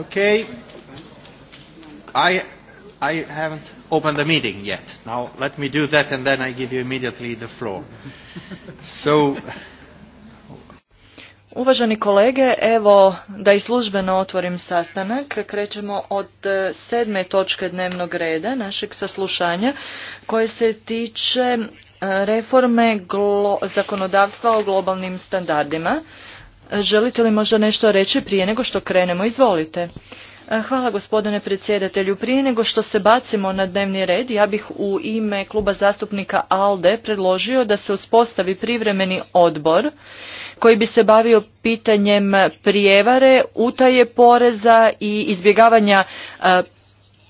Okay. I I haven't opened the meeting yet. Now let me do that and then I give you immediately the floor. So Uvaženi kolege, evo da i službeno otvorim sastanak. Krećemo od e, sedme točke dnevnog reda našeg saslušanja koje se tiče e, reforme zakonodavstva o globalnim standardima. Želite li možda nešto reći prije nego što krenemo? Izvolite. E, hvala gospodine predsjedatelju. Prije nego što se bacimo na dnevni red, ja bih u ime kluba zastupnika ALDE predložio da se uspostavi privremeni odbor koji bi se bavio pitanjem prijevare, utaje poreza i izbjegavanja e,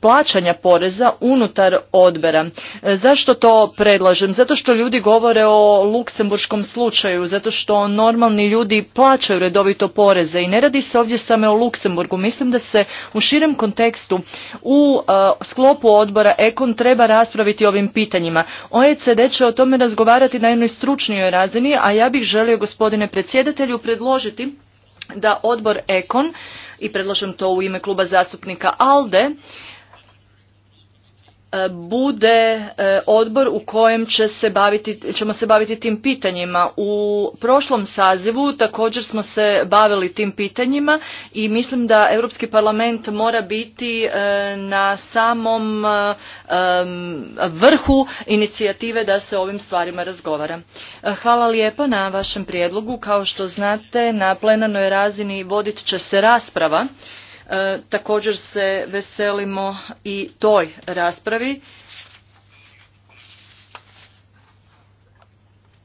plaćanja poreza unutar odbora. E, zašto to predlažem? Zato što ljudi govore o luksemburškom slučaju, zato što normalni ljudi plaćaju redovito poreze i ne radi se ovdje samo o Luksemburgu. Mislim da se u širem kontekstu u e, sklopu odbora Ekon treba raspraviti ovim pitanjima. OECD će o tome razgovarati na jednoj stručnijoj razini, a ja bih želio gospodine predsjedatelju predložiti da odbor Ekon i predlažem to u ime kluba zastupnika ALDE, bude e, odbor u kojem će se baviti, ćemo se baviti tim pitanjima. U prošlom sazivu također smo se bavili tim pitanjima i mislim da Europski parlament mora biti e, na samom e, vrhu inicijative da se ovim stvarima razgovara. Hvala lijepo na vašem prijedlogu. Kao što znate, na plenarnoj razini vodit će se rasprava E, također se veselimo i toj raspravi.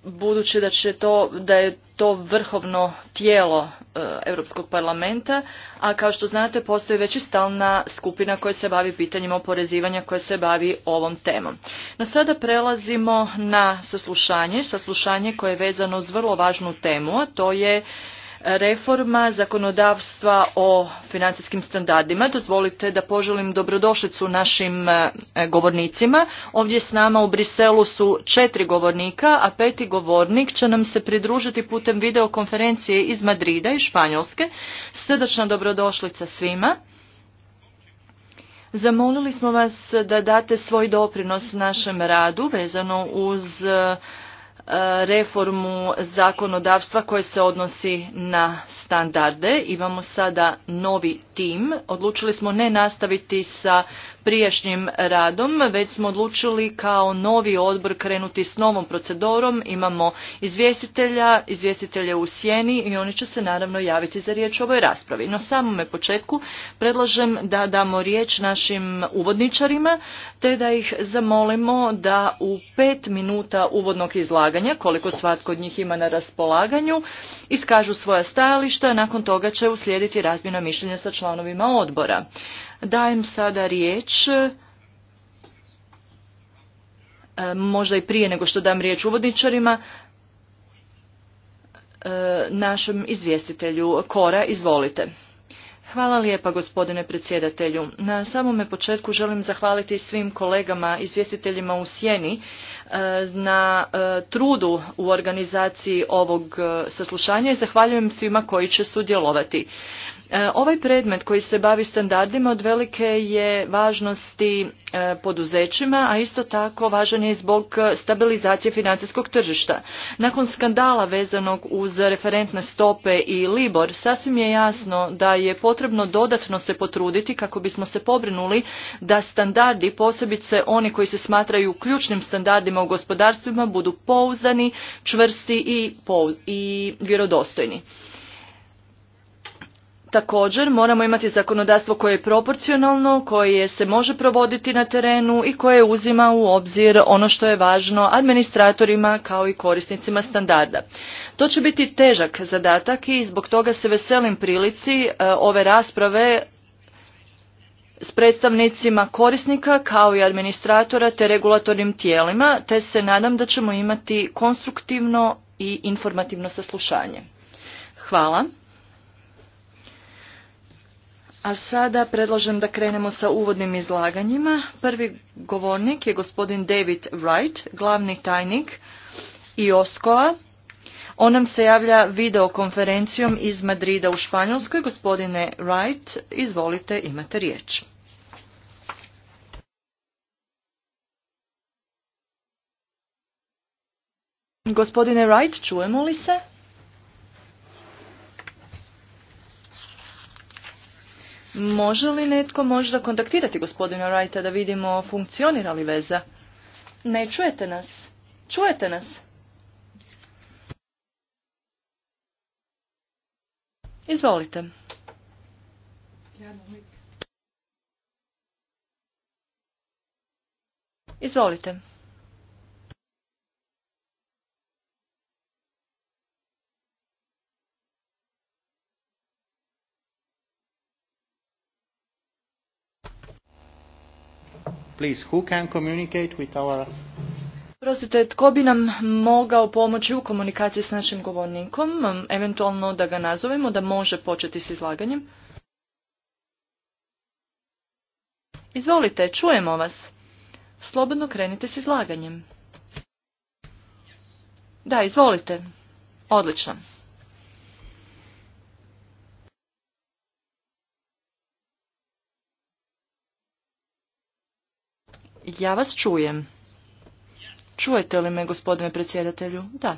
budući da to, da je to vrhovno tijelo e, Europskog parlamenta, a kao što znate postoji već i stalna skupina koja se bavi pitanjima oporezivanja koja se bavi ovom temom. No sada prelazimo na saslušanje, saslušanje koje je vezano uz vrlo važnu temu, a to je reforma zakonodavstva o financijskim standardima. Dozvolite da poželim dobrodošlicu našim e, govornicima. Ovdje s nama u Briselu su četiri govornika, a peti govornik će nam se pridružiti putem videokonferencije iz Madrida i Španjolske. Srdačna dobrodošlica svima. Zamolili smo vas da date svoj doprinos našem radu vezano uz e, reformu zakonodavstva koje se odnosi na standarde. Imamo sada novi tim. Odlučili smo ne nastaviti sa prijašnjim radom, već smo odlučili kao novi odbor krenuti s novom procedurom. Imamo izvjestitelja, izvjestitelje u sjeni i oni će se naravno javiti za riječ o ovoj raspravi. Na samome početku predlažem da damo riječ našim uvodničarima, te da ih zamolimo da u pet minuta uvodnog izlaganja, koliko svatko od njih ima na raspolaganju, iskažu svoja stajališta, nakon toga će uslijediti razmjena mišljenja sa članovima odbora. Dajem sada riječ, e, možda i prije nego što dam riječ uvodničarima, e, našem izvjestitelju Kora, izvolite. Hvala lijepa gospodine predsjedatelju. Na samome početku želim zahvaliti svim kolegama izvjestiteljima u Sjeni e, na trudu u organizaciji ovog saslušanja i zahvaljujem svima koji će sudjelovati. E, ovaj predmet koji se bavi standardima od velike je važnosti e, poduzećima, a isto tako važan je zbog stabilizacije financijskog tržišta. Nakon skandala vezanog uz referentne stope i Libor, sasvim je jasno da je potrebno dodatno se potruditi kako bismo se pobrinuli da standardi, posebice oni koji se smatraju ključnim standardima u gospodarstvima, budu pouzdani, čvrsti i, i vjerodostojni. Također moramo imati zakonodavstvo koje je proporcionalno, koje se može provoditi na terenu i koje uzima u obzir ono što je važno administratorima kao i korisnicima standarda. To će biti težak zadatak i zbog toga se veselim prilici e, ove rasprave s predstavnicima korisnika kao i administratora te regulatornim tijelima, te se nadam da ćemo imati konstruktivno i informativno saslušanje. Hvala. A sada predlažem da krenemo sa uvodnim izlaganjima. Prvi govornik je gospodin David Wright, glavni tajnik IOSCO-a. On nam se javlja videokonferencijom iz Madrida u Španjolskoj. Gospodine Wright, izvolite, imate riječ. Gospodine Wright, čujemo li se? Može li netko možda kontaktirati gospodina Wrighta da vidimo funkcionira li veza? Ne čujete nas. Čujete nas. Izvolite. Izvolite. Please, who can communicate tko bi nam mogao pomoći u komunikaciji s našim govornikom, eventualno da ga nazovemo, da može početi s izlaganjem? Izvolite, čujemo vas. Slobodno krenite s izlaganjem. Da, izvolite. Odlično. Ja vas čujem. Čujete li me, gospodine predsjedatelju? Da,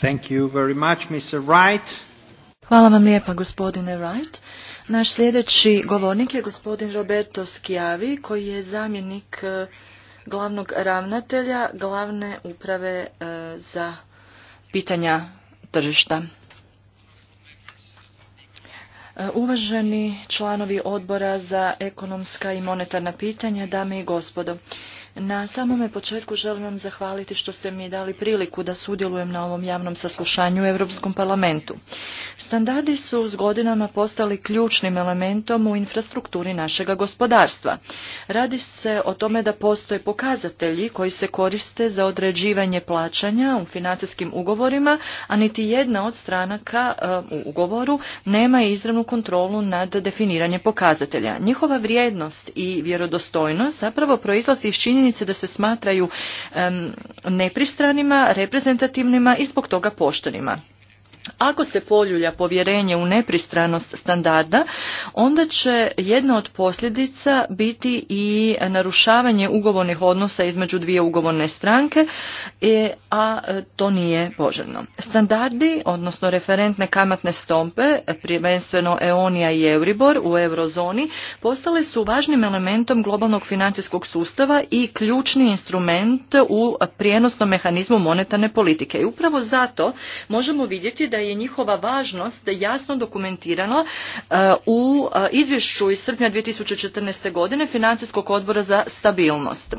Thank you very Hvala vam lijepa, gospodine Wright. Naš sljedeći govornik je gospodin Roberto Schiavi koji je zamjenik e, glavnog ravnatelja glavne uprave e, za pitanja tržišta. E, uvaženi članovi odbora za ekonomska i monetarna pitanja, dame i gospodo, na samome početku želim vam zahvaliti što ste mi dali priliku da sudjelujem na ovom javnom saslušanju u Europskom parlamentu. Standardi su s godinama postali ključnim elementom u infrastrukturi našega gospodarstva. Radi se o tome da postoje pokazatelji koji se koriste za određivanje plaćanja u financijskim ugovorima, a niti jedna od stranaka e, u ugovoru nema izravnu kontrolu nad definiranje pokazatelja. Njihova vrijednost i vjerodostojnost zapravo proizlazi iz činjenja činjenice da se smatraju nepristranima, reprezentativnima i zbog toga poštenima. Ako se poljulja povjerenje u nepristranost standarda, onda će jedna od posljedica biti i narušavanje ugovornih odnosa između dvije ugovorne stranke, e, a e, to nije poželjno. Standardi, odnosno referentne kamatne stompe, prvenstveno Eonija i Euribor u eurozoni, postale su važnim elementom globalnog financijskog sustava i ključni instrument u prijenosnom mehanizmu monetarne politike. I upravo zato možemo vidjeti da da je njihova važnost jasno dokumentirana uh, u uh, izvješću iz srpnja 2014. godine Financijskog odbora za stabilnost.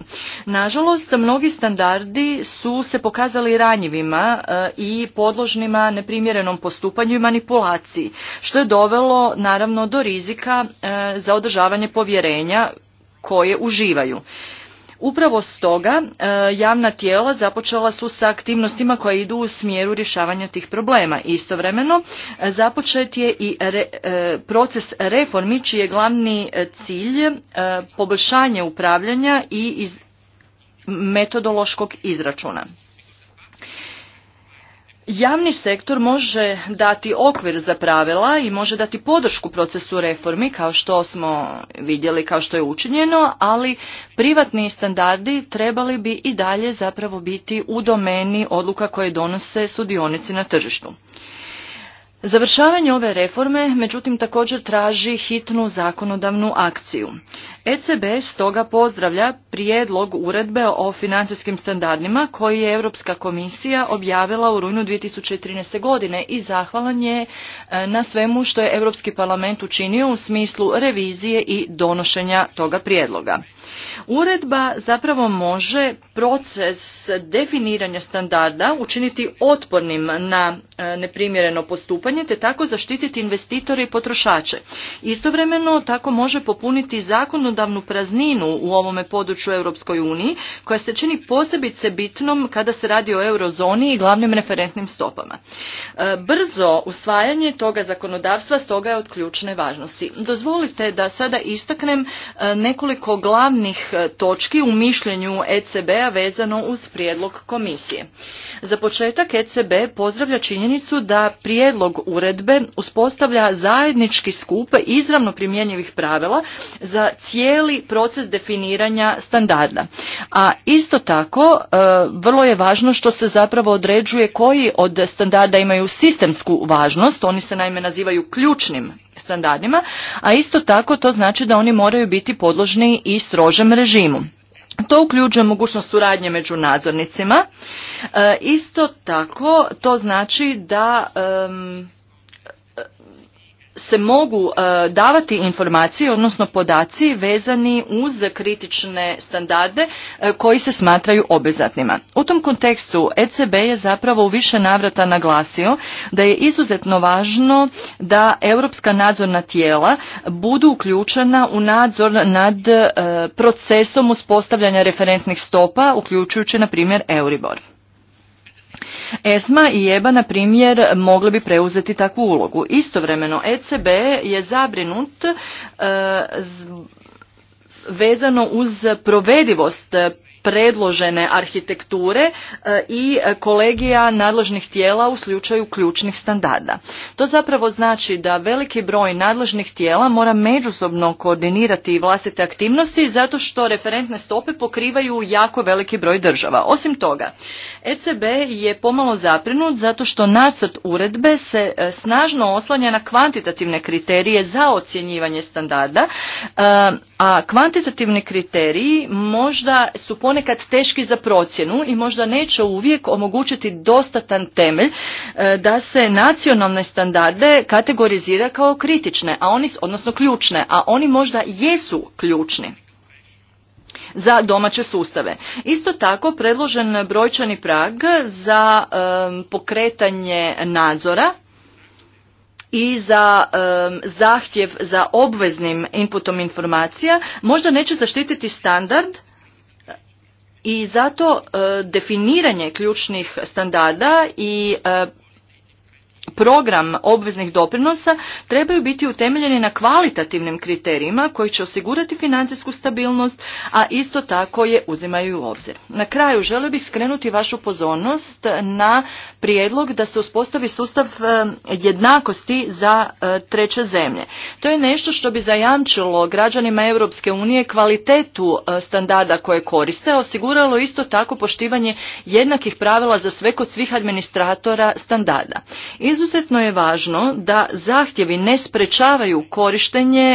Nažalost, mnogi standardi su se pokazali ranjivima uh, i podložnima neprimjerenom postupanju i manipulaciji, što je dovelo naravno do rizika za održavanje povjerenja koje uživaju. Upravo stoga e, javna tijela započela su sa aktivnostima koje idu u smjeru rješavanja tih problema. Istovremeno e, započet je i e, proces reformi čiji je glavni cilj poboljšanje upravljanja i metodološkog izračuna. Javni sektor može dati okvir za pravila i može dati podršku procesu reformi kao što smo vidjeli, kao što je učinjeno, ali privatni standardi trebali bi i dalje zapravo biti u domeni odluka koje donose sudionici na tržištu. Završavanje ove reforme, međutim, također traži hitnu zakonodavnu akciju. ECB stoga pozdravlja prijedlog uredbe o financijskim standardima koji je Europska komisija objavila u rujnu 2013. godine i zahvalan je e, na svemu što je Europski parlament učinio u smislu revizije i donošenja toga prijedloga. Uredba zapravo može proces definiranja standarda učiniti otpornim na E, neprimjereno postupanje te tako zaštititi investitore i potrošače. Istovremeno tako može popuniti zakonodavnu prazninu u ovome području Europskoj uniji koja se čini posebice bitnom kada se radi o eurozoni i glavnim referentnim stopama. E, brzo usvajanje toga zakonodavstva stoga je od ključne važnosti. Dozvolite da sada istaknem e, nekoliko glavnih točki u mišljenju ECB-a vezano uz prijedlog komisije. Za početak ECB pozdravlja činjenje činjenicu da prijedlog uredbe uspostavlja zajednički skup izravno primjenjivih pravila za cijeli proces definiranja standarda. A isto tako e, vrlo je važno što se zapravo određuje koji od standarda imaju sistemsku važnost, oni se naime nazivaju ključnim standardima, a isto tako to znači da oni moraju biti podložni i strožem režimu. To uključuje mogućnost suradnje među nadzornicima. E, isto tako to znači da se mogu e, davati informacije, odnosno podaci vezani uz kritične standarde e, koji se smatraju obezatnima. U tom kontekstu ECB je zapravo u više navrata naglasio da je izuzetno važno da europska nadzorna tijela budu uključena u nadzor nad e, procesom uspostavljanja referentnih stopa, uključujući na primjer Euribor. ESMA i EBA, na primjer, mogli bi preuzeti takvu ulogu. Istovremeno, ECB je zabrinut e, vezano uz provedivost predložene arhitekture e, i kolegija nadležnih tijela u slučaju ključnih standarda. To zapravo znači da veliki broj nadležnih tijela mora međusobno koordinirati vlastite aktivnosti zato što referentne stope pokrivaju jako veliki broj država. Osim toga, ECB je pomalo zaprinut zato što nacrt uredbe se e, snažno oslanja na kvantitativne kriterije za ocjenjivanje standarda e, a kvantitativni kriteriji možda su ponekad teški za procjenu i možda neće uvijek omogućiti dostatan temelj e, da se nacionalne standarde kategorizira kao kritične, a oni, odnosno ključne, a oni možda jesu ključni za domaće sustave. Isto tako predložen brojčani prag za e, pokretanje nadzora i za zahtjev za obveznim inputom informacija možda neće zaštititi standard i zato e, definiranje ključnih standarda i e, program obveznih doprinosa trebaju biti utemeljeni na kvalitativnim kriterijima koji će osigurati financijsku stabilnost, a isto tako je uzimaju u obzir. Na kraju želio bih skrenuti vašu pozornost na prijedlog da se uspostavi sustav eh, jednakosti za eh, treće zemlje. To je nešto što bi zajamčilo građanima Europske unije kvalitetu eh, standarda koje koriste, osiguralo isto tako poštivanje jednakih pravila za sve kod svih administratora standarda. Iz Izuzetno je važno da zahtjevi ne sprečavaju korištenje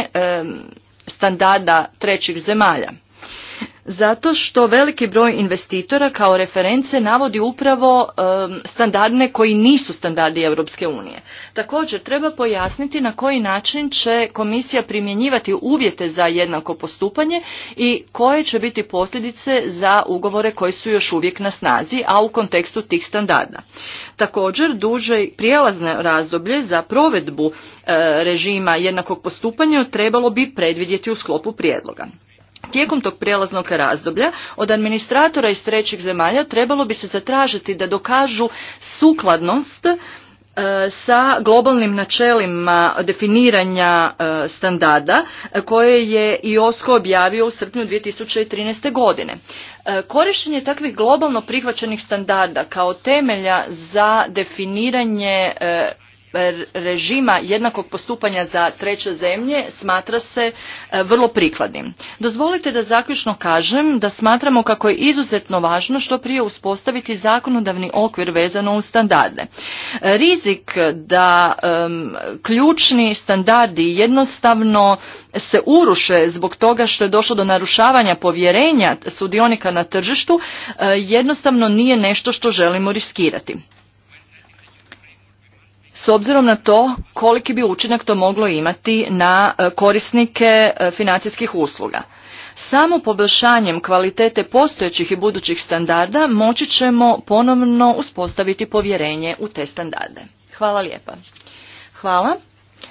standarda trećih zemalja. Zato što veliki broj investitora kao reference navodi upravo standardne koji nisu standardi Europske unije. Također treba pojasniti na koji način će komisija primjenjivati uvjete za jednako postupanje i koje će biti posljedice za ugovore koji su još uvijek na snazi, a u kontekstu tih standarda. Također duže prijelazne razdoblje za provedbu e, režima jednakog postupanja trebalo bi predvidjeti u sklopu prijedloga. Tijekom tog prijelaznog razdoblja od administratora iz trećih zemalja trebalo bi se zatražiti da dokažu sukladnost e, sa globalnim načelima definiranja e, standarda e, koje je IOSCO objavio u srpnju 2013. godine. Korištenje takvih globalno prihvaćenih standarda kao temelja za definiranje režima jednakog postupanja za treće zemlje smatra se e, vrlo prikladnim. Dozvolite da zaključno kažem da smatramo kako je izuzetno važno što prije uspostaviti zakonodavni okvir vezano u standarde. E, rizik da ključni standardi jednostavno se uruše zbog toga što je došlo do narušavanja povjerenja sudionika na tržištu e, jednostavno nije nešto što želimo riskirati s obzirom na to koliki bi učinak to moglo imati na e, korisnike e, financijskih usluga. Samo poboljšanjem kvalitete postojećih i budućih standarda moći ćemo ponovno uspostaviti povjerenje u te standarde. Hvala lijepa. Hvala.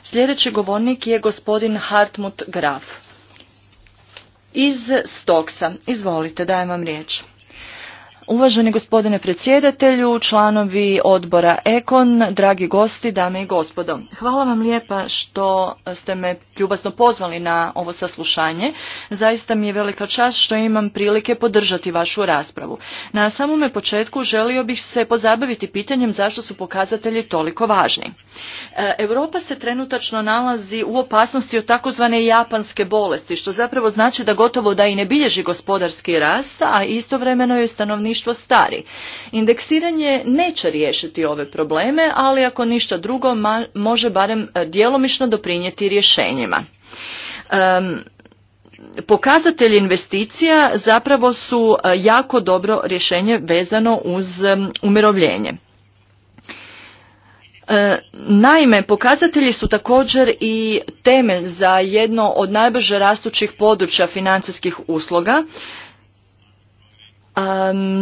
Sljedeći govornik je gospodin Hartmut Graf. Iz Stoksa. Izvolite, dajem vam riječ. Uvaženi gospodine predsjedatelju, članovi odbora Ekon, dragi gosti, dame i gospodo. Hvala vam lijepa što ste me ljubasno pozvali na ovo saslušanje. Zaista mi je velika čast što imam prilike podržati vašu raspravu. Na samome početku želio bih se pozabaviti pitanjem zašto su pokazatelji toliko važni. E, Europa se trenutačno nalazi u opasnosti od takozvane japanske bolesti, što zapravo znači da gotovo da i ne bilježi gospodarski rast, a istovremeno je stanovništvo stari. Indeksiranje neće riješiti ove probleme, ali ako ništa drugo može barem e, djelomično doprinijeti rješenje ulaganjima. Um, pokazatelji investicija zapravo su e, jako dobro rješenje vezano uz umirovljenje. E, naime, pokazatelji su također i temelj za jedno od najbrže rastućih područja financijskih usluga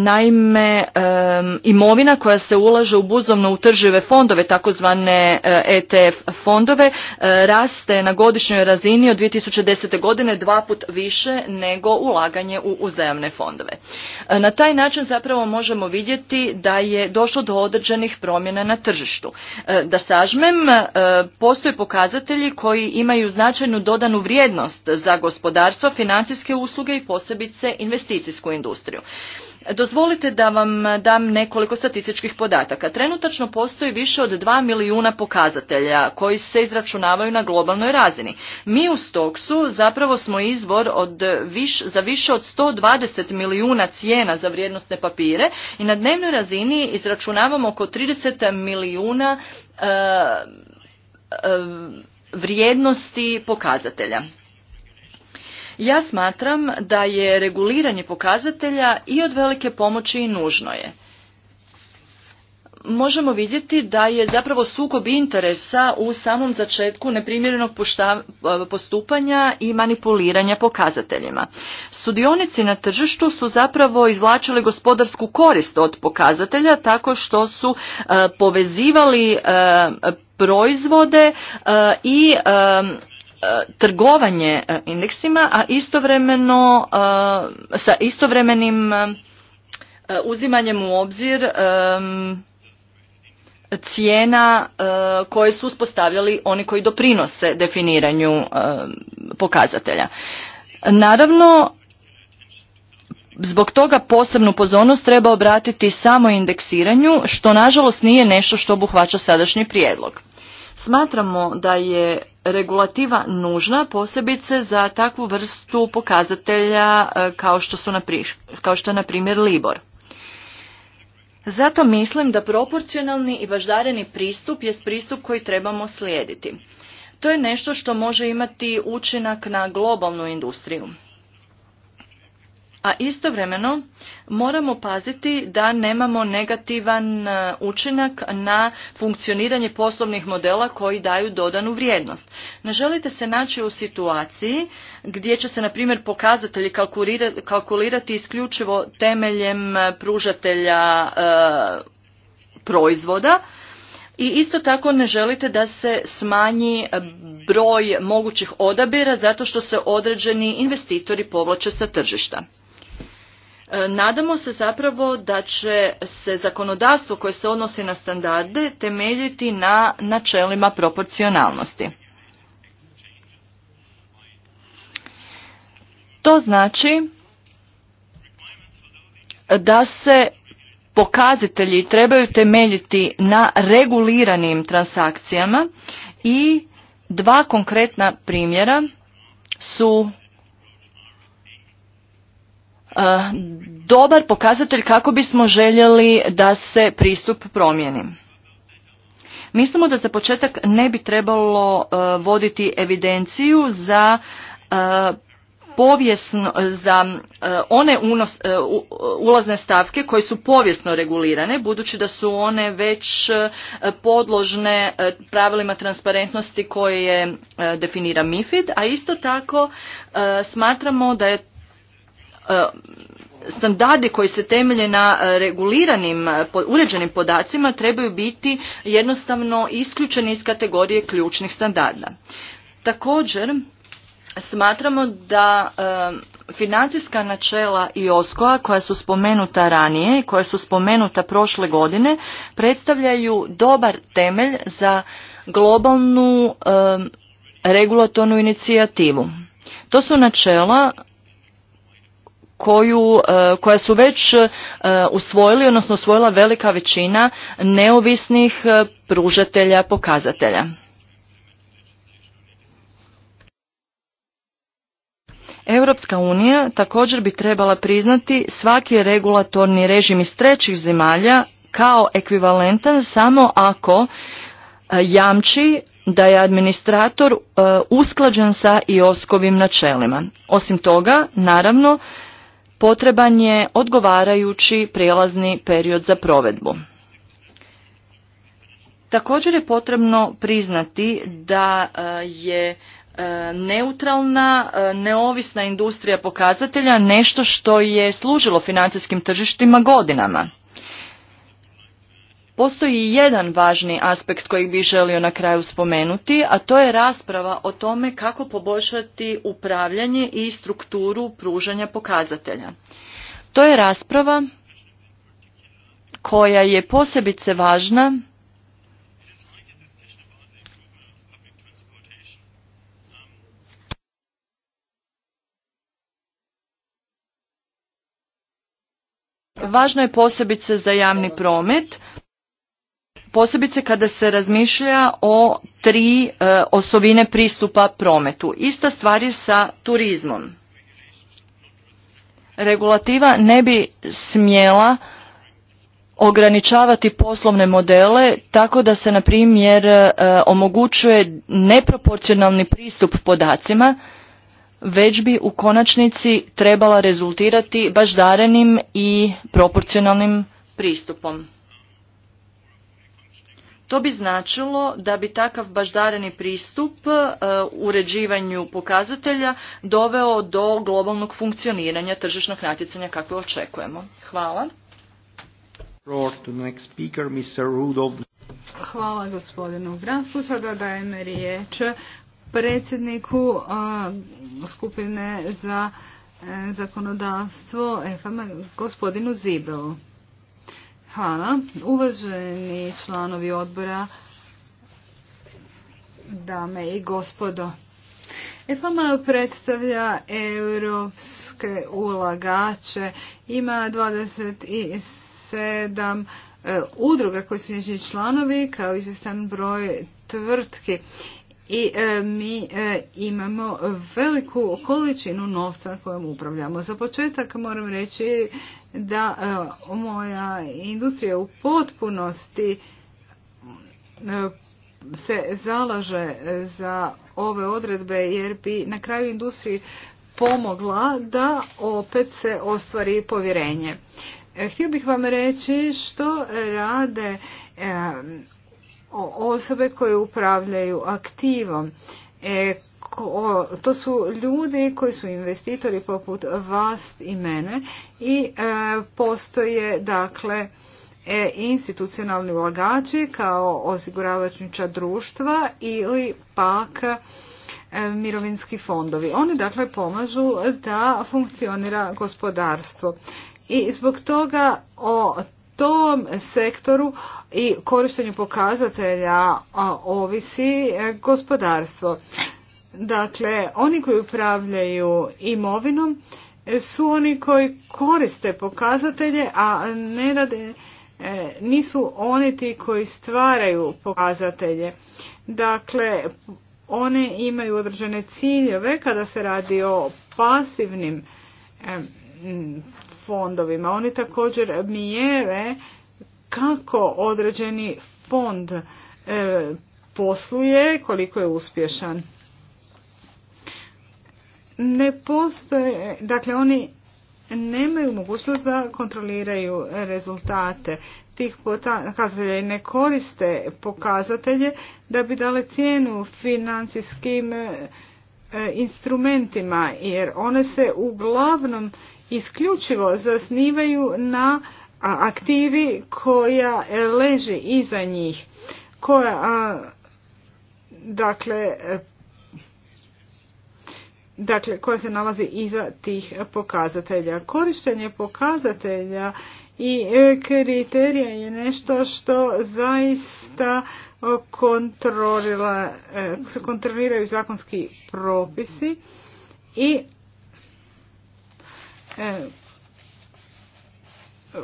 Naime, imovina koja se ulaže u buzovno utržive fondove, takozvane ETF e fondove, e, raste na godišnjoj razini od 2010. godine dva put više nego ulaganje u uzajamne fondove. E, na taj način zapravo možemo vidjeti da je došlo do određenih promjena na tržištu. Da sažmem, postoje pokazatelji koji imaju značajnu dodanu vrijednost za gospodarstva, financijske usluge i posebice investicijsku industriju. Dozvolite da vam dam nekoliko statističkih podataka. Trenutačno postoji više od 2 milijuna pokazatelja koji se izračunavaju na globalnoj razini. Mi u Stoksu zapravo smo izvor od za više od 120 milijuna cijena za vrijednostne papire i na dnevnoj razini izračunavamo oko 30 milijuna e, e, vrijednosti pokazatelja. Ja smatram da je reguliranje pokazatelja i od velike pomoći i nužno je. Možemo vidjeti da je zapravo sukob interesa u samom začetku neprimjerenog postupanja i manipuliranja pokazateljima. Sudionici na tržištu su zapravo izvlačili gospodarsku korist od pokazatelja tako što su e, povezivali e, proizvode e, i E, trgovanje e, indeksima, a istovremeno e, sa istovremenim uzimanjem u obzir cijena koje su uspostavljali oni koji doprinose definiranju pokazatelja. Naravno, zbog toga posebnu pozornost treba obratiti samo indeksiranju, što nažalost nije nešto što obuhvaća sadašnji prijedlog. Smatramo da je regulativa nužna posebice za takvu vrstu pokazatelja e, kao što, su kao što je na primjer Libor. Zato mislim da proporcionalni i baždareni pristup je pristup koji trebamo slijediti. To je nešto što može imati učinak na globalnu industriju a istovremeno moramo paziti da nemamo negativan e, učinak na funkcioniranje poslovnih modela koji daju dodanu vrijednost. Ne želite se naći u situaciji gdje će se, na primjer, pokazatelji kalkulirati isključivo temeljem e, pružatelja e, proizvoda, i isto tako ne želite da se smanji broj mogućih odabira zato što se određeni investitori povlače sa tržišta. E, nadamo se zapravo da će se zakonodavstvo koje se odnosi na standarde temeljiti na načelima proporcionalnosti. To znači da se pokazatelji trebaju temeljiti na reguliranim transakcijama i dva konkretna primjera su E, dobar pokazatelj kako bismo željeli da se pristup promijeni. Mislimo da za početak ne bi trebalo e, voditi evidenciju za e, povijesno za one unos, ulazne stavke koje su povijesno regulirane budući da su one već podložne pravilima transparentnosti koje definira MiFID a isto tako smatramo da je E, standardi koji se temelje na e, reguliranim, e, uređenim podacima trebaju biti jednostavno isključeni iz kategorije ključnih standarda. Također, smatramo da financijska načela i a koja su spomenuta ranije i koja su spomenuta prošle godine predstavljaju dobar temelj za globalnu regulatornu inicijativu. To su načela koju, e, koja su već e, usvojili, odnosno usvojila velika većina neovisnih e, pružatelja pokazatelja. Europska unija također bi trebala priznati svaki regulatorni režim iz trećih zemalja kao ekvivalentan samo ako jamči da je administrator usklađen sa i oskovim načelima. Osim toga, naravno, potreban je odgovarajući prijelazni period za provedbu. Također je potrebno priznati da e, je e, neutralna, e, neovisna industrija pokazatelja nešto što je služilo financijskim tržištima godinama. Postoji jedan važni aspekt koji bih želio na kraju spomenuti, a to je rasprava o tome kako poboljšati upravljanje i strukturu pružanja pokazatelja. To je rasprava koja je posebice važna Važno je posebice za javni promet posebice kada se razmišlja o tri e, osobine pristupa prometu. Ista stvar je sa turizmom. Regulativa ne bi smjela ograničavati poslovne modele tako da se na primjer e, omogućuje neproporcionalni pristup podacima već bi u konačnici trebala rezultirati baždarenim i proporcionalnim pristupom. To bi značilo da bi takav baždareni pristup e, uređivanju pokazatelja doveo do globalnog funkcioniranja tržišnog natjecanja kako očekujemo. Hvala. Hvala gospodinu Grafu. Sada dajem riječ predsjedniku skupine za e, zakonodavstvo gospodinu Zibelu. Hvala. Uvaženi članovi odbora, dame i gospodo. EPAMA predstavlja europske ulagače. Ima 27 e, udruga koji su njezini članovi kao izvjestan broj tvrtki i e, mi e, imamo veliku količinu novca kojom upravljamo. Za početak moram reći da e, moja industrija u potpunosti se zalaže za ove odredbe jer bi na kraju industriji pomogla da opet se ostvari povjerenje. Htio bih vam reći što rade osobe koje upravljaju aktivom. E, to su ljudi koji su investitori poput vas i mene i e, postoje dakle e, institucionalni ulagači kao osiguravajuća društva ili pak e, mirovinski fondovi. Oni dakle pomažu da funkcionira gospodarstvo. I zbog toga o tom sektoru i korištenju pokazatelja ovisi e, gospodarstvo. Dakle, oni koji upravljaju imovinom e, su oni koji koriste pokazatelje, a ne rade, e, nisu oni ti koji stvaraju pokazatelje. Dakle, one imaju određene ciljeve kada se radi o pasivnim fondovima. Oni također mjere kako određeni fond e, posluje, koliko je uspješan. Ne postoje, dakle oni nemaju mogućnost da kontroliraju rezultate tih pokazatelja i ne koriste pokazatelje da bi dale cijenu financijskim e, instrumentima jer one se uglavnom isključivo zasnivaju na aktivi koja leži iza njih, koja dakle dakle koja se nalazi iza tih pokazatelja. Korištenje pokazatelja i e, kriterija je nešto što zaista kontrolira, e, se kontroliraju zakonski propisi i E,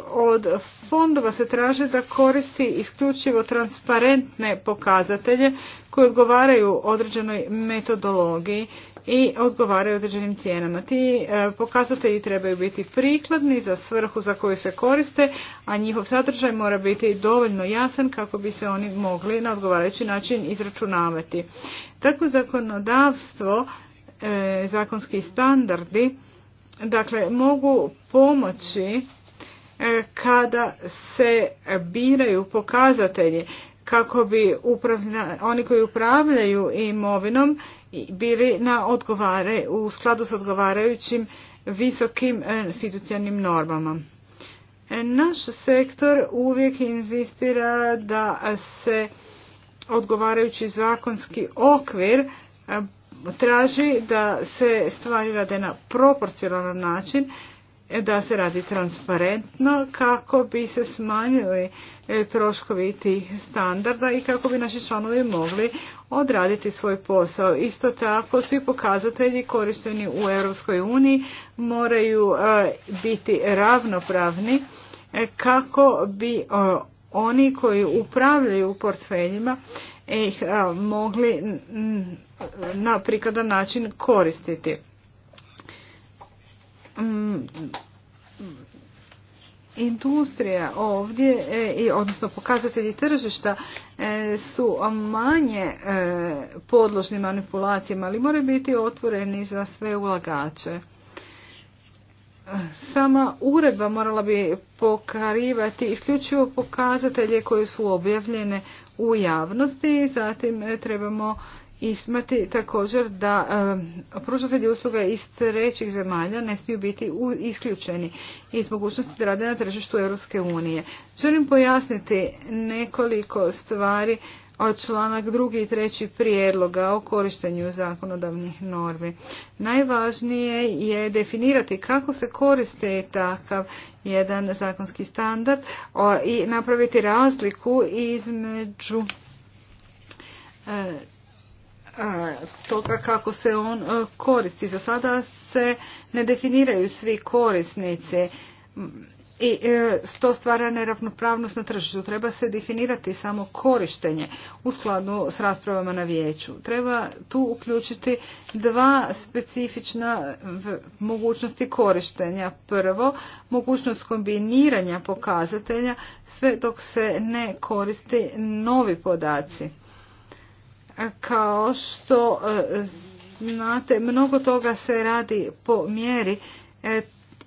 od fondova se traže da koristi isključivo transparentne pokazatelje koji odgovaraju određenoj metodologiji i odgovaraju određenim cijenama. Ti e, pokazatelji trebaju biti prikladni za svrhu za koju se koriste, a njihov sadržaj mora biti dovoljno jasan kako bi se oni mogli na odgovarajući način izračunavati. Tako zakonodavstvo, e, zakonski standardi dakle mogu pomoći e, kada se biraju pokazatelji kako bi oni koji upravljaju imovinom bili na odgovare, u skladu s odgovarajućim visokim e, fiducijalnim normama. E, naš sektor uvijek inzistira da se odgovarajući zakonski okvir traži da se stvari rade na proporcionalan način, da se radi transparentno kako bi se smanjili e, troškovi tih standarda i kako bi naši članovi mogli odraditi svoj posao. Isto tako svi pokazatelji korišteni u Europskoj uniji moraju e, biti ravnopravni e, kako bi oni koji upravljaju portfeljima ih mogli na prikladan način koristiti. Mm, industrija ovdje, e, odnosno pokazatelji tržišta e, su manje e, podložni manipulacijama, ali moraju biti otvoreni za sve ulagače. Sama uredba morala bi pokarivati isključivo pokazatelje koje su objavljene u javnosti, zatim trebamo ismati također da pružatelji usluga iz trećih zemalja ne smiju biti isključeni iz mogućnosti da rade na tržištu Europske unije. Želim pojasniti nekoliko stvari od članak drugi i treći prijedloga o korištenju zakonodavnih normi. Najvažnije je definirati kako se koriste takav jedan zakonski standard i napraviti razliku između e, toga kako se on e, koristi. Za sada se ne definiraju svi korisnici i e, to stvara neravnopravnost na tržištu. Treba se definirati samo korištenje u skladu s raspravama na vijeću. Treba tu uključiti dva specifična mogućnosti korištenja. Prvo, mogućnost kombiniranja pokazatelja sve dok se ne koristi novi podaci. Kao što e, znate, mnogo toga se radi po mjeri, e,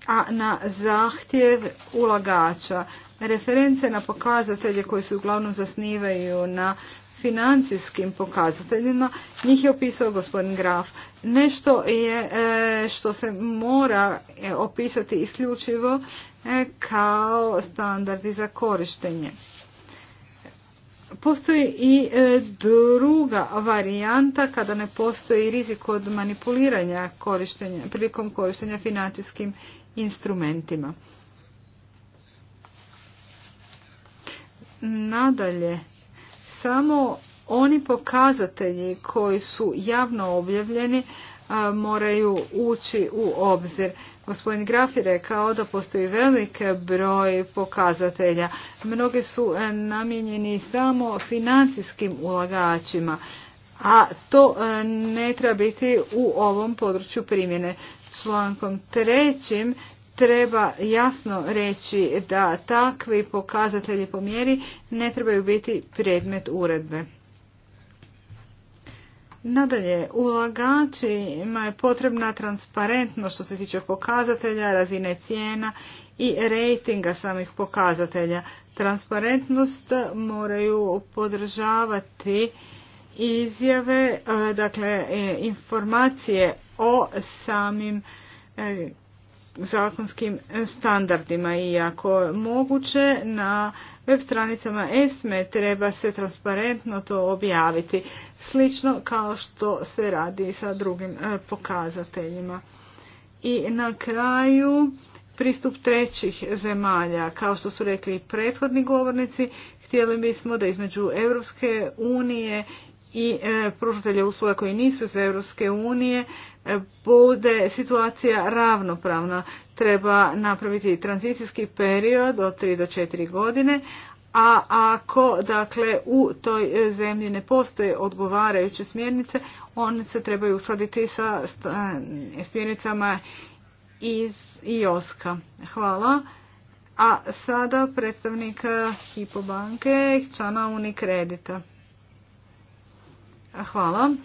a na zahtjev ulagača. Reference na pokazatelje koji se uglavnom zasnivaju na financijskim pokazateljima, njih je opisao gospodin Graf. Nešto je e, što se mora opisati isključivo kao standardi za korištenje. Postoji i e, druga varijanta kada ne postoji rizik od manipuliranja korištenja, prilikom korištenja financijskim instrumentima. Nadalje, samo oni pokazatelji koji su javno objavljeni moraju ući u obzir. Gospodin Graf je rekao da postoji velik broj pokazatelja. Mnogi su e, namijenjeni samo financijskim ulagačima, a to e, ne treba biti u ovom području primjene. Člankom trećim treba jasno reći da takvi pokazatelji po mjeri ne trebaju biti predmet uredbe. Nadalje, ulagačima je potrebna transparentnost što se tiče pokazatelja, razine cijena i rejtinga samih pokazatelja. Transparentnost moraju podržavati izjave, e, dakle e, informacije o samim e, zakonskim standardima i ako moguće na web stranicama ESME treba se transparentno to objaviti, slično kao što se radi sa drugim e, pokazateljima. I na kraju pristup trećih zemalja, kao što su rekli prethodni govornici, htjeli bismo da između Europske unije i e, pružatelje usluga koji nisu iz Europske unije e, bude situacija ravnopravna. Treba napraviti tranzicijski period od 3 do 4 godine, a ako dakle u toj e, zemlji ne postoje odgovarajuće smjernice, one se trebaju uskladiti sa smjernicama iz IOSKA. Hvala. A sada predstavnika Hipobanke, člana Unikredita. Hvala.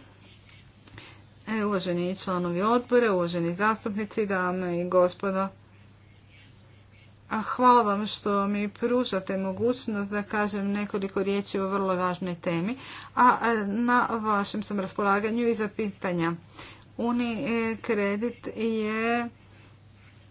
E, uvaženi članovi odbora, uvaženi zastupnici, dame i gospodo. A hvala vam što mi pružate mogućnost da kažem nekoliko riječi o vrlo važnoj temi, a na vašem sam raspolaganju i za pitanja. Uni kredit je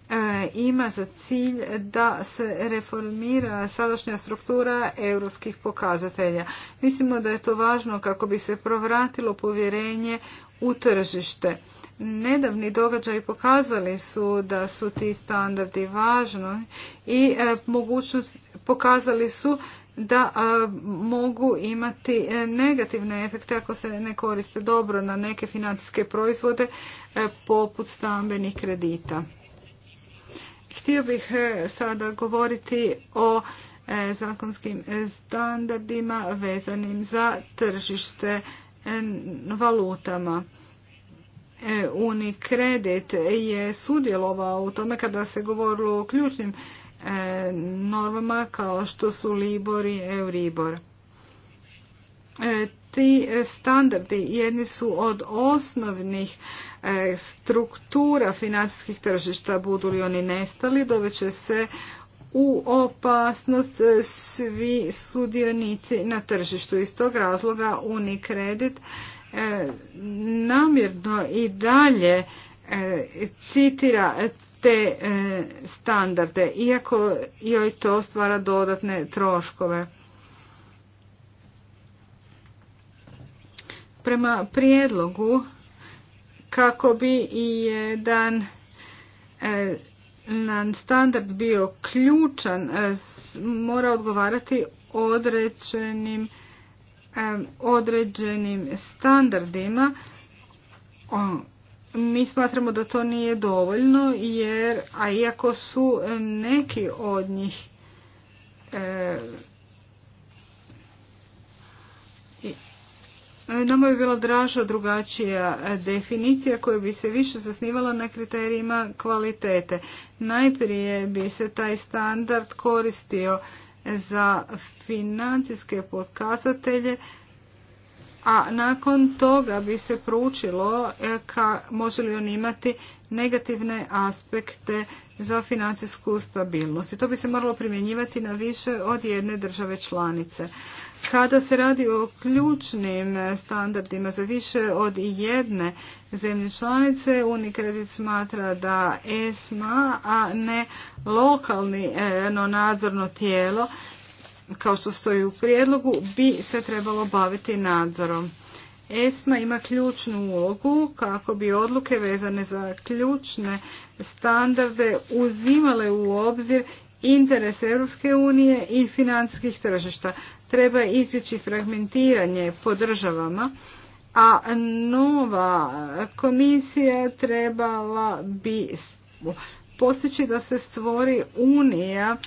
E, ima za cilj da se reformira sadašnja struktura europskih pokazatelja. Mislimo da je to važno kako bi se provratilo povjerenje u tržište. Nedavni događaji pokazali su da su ti standardi važni i e, mogućnost pokazali su da e, mogu imati negativne efekte ako se ne koriste dobro na neke financijske proizvode poput stambenih kredita. Htio bih e, sada govoriti o e, zakonskim standardima vezanim za tržište e, valutama. Unikredit je sudjelovao u tome kada se govorilo o ključnim normama kao što su Libor i Euribor. E, ti standardi jedni su od osnovnih e, struktura financijskih tržišta, budu li oni nestali, doveće se u opasnost e, svi sudionici na tržištu. Iz tog razloga UniCredit namjerno i dalje citira te standarde, iako joj to stvara dodatne troškove. prema prijedlogu kako bi i jedan e, standard bio ključan e, mora odgovarati određenim e, određenim standardima mi smatramo da to nije dovoljno jer a iako su neki od njih E, nama je bila draža drugačija e, definicija koja bi se više zasnivala na kriterijima kvalitete. Najprije bi se taj standard koristio za financijske podkazatelje, a nakon toga bi se proučilo e, ka, može li on imati negativne aspekte za financijsku stabilnost. I to bi se moralo primjenjivati na više od jedne države članice. Kada se radi o ključnim standardima za više od jedne zemlje članice, Unikredit smatra da ESMA, a ne lokalni e, nadzorno tijelo, kao što stoji u prijedlogu, bi se trebalo baviti nadzorom. ESMA ima ključnu ulogu kako bi odluke vezane za ključne standarde uzimale u obzir Interes Europske unije i financijskih tržišta. Treba izbjeći fragmentiranje po državama, a nova komisija trebala bi postići da se stvori unija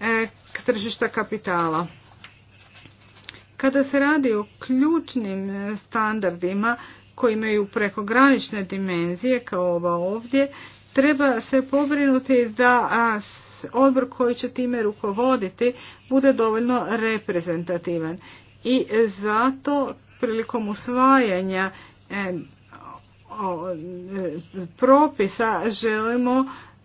e, tržišta kapitala. Kada se radi o ključnim standardima koji imaju prekogranične dimenzije kao ova ovdje, treba se pobrinuti da odbor koji će time rukovoditi bude dovoljno reprezentativan. I zato prilikom usvajanja e, e, propisa želimo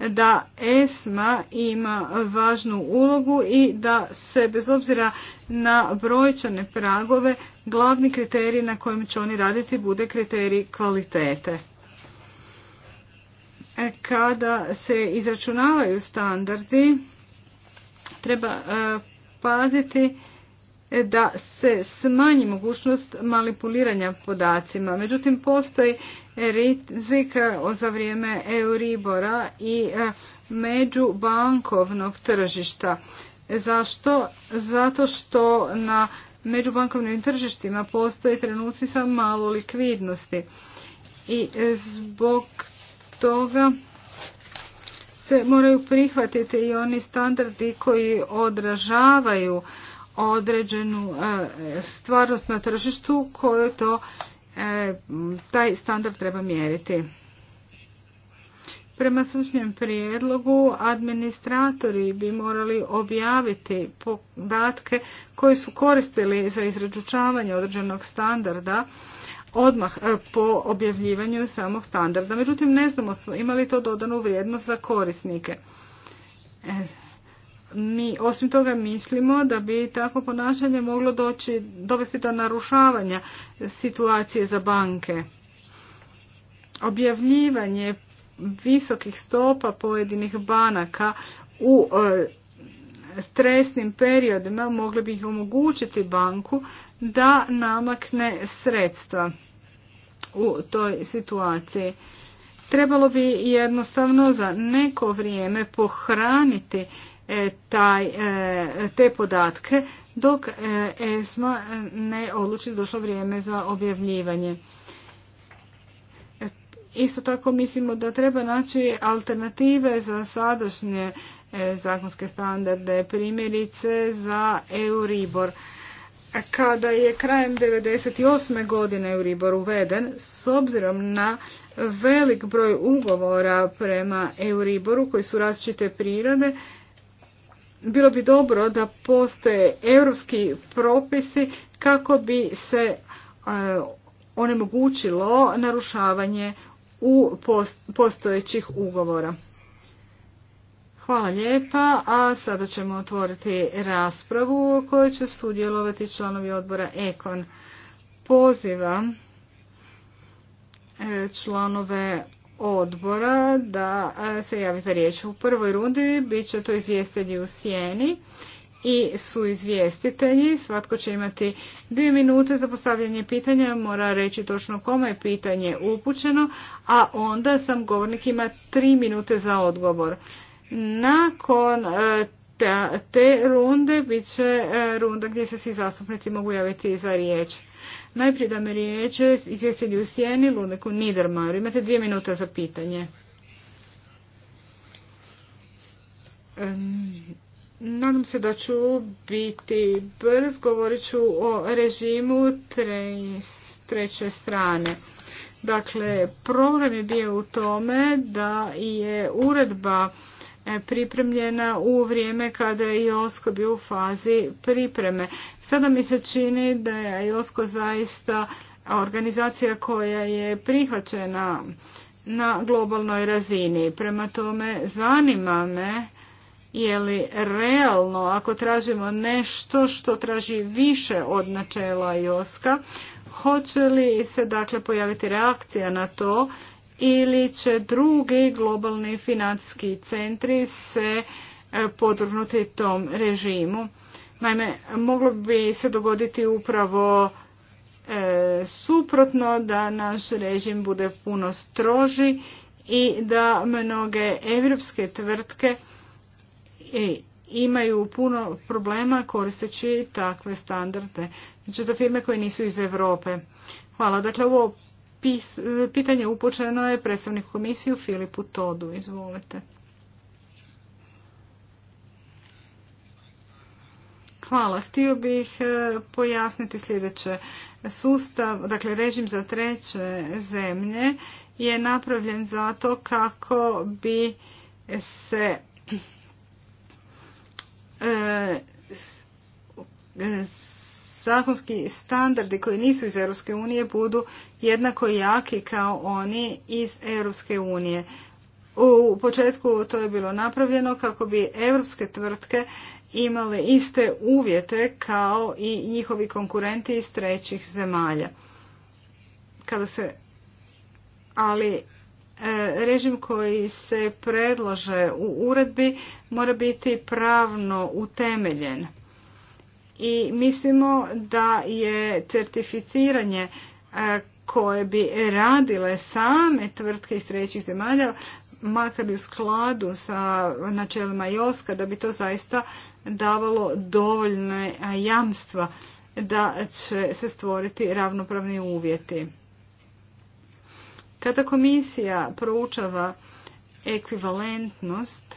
da ESMA ima važnu ulogu i da se bez obzira na brojčane pragove glavni kriterij na kojem će oni raditi bude kriterij kvalitete kada se izračunavaju standardi treba e, paziti da se smanji mogućnost manipuliranja podacima. Međutim, postoji rizik za vrijeme Euribora i e, međubankovnog tržišta. Zašto? Zato što na međubankovnim tržištima postoje trenuci sa malo likvidnosti. I e, zbog toga se moraju prihvatiti i oni standardi koji odražavaju određenu e, stvarnost na tržištu koju to e, taj standard treba mjeriti. Prema sličnjem prijedlogu administratori bi morali objaviti podatke koje su koristili za izrađučavanje određenog standarda odmah e, po objavljivanju samog standarda. Međutim, ne znamo ima li to dodanu vrijednost za korisnike. E, mi osim toga mislimo da bi takvo ponašanje moglo doći, dovesti do narušavanja situacije za banke. Objavljivanje visokih stopa pojedinih banaka u e, stresnim periodima mogli bi ih omogućiti banku da namakne sredstva u toj situaciji. Trebalo bi jednostavno za neko vrijeme pohraniti e, taj, e, te podatke dok e, ESMA ne odluči došlo vrijeme za objavljivanje. Isto tako mislimo da treba naći alternative za sadašnje zakonske standarde, primjerice za Euribor kada je krajem 1998. godine u uveden, s obzirom na velik broj ugovora prema Euriboru koji su različite prirode, bilo bi dobro da postoje europski propisi kako bi se e, onemogućilo narušavanje u postojećih ugovora. Hvala lijepa, a sada ćemo otvoriti raspravu u kojoj će sudjelovati članovi odbora Ekon. Pozivam e, članove odbora da e, se javi za riječ. U prvoj rundi bit će to izvjestitelji u sjeni i su izvjestitelji. Svatko će imati dvije minute za postavljanje pitanja, mora reći točno kome je pitanje upućeno, a onda sam govornik ima tri minute za odgovor. Nakon e, te runde bit će e, runda gdje se svi zastupnici mogu javiti za riječ. Najprije da me riječ izvjestitelji u sjeni Luneku Nidermaru. Imate dvije minuta za pitanje. Nadam se da ću biti brz. Govorit ću o režimu treće strane. Dakle, problem je bio u tome da je uredba E, pripremljena u vrijeme kada je Josko bio u fazi pripreme. Sada mi se čini da je Josko zaista organizacija koja je prihvaćena na globalnoj razini. Prema tome zanima me je li realno ako tražimo nešto što traži više od načela Joska, hoće li se dakle pojaviti reakcija na to ili će drugi globalni financijski centri se e, podvrnuti tom režimu. Naime, moglo bi se dogoditi upravo e, suprotno da naš režim bude puno stroži i da mnoge evropske tvrtke i e, imaju puno problema koristeći takve standarde. Znači to firme koje nisu iz Europe. Hvala. Dakle, ovo pitanje upućeno je predstavniku komisiju Filipu Todu. Izvolite. Hvala. Htio bih e, pojasniti sljedeće. Sustav, dakle režim za treće zemlje je napravljen zato kako bi se e, e, zakonski standardi koji nisu iz Europske unije budu jednako jaki kao oni iz Europske unije. U početku to je bilo napravljeno kako bi europske tvrtke imale iste uvjete kao i njihovi konkurenti iz trećih zemalja. Kada se, ali e, režim koji se predlaže u uredbi mora biti pravno utemeljen i mislimo da je certificiranje e, koje bi radile same tvrtke iz trećih zemalja makar bi u skladu sa načelima Joska, da bi to zaista davalo dovoljne jamstva da će se stvoriti ravnopravni uvjeti. Kada komisija proučava ekvivalentnost,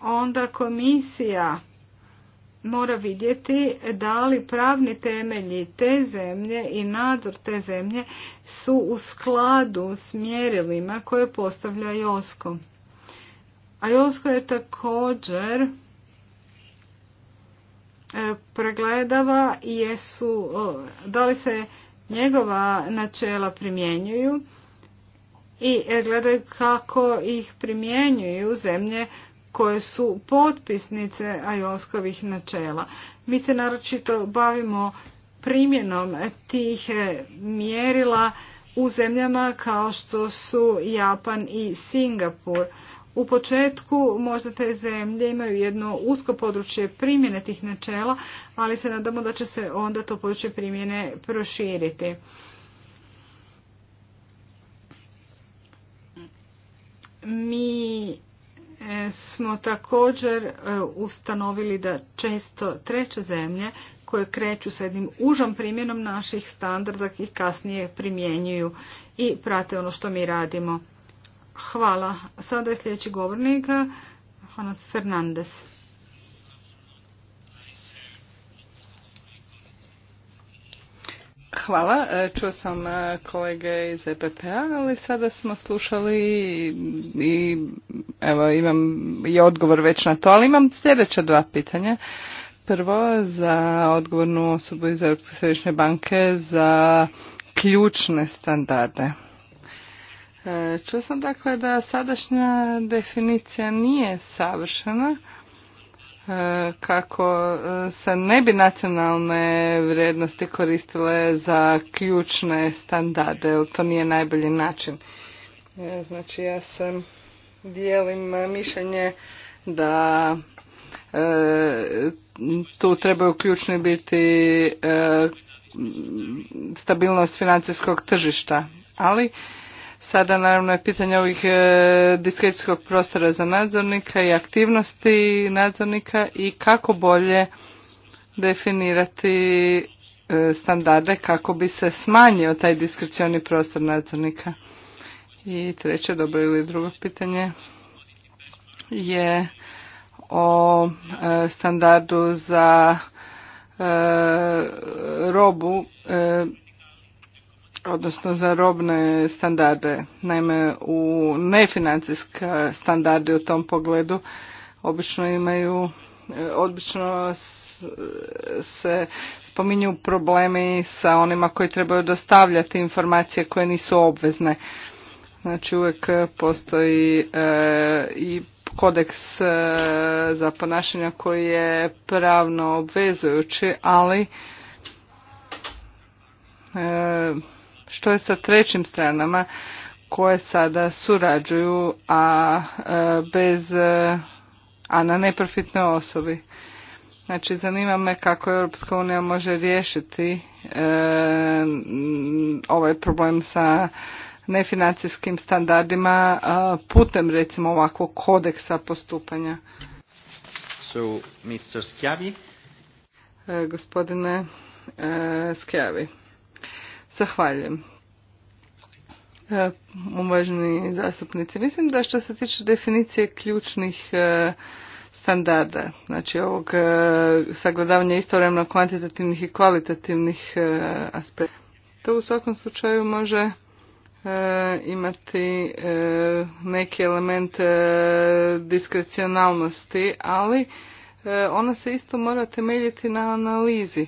onda komisija mora vidjeti da li pravni temelji te zemlje i nadzor te zemlje su u skladu s mjerilima koje postavlja Josko. A Josko je također e, pregledava jesu, da li se njegova načela primjenjuju i e, gledaju kako ih primjenjuju zemlje koje su potpisnice ajoskovih načela. Mi se naročito bavimo primjenom tih e, mjerila u zemljama kao što su Japan i Singapur. U početku možda te zemlje imaju jedno usko područje primjene tih načela, ali se nadamo da će se onda to područje primjene proširiti. Mi smo također e, ustanovili da često treće zemlje koje kreću sa jednim užom primjenom naših standarda ih kasnije primjenjuju i prate ono što mi radimo. Hvala. Sada je sljedeći govornik Hanas e, Fernandez. Hvala. E, čuo sam e, kolege iz epp p-a, ali sada smo slušali i evo imam i odgovor već na to, ali imam sljedeća dva pitanja. Prvo za odgovornu osobu iz Europske središnje banke za ključne standarde. E, čuo sam dakle da sadašnja definicija nije savršena, E, kako e, se ne bi nacionalne vrijednosti koristile za ključne standarde, jer to nije najbolji način. E, znači ja sam dijelim mišljenje da e, tu trebaju ključni biti stabilnost financijskog tržišta, ali Sada naravno je pitanje ovih e, diskrecijskog prostora za nadzornika i aktivnosti nadzornika i kako bolje definirati e, standarde kako bi se smanjio taj diskrecioni prostor nadzornika. I treće, dobro ili drugo pitanje je o e, standardu za robu odnosno za robne standarde. Naime, u nefinancijske standarde u tom pogledu obično imaju, e, obično se spominju problemi sa onima koji trebaju dostavljati informacije koje nisu obvezne. Znači uvijek postoji e, i kodeks e, za ponašanja koji je pravno obvezujući, ali što je sa trećim stranama koje sada surađuju, a e, bez e, a na neprofitne osobi. Znači, zanima me kako Europska unija može riješiti e, ovaj problem sa nefinancijskim standardima putem, recimo, ovakvog kodeksa postupanja. So, Mr. gospodine e, Skjavi. Zahvaljujem. E, uvaženi zastupnici, mislim da što se tiče definicije ključnih e, standarda, znači ovog e, sagledavanja istovremeno kvantitativnih i kvalitativnih aspekta, to u svakom slučaju može imati neki element diskrecionalnosti, ali ona se isto mora temeljiti na analizi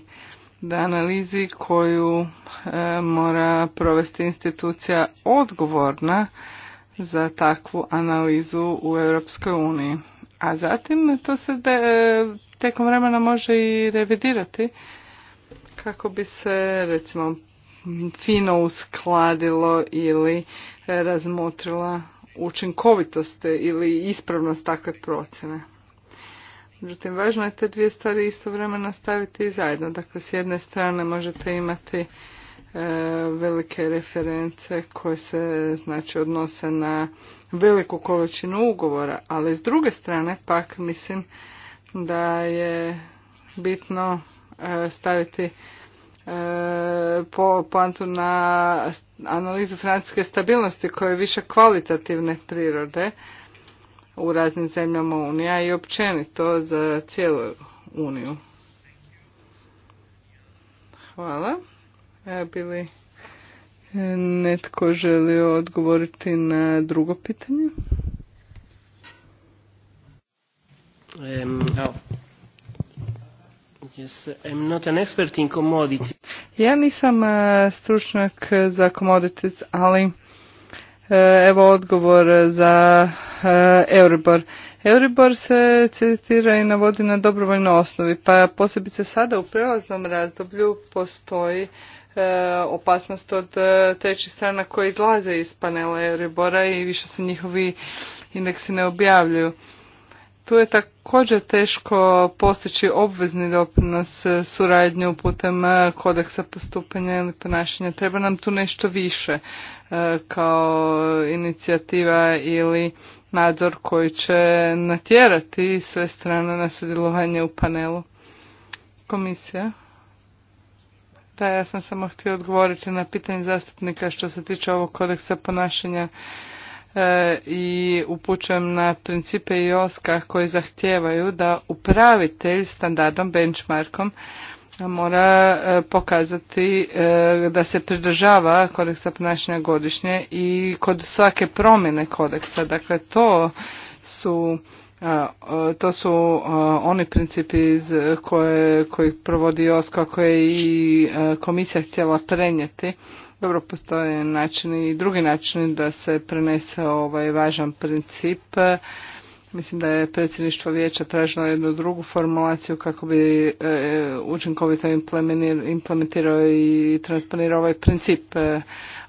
da analizi koju e, mora provesti institucija odgovorna za takvu analizu u Europskoj uniji. A zatim to se de, e, tekom vremena može i revidirati kako bi se recimo fino uskladilo ili razmotrila učinkovitost ili ispravnost takve procjene. Međutim, važno je te dvije stvari istovremeno staviti zajedno. Dakle, s jedne strane možete imati e, velike reference koje se znači odnose na veliku količinu ugovora, ali s druge strane pak mislim da je bitno e, staviti e, po poantu na analizu financijske stabilnosti koja je više kvalitativne prirode, u raznim zemljama Unija i općenito za cijelu Uniju. Hvala. E, bi li e, netko želio odgovoriti na drugo pitanje? Um, no. yes, not an in Ja nisam e, stručnjak za commodities, ali E, evo odgovor za e, Euribor. Euribor se citira i navodi na dobrovoljnoj osnovi, pa posebice sada u prelaznom razdoblju postoji e, opasnost od trećih strana koji izlaze iz panela Euribora i više se njihovi indeksi ne objavljuju. Tu je također teško postići obvezni doprinos e, suradnju putem e, kodeksa postupanja ili ponašanja. Treba nam tu nešto više e, kao inicijativa ili nadzor koji će natjerati sve strane na sudjelovanje u panelu. Komisija. Da, ja sam samo htio odgovoriti na pitanje zastupnika što se tiče ovog kodeksa ponašanja E, i upućujem na principe IOSKA koji zahtijevaju da upravitelj standardom benchmarkom mora e, pokazati e, da se pridržava kodeksa ponašanja godišnje i kod svake promjene kodeksa. Dakle, to su to su oni principi koje, koji provodi oska koje je i komisija htjela prenijeti dobro, postoje načini i drugi načini da se prenese ovaj važan princip. Mislim da je predsjedništvo vijeća tražilo jednu drugu formulaciju kako bi e, učinkovito implementirao i transponirao ovaj princip. E,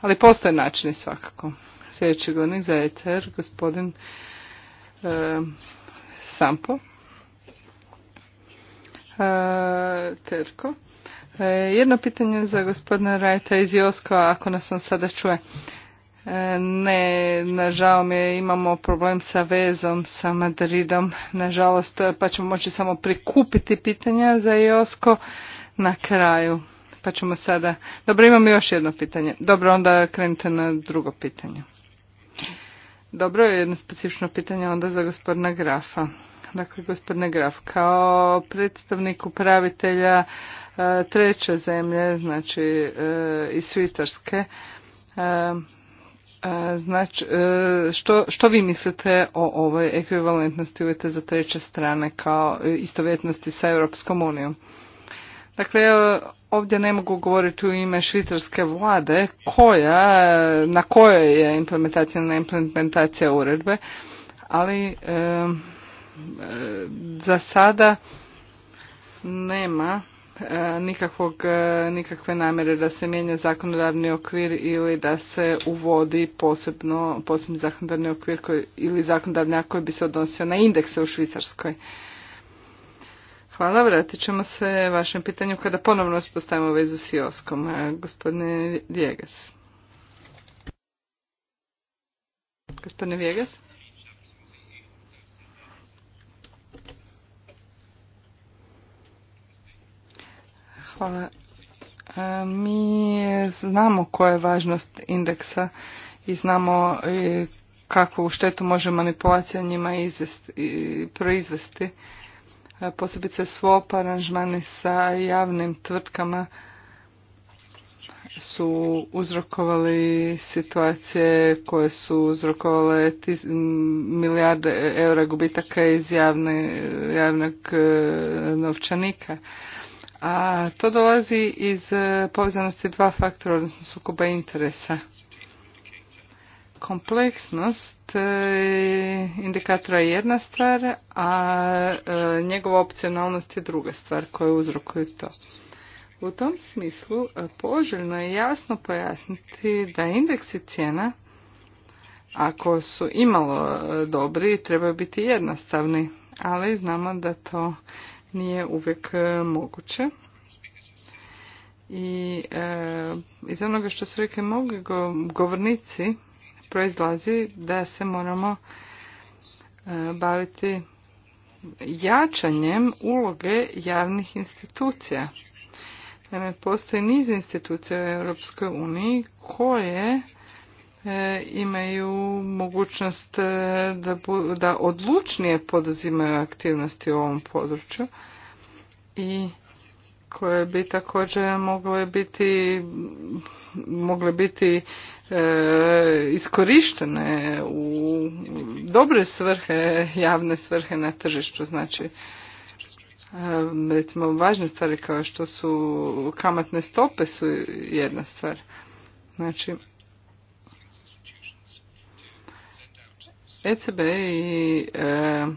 ali postoje načini svakako. Sljedeći govornik za ECR, gospodin e, Sampo. Terko. E, jedno pitanje za gospodina Rajta iz Joskova, ako nas on sada čuje. E, ne, nažal mi je, imamo problem sa vezom, sa Madridom, nažalost, pa ćemo moći samo prikupiti pitanja za Josko na kraju. Pa ćemo sada... Dobro, imamo još jedno pitanje. Dobro, onda krenite na drugo pitanje. Dobro, jedno specifično pitanje onda za gospodina Grafa. Dakle, gospodine Graf, kao predstavnik upravitelja E, treće zemlje, znači e, iz Švicarske. E, znači, što, što vi mislite o ovoj ekvivalentnosti uvjeta za treće strane kao istovjetnosti sa Europskom unijom? Dakle, ovdje ne mogu govoriti u ime švicarske vlade koja, na kojoj je implementacija na implementacija uredbe, ali za sada nema E, nikakvog, e, nikakve namere da se mijenja zakonodavni okvir ili da se uvodi posebno, posebni zakonodavni okvir ili zakonodavni koji bi se odnosio na indekse u Švicarskoj. Hvala, vratit ćemo se vašem pitanju kada ponovno uspostavimo vezu s IOS-kom. E, gospodine Vjegas. Gospodine Vjegas. Hvala. E, mi znamo koja je važnost indeksa i znamo kakvu štetu može manipulacija njima proizvesti. E, posebice swap aranžmani sa javnim tvrtkama su uzrokovali situacije koje su uzrokovale milijarde eura gubitaka iz javne, javnog e, novčanika. A to dolazi iz e, povezanosti dva faktora, odnosno sukoba interesa. Kompleksnost e, indikatora je jedna stvar, a e, njegova opcionalnost je druga stvar koja uzrokuje to. U tom smislu poželjno je jasno pojasniti da indeksi cijena, ako su imalo dobri, trebaju biti jednostavni, ali znamo da to nije uvijek e, moguće. I e, iz onoga što su rekli mnogi govornici proizlazi da se moramo e, baviti jačanjem uloge javnih institucija. Naime, postoji niz institucija u Europskoj uniji koje E, imaju mogućnost e, da, odlučnije poduzimaju aktivnosti u ovom području i koje bi također mogle biti mogle biti e, iskorištene u dobre svrhe, javne svrhe na tržištu. Znači, recimo, važne stvari kao što su kamatne stope su jedna stvar. Znači, ECB i e, e,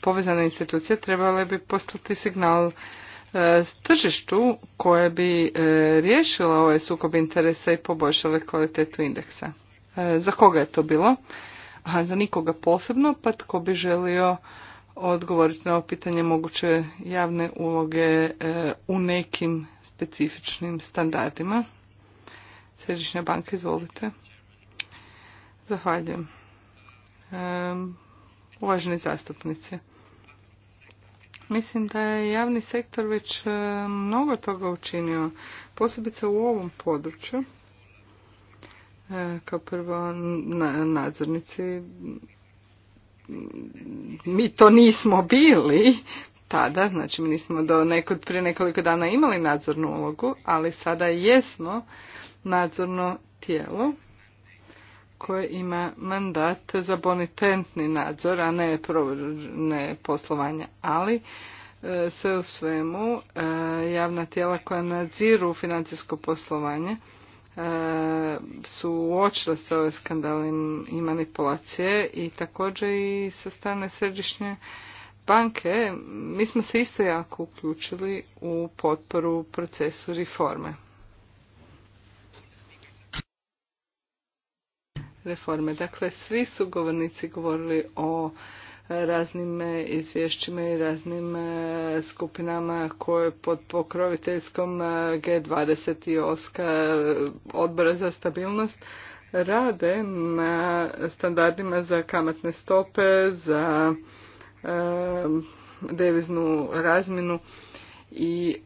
povezane institucije trebale bi postati signal e, tržištu koje bi e, riješila ovaj sukob interesa i poboljšale kvalitetu indeksa. E, za koga je to bilo? A za nikoga posebno, pa tko bi želio odgovoriti na ovo pitanje moguće javne uloge u nekim specifičnim standardima. Središnja banka, izvolite. Zahvaljujem uvaženi zastupnici. Mislim da je javni sektor već mnogo toga učinio, posebice u ovom području. E, kao prvo, nadzornici, mi to nismo bili tada, znači mi nismo do nekod, prije nekoliko dana imali nadzornu ulogu, ali sada jesmo nadzorno tijelo koje ima mandat za bonitentni nadzor, a ne, ne poslovanja, ali e, sve u svemu e, javna tijela koja nadziru financijsko poslovanje e, su uočile sve ove skandale i manipulacije i također i sa strane središnje banke mi smo se isto jako uključili u potporu procesu reforme. reforme. Dakle, svi su govornici govorili o raznim izvješćima i raznim e, skupinama koje pod pokroviteljskom e, G20 i OSKA e, odbora za stabilnost rade na standardima za kamatne stope, za deviznu razminu i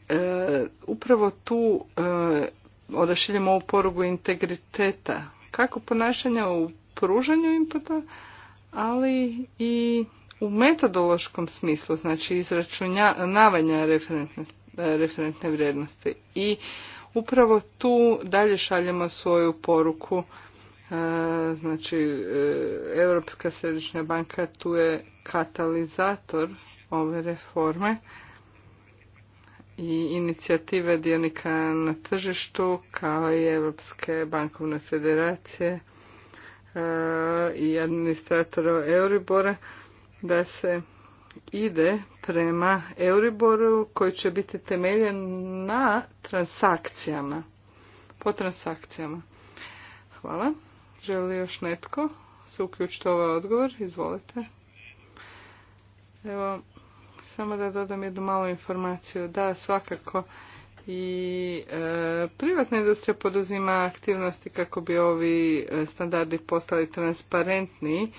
upravo tu odašiljemo ovu porugu integriteta kako ponašanja u pružanju inputa, ali i u metodološkom smislu, znači izračunavanja referentne, referentne vrijednosti. I upravo tu dalje šaljemo svoju poruku e, znači e, Europska središnja banka tu je katalizator ove reforme i inicijative dionika na tržištu kao i Europske bankovne federacije e, i administratora Euribora da se ide prema Euriboru koji će biti temeljen na transakcijama. Po transakcijama. Hvala. Želi još netko se uključiti ovaj odgovor? Izvolite. Evo, samo da dodam jednu malu informaciju. Da, svakako i e, privatna industrija poduzima aktivnosti kako bi ovi e, standardi postali transparentni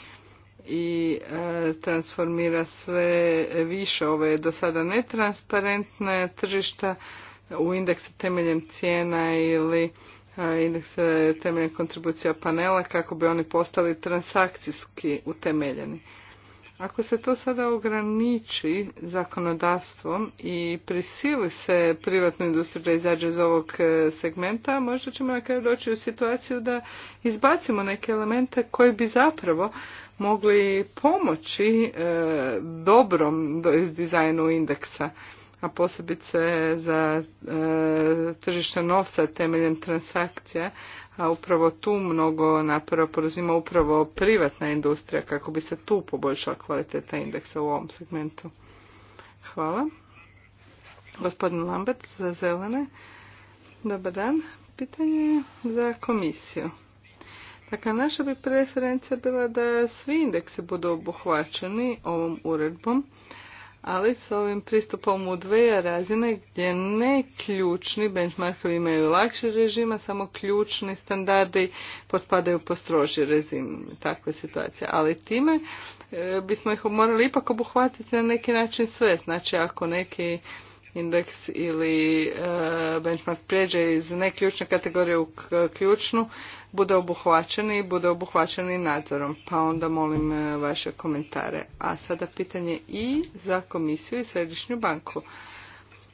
i e, transformira sve više ove do sada netransparentne tržišta u indekse temeljem cijena ili indeks indekse temeljem kontribucija panela kako bi oni postali transakcijski utemeljeni. Ako se to sada ograniči zakonodavstvom i prisili se privatnu industriju da izađe iz ovog e, segmenta, možda ćemo na kraju doći u situaciju da izbacimo neke elemente koji bi zapravo mogli pomoći e, dobrom do, dizajnu indeksa a posebice za e, tržište novca temeljem transakcija, a upravo tu mnogo napora poduzima upravo privatna industrija kako bi se tu poboljšala kvaliteta indeksa u ovom segmentu. Hvala. Gospodin Lambert za zelene. Dobar dan. Pitanje za komisiju. Dakle, naša bi preferencija bila da svi indeksi budu obuhvaćeni ovom uredbom, ali s ovim pristupom u dve razine gdje ne ključni benchmarkovi imaju lakši a samo ključni standardi potpadaju po stroži režim takve situacije. Ali time e, bismo ih morali ipak obuhvatiti na neki način sve. Znači ako neki indeks ili e, benchmark prijeđe iz neključne kategorije u ključnu, bude obuhvaćeni i bude obuhvaćeni nadzorom. Pa onda molim e, vaše komentare. A sada pitanje i za komisiju i središnju banku.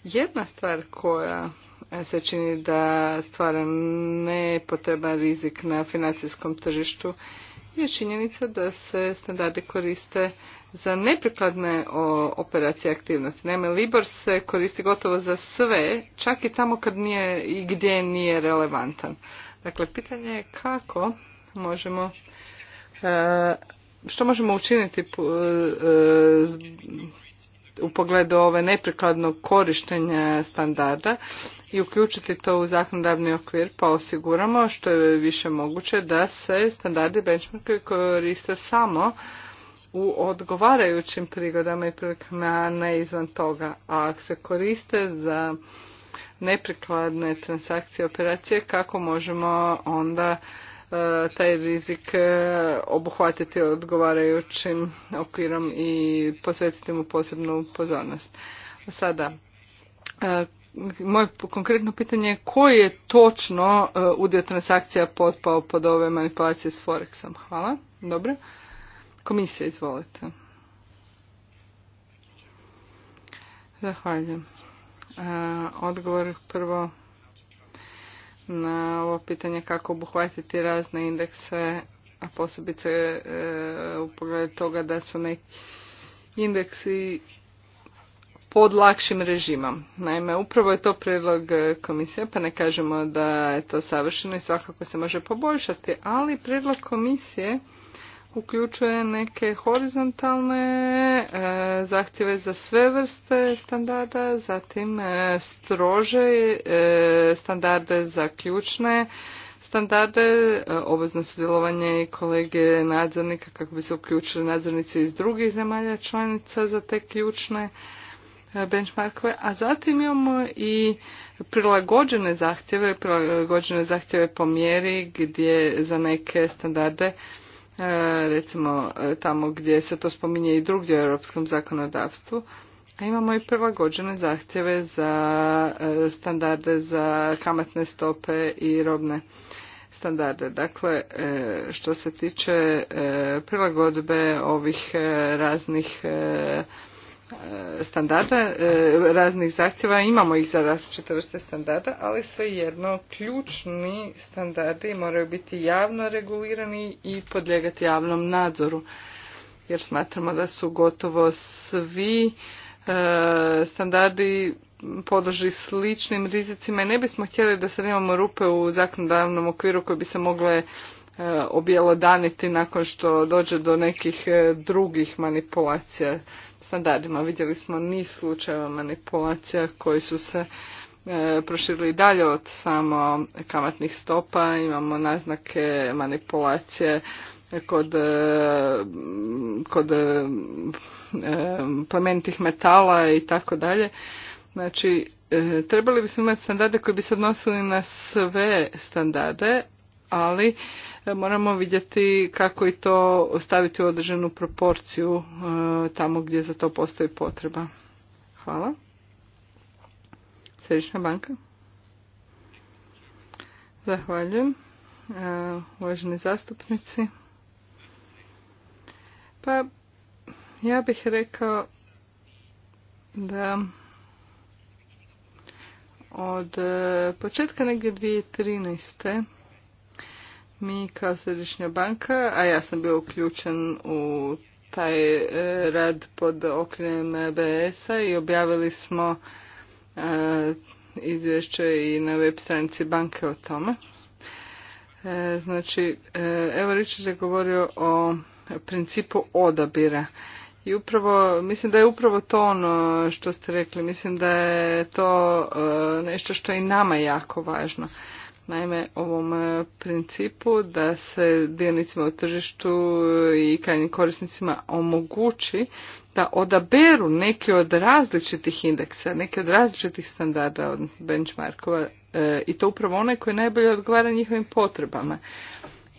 Jedna stvar koja e, se čini da stvara nepotreban rizik na financijskom tržištu je činjenica da se standardi koriste za neprikladne operacije aktivnosti. Naime, Libor se koristi gotovo za sve, čak i tamo kad nije i gdje nije relevantan. Dakle, pitanje je kako možemo e, što možemo učiniti e, e, u pogledu ove neprikladnog korištenja standarda i uključiti to u zakonodavni okvir pa osiguramo što je više moguće da se standardi benchmarka koriste samo u odgovarajućim prigodama i prilikama ne izvan toga. A ako se koriste za neprikladne transakcije operacije kako možemo onda E, taj rizik e, obuhvatiti odgovarajućim okvirom i posvetiti mu posebnu pozornost. Sada, e, moje konkretno pitanje je koji je točno udio transakcija potpao pod ove manipulacije s Forexom? Hvala. Dobro. Komisija, izvolite. Zahvaljujem. Odgovor prvo na ovo pitanje kako obuhvatiti razne indekse, a posebice e, u pogledu toga da su neki indeksi pod lakšim režimom. Naime, upravo je to prijedlog komisije, pa ne kažemo da je to savršeno i svakako se može poboljšati, ali prijedlog komisije uključuje neke horizontalne e, zahtjeve za sve vrste standarda, zatim e, strože e, standarde za ključne standarde, obvezno sudjelovanje i kolege nadzornika kako bi se uključili nadzornici iz drugih zemalja članica za te ključne benchmarkove, a zatim imamo i prilagođene zahtjeve, prilagođene zahtjeve po mjeri gdje za neke standarde E, recimo e, tamo gdje se to spominje i drugdje u europskom zakonodavstvu, a imamo i prilagođene zahtjeve za e, standarde za kamatne stope i robne standarde. Dakle, što se tiče prilagodbe ovih raznih E, standarda, e, raznih zahtjeva, imamo ih za različite vrste standarda, ali svejedno ključni standardi moraju biti javno regulirani i podlijegati javnom nadzoru. Jer smatramo da su gotovo svi e, standardi podloži sličnim rizicima i ne bismo htjeli da sad imamo rupe u zakonodavnom okviru koje bi se mogle objelodaniti nakon što dođe do nekih drugih manipulacija standardima. Vidjeli smo niz slučajeva manipulacija koji su se e, proširili dalje od samo kamatnih stopa. Imamo naznake manipulacije kod, e, kod e, e, metala i tako dalje. Znači, trebali bismo imati standarde koji bi se odnosili na sve standarde, ali e, moramo vidjeti kako i to ostaviti u određenu proporciju e, tamo gdje za to postoji potreba. Hvala. Središnja banka. Zahvaljujem. E, uvaženi zastupnici. Pa ja bih rekao da od početka negdje 2013. Mi kao središnja banka, a ja sam bio uključen u taj e, rad pod okriljem BS-a i objavili smo e, izvješće i na web stranici banke o tome. E, znači, evo Richard je govorio o principu odabira. I upravo, mislim da je upravo to ono što ste rekli. Mislim da je to nešto što je i nama jako važno. Naime, ovom e, principu da se dionicima u tržištu e, i krajnjim korisnicima omogući da odaberu neke od različitih indeksa, neke od različitih standarda, od benchmarkova, e, i to upravo one koje najbolje odgovara njihovim potrebama.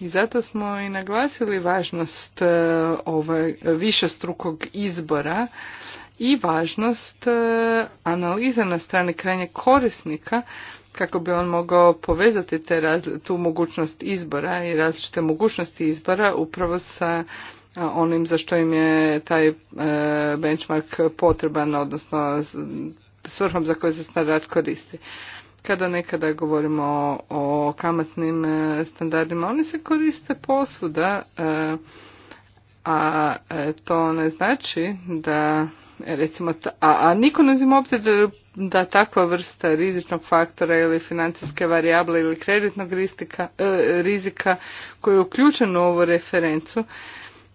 I zato smo i naglasili važnost ovaj, višestrukog izbora i važnost analiza na strani krajnjeg korisnika kako bi on mogao povezati te tu mogućnost izbora i različite mogućnosti izbora upravo sa e, onim za što im je taj e, benchmark potreban, odnosno svrhom za koje se standard koristi. Kada nekada govorimo o kamatnim e, standardima, oni se koriste posvuda, a to ne znači da recimo, a, a niko ne uzima obzir da, takva vrsta rizičnog faktora ili financijske varijable ili kreditnog rizika, e, rizika koji je uključen u ovu referencu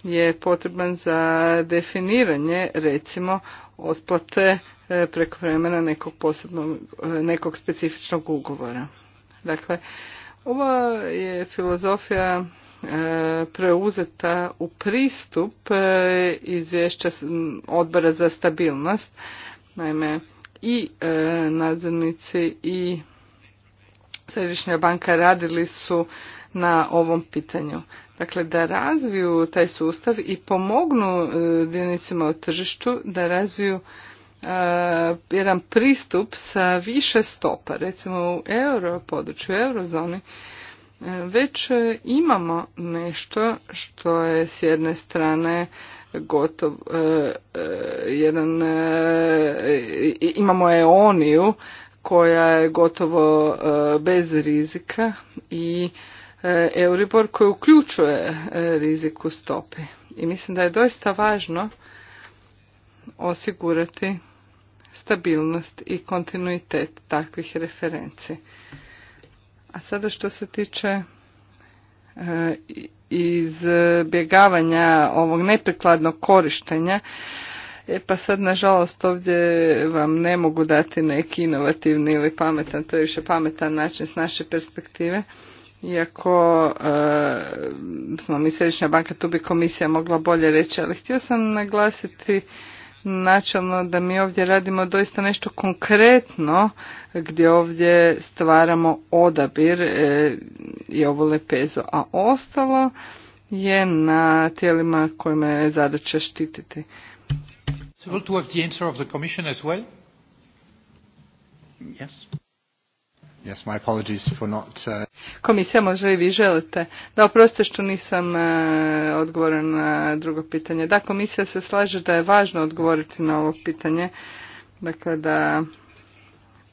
je potreban za definiranje recimo otplate e, preko vremena nekog posebnog, e, nekog specifičnog ugovora. Dakle, ova je filozofija E, preuzeta u pristup e, izvješća odbora za stabilnost. Naime, i e, nadzornici i Središnja banka radili su na ovom pitanju. Dakle, da razviju taj sustav i pomognu dionicima u tržištu da razviju jedan pristup sa više stopa, recimo u euro području, u eurozoni, već imamo nešto što je s jedne strane gotov e, e, jedan e, imamo eoniju koja je gotovo bez rizika i Euribor koji uključuje riziku stopi. I mislim da je doista važno osigurati stabilnost i kontinuitet takvih referenci. A sada što se tiče e, izbjegavanja ovog neprikladnog korištenja, E pa sad nažalost ovdje vam ne mogu dati neki inovativni ili pametan, previše pametan način s naše perspektive. Iako e, smo mi središnja banka, tu bi komisija mogla bolje reći, ali htio sam naglasiti načelno da mi ovdje radimo doista nešto konkretno gdje ovdje stvaramo odabir e, i ovu lepezu, a ostalo je na tijelima kojima je zadaća štititi. Yes, uh, Komisija može i vi želite. Da, oprostite što nisam uh, odgovoran na drugo pitanje. Da, komisija se slaže da je važno odgovoriti na ovo pitanje. Dakle, da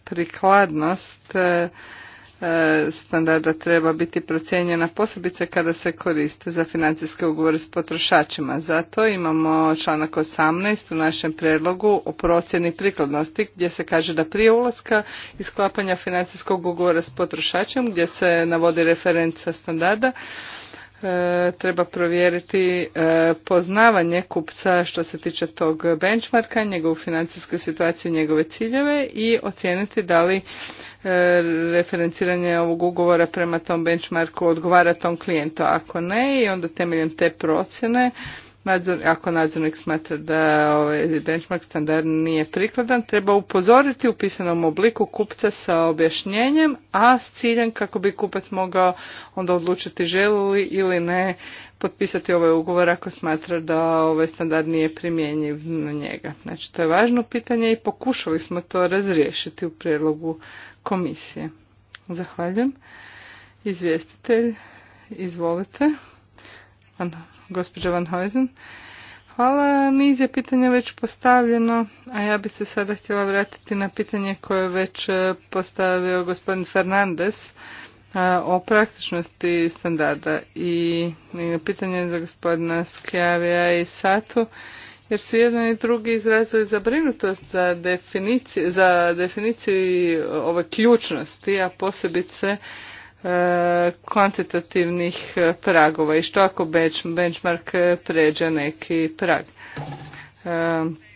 prikladnost uh, E, standarda treba biti procijenjena posebice kada se koriste za financijske ugovore s potrošačima. Zato imamo članak 18 u našem prijedlogu o procjeni prikladnosti gdje se kaže da prije ulaska i sklapanja financijskog ugovora s potrošačem gdje se navodi referenca standarda e, treba provjeriti e, poznavanje kupca što se tiče tog benchmarka, njegovu financijsku situaciju, njegove ciljeve i ocijeniti da li E, referenciranje ovog ugovora prema tom benchmarku odgovara tom klijentu, ako ne i onda temeljem te procjene ako nadzornik smatra da ovaj benchmark standard nije prikladan, treba upozoriti u pisanom obliku kupca sa objašnjenjem, a s ciljem kako bi kupac mogao onda odlučiti želi li ili ne potpisati ovaj ugovor ako smatra da ovaj standard nije primjenjiv na njega. Znači to je važno pitanje i pokušali smo to razriješiti u prijedlogu komisije. Zahvaljujem. Izvjestitelj, izvolite. Gospođa Van Hojzen. Hvala, niz je pitanja već postavljeno, a ja bi se sada htjela vratiti na pitanje koje je već e, postavio gospodin Fernandez e, o praktičnosti standarda i pitanje za gospodina Skjavija i Satu jer su jedan i drugi izrazili zabrinutost za, za definiciju ove ključnosti, a posebice e, kvantitativnih pragova i što ako benchmark pređe neki prag. E,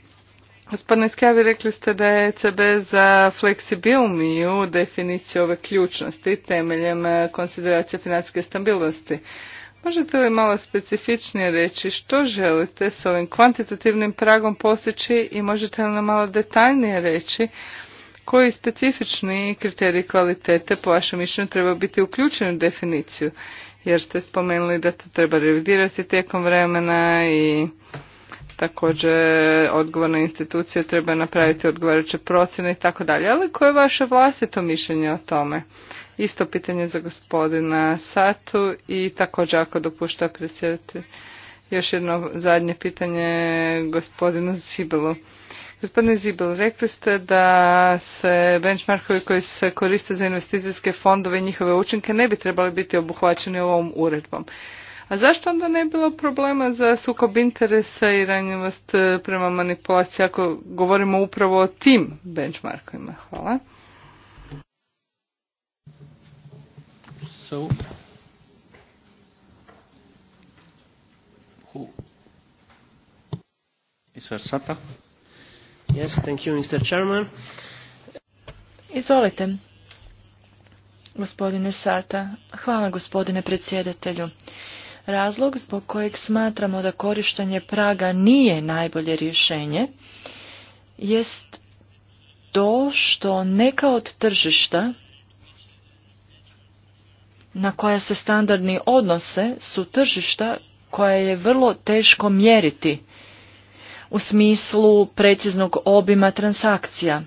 Gospodine Skavi, rekli ste da je ECB za fleksibilniju definiciju ove ključnosti temeljem konsideracije financijske stabilnosti. Možete li malo specifičnije reći što želite s ovim kvantitativnim pragom postići i možete li nam malo detaljnije reći koji specifični kriteriji kvalitete po vašem mišljenju treba biti uključeni u definiciju? Jer ste spomenuli da to treba revidirati tijekom vremena i također odgovorne institucije treba napraviti odgovarajuće procjene i tako dalje. Ali koje je vaše vlastito mišljenje o tome? Isto pitanje za gospodina Satu i također ako dopušta predsjedati. Još jedno zadnje pitanje gospodinu Zibelu. Gospodine Zibel, rekli ste da se benchmarkovi koji se koriste za investicijske fondove i njihove učinke ne bi trebali biti obuhvaćeni ovom uredbom. A zašto onda ne bilo problema za sukob interesa i ranjivost prema manipulaciji ako govorimo upravo o tim benchmarkovima? Hvala. so. Mr. Sata? Yes, thank you, Mr. Chairman. Izvolite, gospodine Sata. Hvala, gospodine predsjedatelju. Razlog zbog kojeg smatramo da korištenje praga nije najbolje rješenje jest to što neka od tržišta na koja se standardni odnose su tržišta koja je vrlo teško mjeriti u smislu preciznog obima transakcija.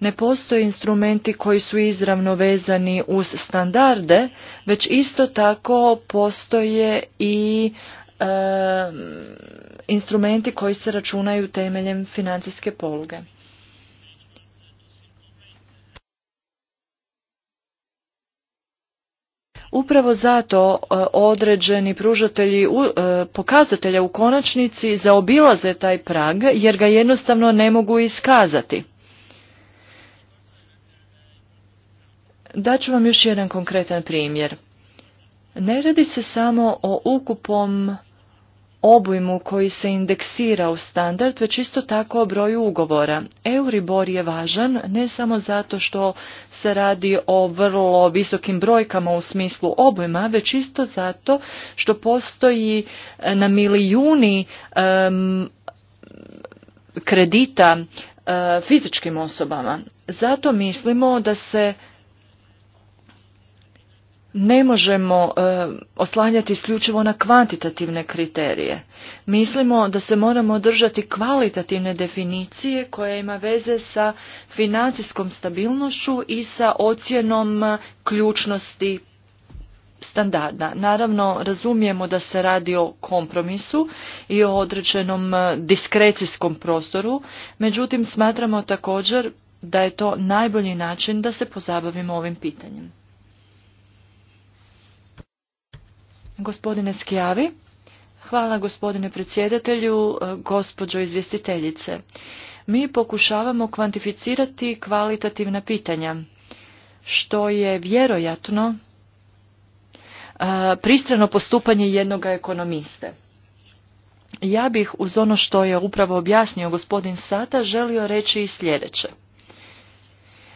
Ne postoje instrumenti koji su izravno vezani uz standarde, već isto tako postoje i instrumenti koji se računaju temeljem financijske poluge. Upravo zato e, određeni pružatelji e, pokazatelja u konačnici zaobilaze taj prag jer ga jednostavno ne mogu iskazati. Daću vam još jedan konkretan primjer. Ne radi se samo o ukupom obujmu koji se indeksira u standard, već isto tako o broju ugovora. Euribor je važan ne samo zato što se radi o vrlo visokim brojkama u smislu obujma, već isto zato što postoji e, na milijuni kredita e, fizičkim osobama. Zato mislimo da se ne možemo e, oslanjati isključivo na kvantitativne kriterije. Mislimo da se moramo držati kvalitativne definicije koja ima veze sa financijskom stabilnošću i sa ocjenom e, ključnosti standarda. Naravno, razumijemo da se radi o kompromisu i o određenom e, diskrecijskom prostoru, međutim smatramo također da je to najbolji način da se pozabavimo ovim pitanjem. Gospodine Skjavi, hvala gospodine predsjedatelju, e, gospođo izvjestiteljice. Mi pokušavamo kvantificirati kvalitativna pitanja, što je vjerojatno e, pristrano postupanje jednog ekonomiste. Ja bih uz ono što je upravo objasnio gospodin Sata želio reći i sljedeće.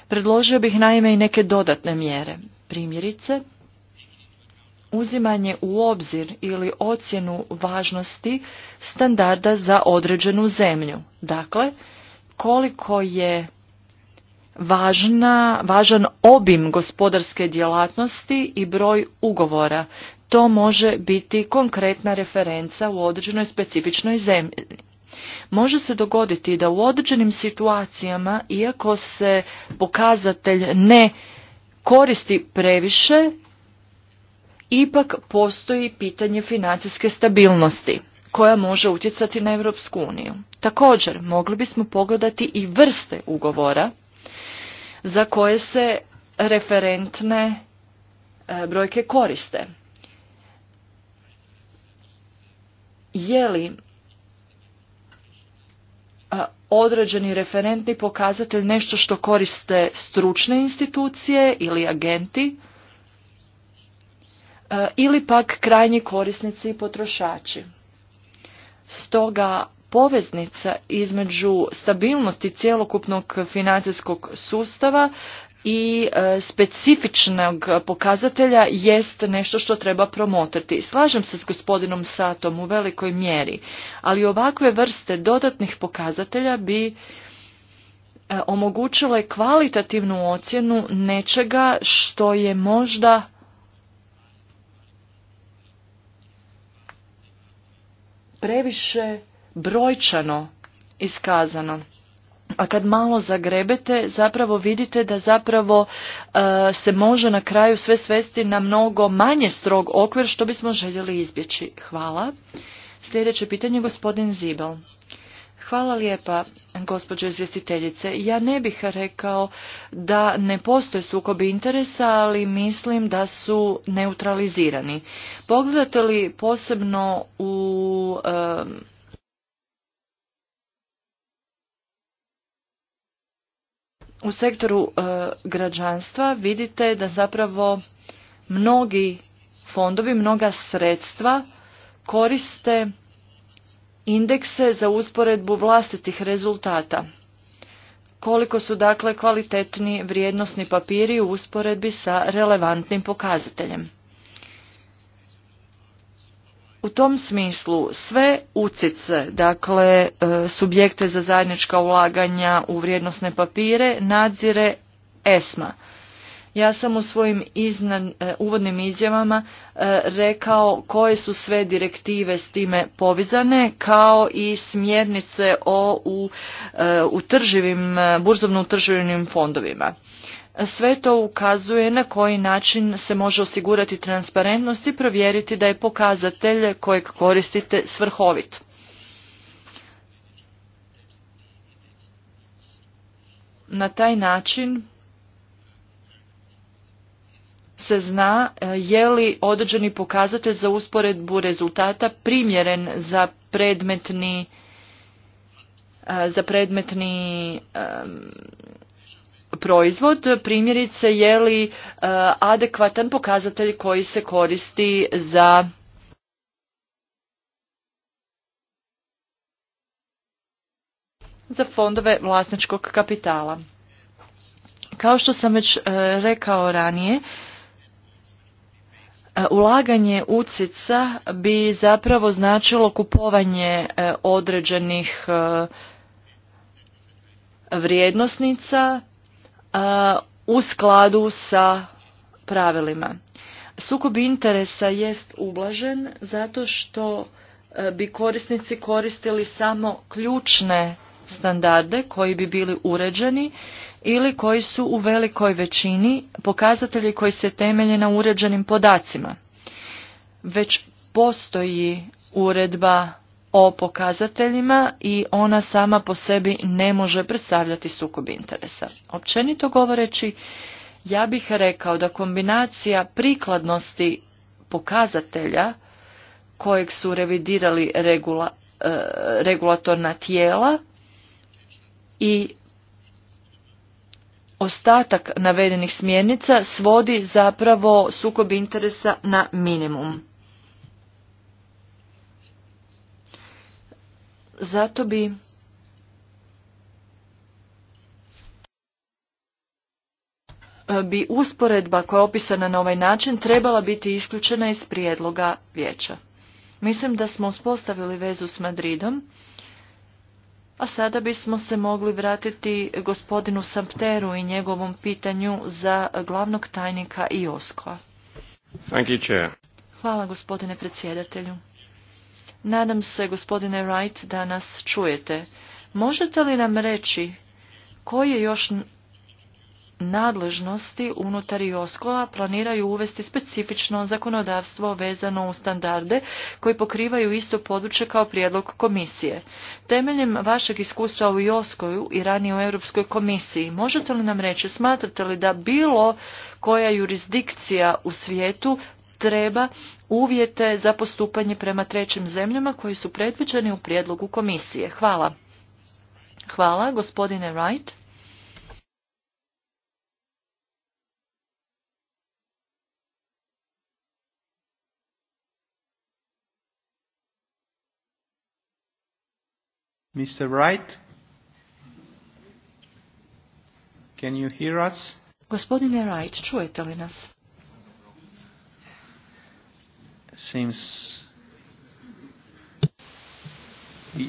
Predložio bih naime i neke dodatne mjere. Primjerice, uzimanje u obzir ili ocjenu važnosti standarda za određenu zemlju. Dakle, koliko je važna, važan obim gospodarske djelatnosti i broj ugovora. To može biti konkretna referenca u određenoj specifičnoj zemlji. Može se dogoditi da u određenim situacijama, iako se pokazatelj ne koristi previše, ipak postoji pitanje financijske stabilnosti koja može utjecati na Europsku uniju. Također, mogli bismo pogledati i vrste ugovora za koje se referentne e, brojke koriste. Je li e, određeni referentni pokazatelj nešto što koriste stručne institucije ili agenti E, ili pak krajnji korisnici i potrošači. Stoga poveznica između stabilnosti cjelokupnog financijskog sustava i e, specifičnog pokazatelja jest nešto što treba promotriti. Slažem se s gospodinom Satom u velikoj mjeri, ali ovakve vrste dodatnih pokazatelja bi e, omogućile kvalitativnu ocjenu nečega što je možda previše brojčano iskazano a kad malo zagrebete zapravo vidite da zapravo e, se može na kraju sve svesti na mnogo manje strog okvir što bismo željeli izbjeći. Hvala. Sljedeće pitanje gospodin Zibel. Hvala lijepa, gospođo izvjestiteljice. Ja ne bih rekao da ne postoje sukobi interesa, ali mislim da su neutralizirani. Pogledate li posebno u... u sektoru e, građanstva vidite da zapravo mnogi fondovi, mnoga sredstva koriste indekse za usporedbu vlastitih rezultata. Koliko su dakle kvalitetni vrijednosni papiri u usporedbi sa relevantnim pokazateljem. U tom smislu sve ucice, dakle e, subjekte za zajednička ulaganja u vrijednosne papire, nadzire ESMA ja sam u svojim e, uvodnim izjavama e, rekao koje su sve direktive s time povezane kao i smjernice o u, e, burzovno utrživim fondovima. Sve to ukazuje na koji način se može osigurati transparentnost i provjeriti da je pokazatelj kojeg koristite svrhovit. Na taj način se zna e, je li određeni pokazatelj za usporedbu rezultata primjeren za predmetni e, za predmetni e, proizvod, primjerice je li adekvatan pokazatelj koji se koristi za za fondove vlasničkog kapitala. Kao što sam već rekao ranije, E, ulaganje ucica bi zapravo značilo kupovanje e, određenih e, vrijednosnica u skladu sa pravilima. Sukob interesa jest ublažen zato što bi korisnici koristili samo ključne standarde koji bi bili uređeni ili koji su u velikoj većini pokazatelji koji se temelje na uređenim podacima. Već postoji uredba o pokazateljima i ona sama po sebi ne može predstavljati sukob interesa. Općenito govoreći, ja bih rekao da kombinacija prikladnosti pokazatelja kojeg su revidirali e, regulatorna tijela i ostatak navedenih smjernica svodi zapravo sukob interesa na minimum. Zato bi bi usporedba koja je opisana na ovaj način trebala biti isključena iz prijedloga vijeća. Mislim da smo uspostavili vezu s Madridom a sada bismo se mogli vratiti gospodinu Sampteru i njegovom pitanju za glavnog tajnika IOSKO-a. Hvala gospodine predsjedatelju. Nadam se, gospodine Wright, da nas čujete. Možete li nam reći koji je još nadležnosti unutar Joskova planiraju uvesti specifično zakonodavstvo vezano u standarde koji pokrivaju isto područje kao prijedlog komisije. Temeljem vašeg iskustva u Joskoju i ranije u Europskoj komisiji, možete li nam reći, smatrate li da bilo koja jurisdikcija u svijetu treba uvjete za postupanje prema trećim zemljama koji su predviđeni u prijedlogu komisije? Hvala. Hvala, gospodine Wright. Mr. Wright? Can you hear us? Gospodine Wright, čujete li nas? Seems...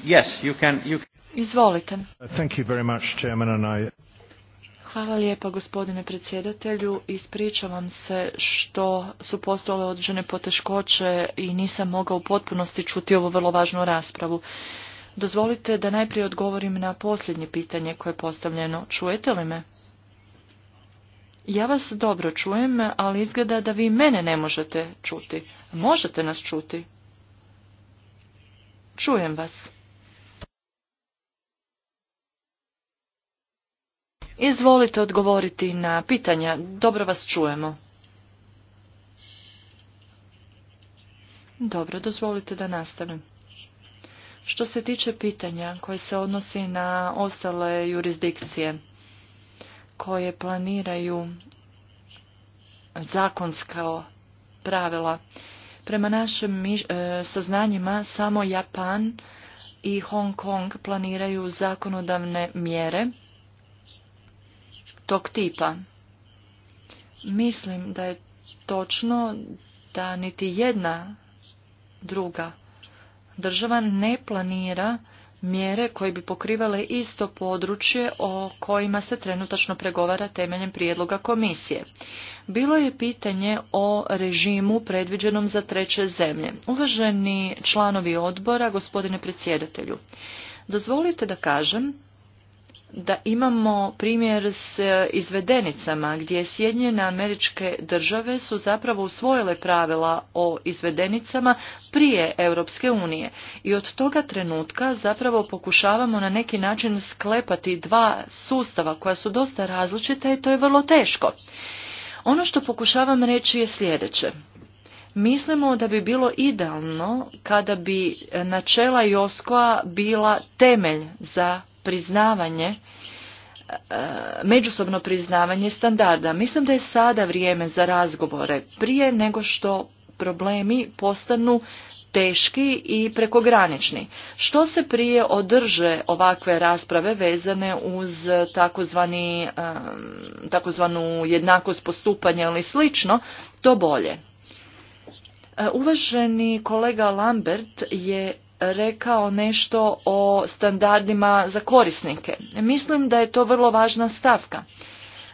Yes, you can... You... Izvolite. Thank you very much, Chairman, and I... Hvala lijepa gospodine predsjedatelju. Ispričavam se što su postale određene poteškoće i nisam mogao u potpunosti čuti ovu vrlo važnu raspravu. Dozvolite da najprije odgovorim na posljednje pitanje koje je postavljeno. Čujete li me? Ja vas dobro čujem, ali izgleda da vi mene ne možete čuti. Možete nas čuti? Čujem vas. Izvolite odgovoriti na pitanja. Dobro vas čujemo. Dobro, dozvolite da nastavim. Što se tiče pitanja koje se odnosi na ostale jurisdikcije koje planiraju zakonska pravila, prema našim e, saznanjima samo Japan i Hong Kong planiraju zakonodavne mjere tog tipa. Mislim da je točno da niti jedna druga država ne planira mjere koje bi pokrivale isto područje o kojima se trenutačno pregovara temeljem prijedloga komisije. Bilo je pitanje o režimu predviđenom za treće zemlje. Uvaženi članovi odbora, gospodine predsjedatelju, dozvolite da kažem da imamo primjer s e, izvedenicama gdje Sjedinjene američke države su zapravo usvojile pravila o izvedenicama prije Europske unije i od toga trenutka zapravo pokušavamo na neki način sklepati dva sustava koja su dosta različita i to je vrlo teško. Ono što pokušavam reći je sljedeće. Mislimo da bi bilo idealno kada bi e, načela Joskoa bila temelj za priznavanje e, međusobno priznavanje standarda. Mislim da je sada vrijeme za razgovore prije nego što problemi postanu teški i prekogranični. Što se prije održe ovakve rasprave vezane uz takozvani, e, takozvanu jednakost postupanja ili slično, to bolje. E, uvaženi kolega Lambert je rekao nešto o standardima za korisnike. Mislim da je to vrlo važna stavka.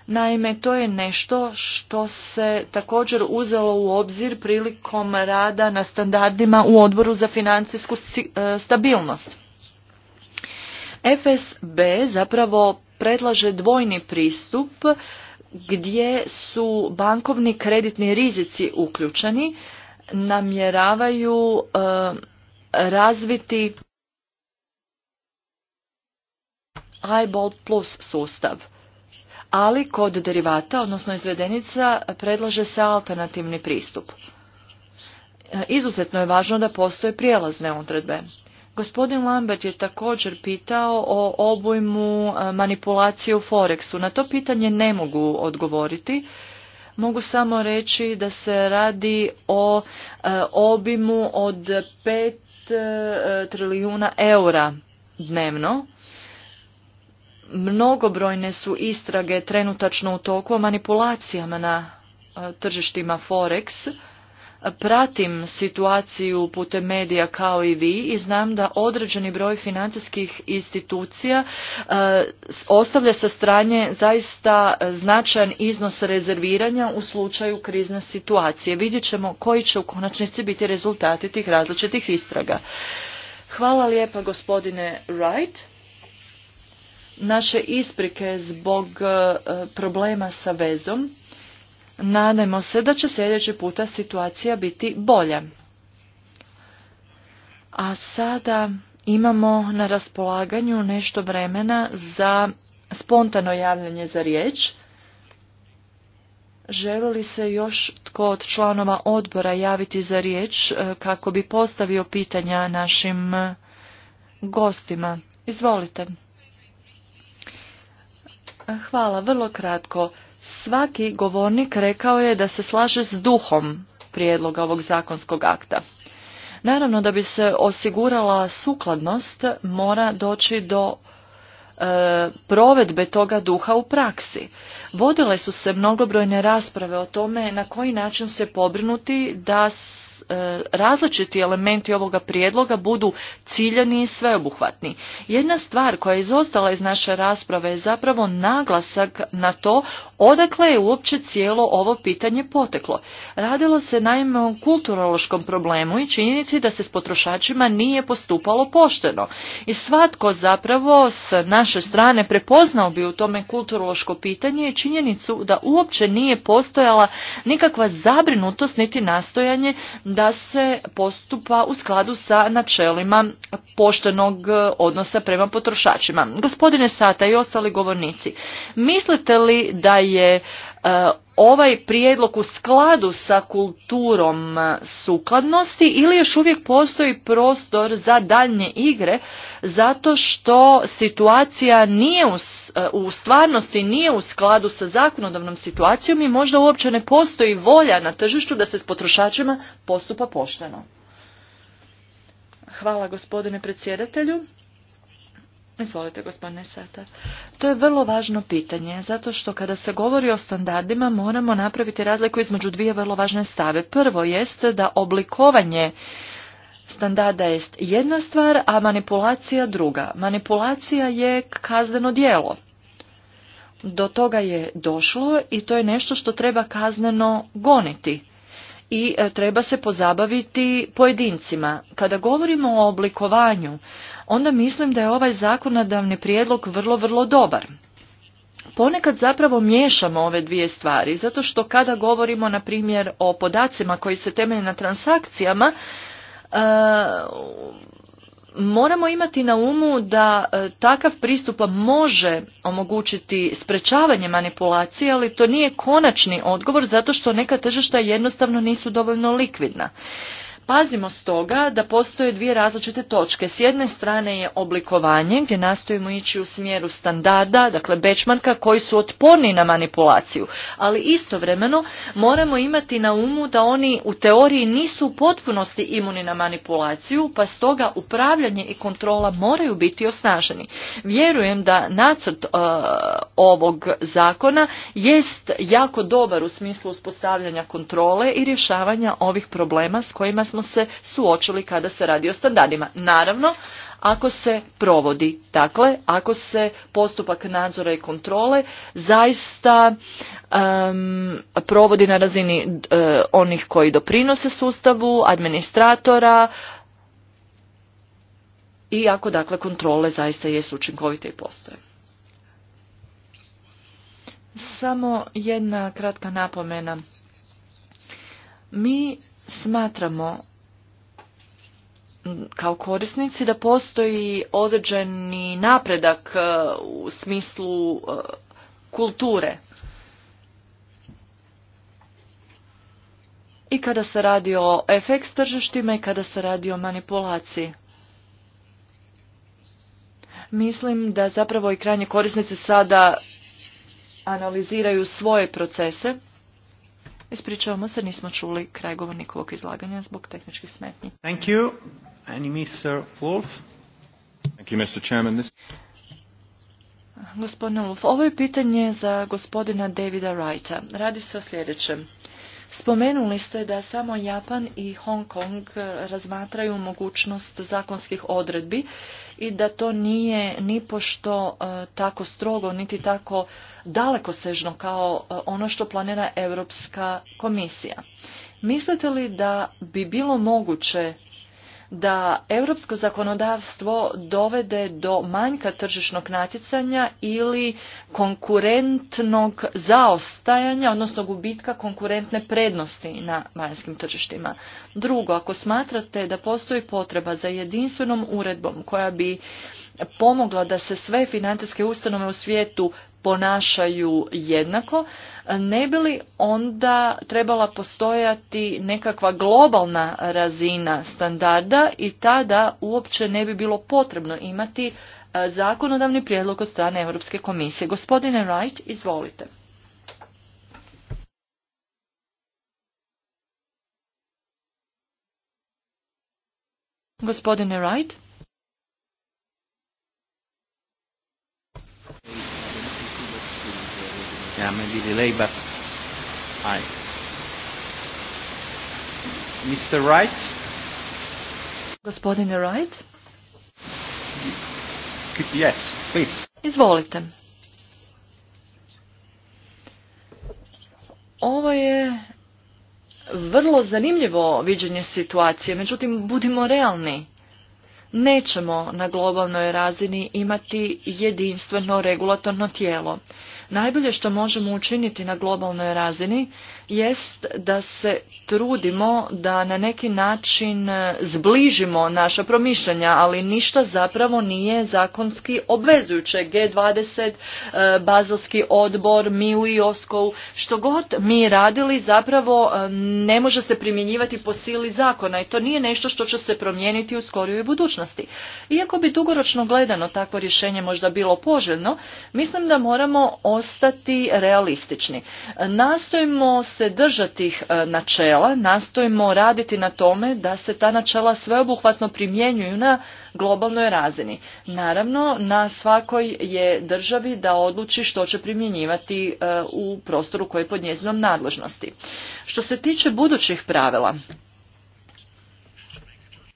Naime, to je nešto što se također uzelo u obzir prilikom rada na standardima u odboru za financijsku e, stabilnost. FSB zapravo predlaže dvojni pristup gdje su bankovni kreditni rizici uključeni, namjeravaju e, razviti highball plus sustav. Ali kod derivata, odnosno izvedenica, predlaže se alternativni pristup. Izuzetno je važno da postoje prijelazne odredbe. Gospodin Lambert je također pitao o obujmu e, manipulacije u Forexu. Na to pitanje ne mogu odgovoriti. Mogu samo reći da se radi o e, obimu od 5 E, trilijuna eura dnevno. Mnogobrojne su istrage trenutačno u toku o manipulacijama na e, tržištima Forex pratim situaciju putem medija kao i vi i znam da određeni broj financijskih institucija e, ostavlja sa stranje zaista značajan iznos rezerviranja u slučaju krizne situacije. Vidjet ćemo koji će u konačnici biti rezultati tih različitih istraga. Hvala lijepa gospodine Wright. Naše isprike zbog e, problema sa vezom. Nadajmo se da će sljedeći puta situacija biti bolja. A sada imamo na raspolaganju nešto vremena za spontano javljanje za riječ. Želi li se još tko od članova odbora javiti za riječ e, kako bi postavio pitanja našim e, gostima? Izvolite. Hvala, vrlo kratko. Svaki govornik rekao je da se slaže s duhom prijedloga ovog zakonskog akta. Naravno da bi se osigurala sukladnost mora doći do e, provedbe toga duha u praksi. Vodile su se mnogobrojne rasprave o tome na koji način se pobrinuti da E, različiti elementi ovoga prijedloga budu ciljani i sveobuhvatni. Jedna stvar koja je izostala iz naše rasprave je zapravo naglasak na to odakle je uopće cijelo ovo pitanje poteklo. Radilo se naime o kulturološkom problemu i činjenici da se s potrošačima nije postupalo pošteno. I svatko zapravo s naše strane prepoznao bi u tome kulturološko pitanje i činjenicu da uopće nije postojala nikakva zabrinutost niti nastojanje da se postupa u skladu sa načelima poštenog e, odnosa prema potrošačima. Gospodine Sata i ostali govornici, mislite li da je E, ovaj prijedlog u skladu sa kulturom e, sukladnosti ili još uvijek postoji prostor za daljnje igre zato što situacija nije u, e, u stvarnosti nije u skladu sa zakonodavnom situacijom i možda uopće ne postoji volja na tržištu da se s potrošačima postupa pošteno. Hvala gospodine predsjedatelju. Izvolite, gospodine Sata. To je vrlo važno pitanje, zato što kada se govori o standardima moramo napraviti razliku između dvije vrlo važne stave. Prvo jest da oblikovanje standarda jest jedna stvar, a manipulacija druga. Manipulacija je kazneno djelo. Do toga je došlo i to je nešto što treba kazneno goniti i e, treba se pozabaviti pojedincima. Kada govorimo o oblikovanju, onda mislim da je ovaj zakonodavni prijedlog vrlo, vrlo dobar. Ponekad zapravo miješamo ove dvije stvari, zato što kada govorimo, na primjer, o podacima koji se temelje na transakcijama, e, moramo imati na umu da e, takav pristup može omogućiti sprečavanje manipulacije, ali to nije konačni odgovor zato što neka tržišta jednostavno nisu dovoljno likvidna. Pazimo stoga da postoje dvije različite točke. S jedne strane je oblikovanje gdje nastojimo ići u smjeru standarda, dakle benchmarka koji su otporni na manipulaciju, ali istovremeno moramo imati na umu da oni u teoriji nisu u potpunosti imuni na manipulaciju, pa stoga upravljanje i kontrola moraju biti osnaženi. Vjerujem da nacrt e, ovog zakona jest jako dobar u smislu uspostavljanja kontrole i rješavanja ovih problema s kojima smo smo se suočili kada se radi o standardima. Naravno, ako se provodi, dakle, ako se postupak nadzora i kontrole zaista provodi na razini e, onih koji doprinose sustavu, administratora i ako, dakle, kontrole zaista jesu učinkovite i postoje. Samo jedna kratka napomena. Mi smatramo kao korisnici da postoji određeni napredak e, u smislu e, kulture. I kada se radi o s tržištima i kada se radi o manipulaciji. Mislim da zapravo i krajnje korisnici sada analiziraju svoje procese Ispričavamo se, nismo čuli kraj govornikovog izlaganja zbog tehničkih smetnji. Thank you. Mr. Wolf. Thank you, Mr. Chairman. This... Gospodine Wolf, ovo je pitanje za gospodina Davida Wrighta. Radi se o sljedećem. Spomenuli ste da samo Japan i Hong Kong eh, razmatraju mogućnost zakonskih odredbi i da to nije ni pošto eh, tako strogo niti tako dalekosežno kao eh, ono što planira Europska komisija. Mislite li da bi bilo moguće da europsko zakonodavstvo dovede do manjka tržišnog natjecanja ili konkurentnog zaostajanja, odnosno gubitka konkurentne prednosti na vanjskim tržištima. Drugo, ako smatrate da postoji potreba za jedinstvenom uredbom koja bi pomogla da se sve financijske ustanove u svijetu ponašaju jednako, ne bi li onda trebala postojati nekakva globalna razina standarda i tada uopće ne bi bilo potrebno imati e, zakonodavni prijedlog od strane Europske komisije. Gospodine Wright, izvolite. Gospodine Wright. yeah, maybe delay, but I. Mr. Wright? Gospodine Wright? Yes, please. Izvolite. Ovo je vrlo zanimljivo viđenje situacije, međutim budimo realni. Nećemo na globalnoj razini imati jedinstveno regulatorno tijelo. Najbolje što možemo učiniti na globalnoj razini jest da se trudimo da na neki način e, zbližimo naša promišljanja, ali ništa zapravo nije zakonski obvezujuće. G20, e, Bazelski odbor, mi u OSKOV, što god mi radili zapravo e, ne može se primjenjivati po sili zakona i to nije nešto što će se promijeniti u skorijoj budućnosti. Iako bi dugoročno gledano takvo rješenje možda bilo poželjno, mislim da moramo ostati realistični. Nastojimo se držati e, načela, nastojimo raditi na tome da se ta načela sveobuhvatno primjenjuju na globalnoj razini. Naravno, na svakoj je državi da odluči što će primjenjivati e, u prostoru koji je pod njezinom nadležnosti. Što se tiče budućih pravila,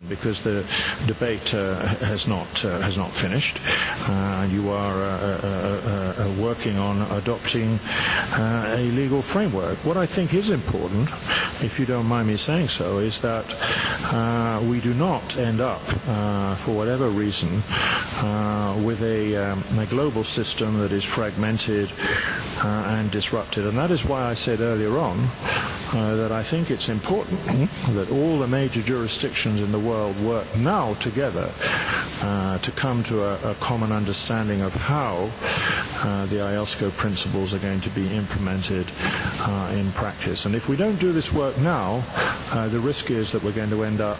because the debate uh, has not uh, has not finished uh, you are uh uh, uh, uh, uh, working on adopting uh, a legal framework what i think is important if you don't mind me saying so is that uh, we do not end up uh, for whatever reason uh, with a, um, a global system that is fragmented uh, and disrupted and that is why i said earlier on uh, that i think it's important that all the major jurisdictions in the world world work now together uh, to come to a, a, common understanding of how uh, the IELSCO principles are going to be implemented uh, in practice. And if we don't do this work now, uh, the risk is that we're going to end up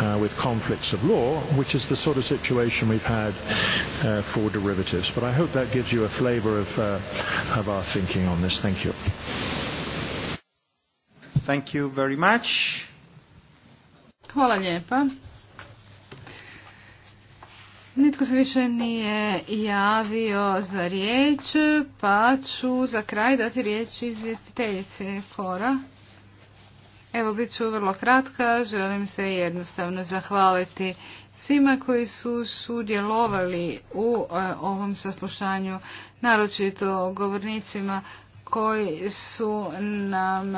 uh with conflicts of law, which is the sort of situation we've had uh for derivatives. But I hope that gives you a flavor of, uh of our thinking on this. Thank you. Thank you very much. Hvala lijepa. Nitko se više nije javio za riječ, pa ću za kraj dati riječ izvjestiteljice Kora. Evo, bit ću vrlo kratka, želim se jednostavno zahvaliti svima koji su sudjelovali u e, ovom saslušanju, naročito govornicima koji su nam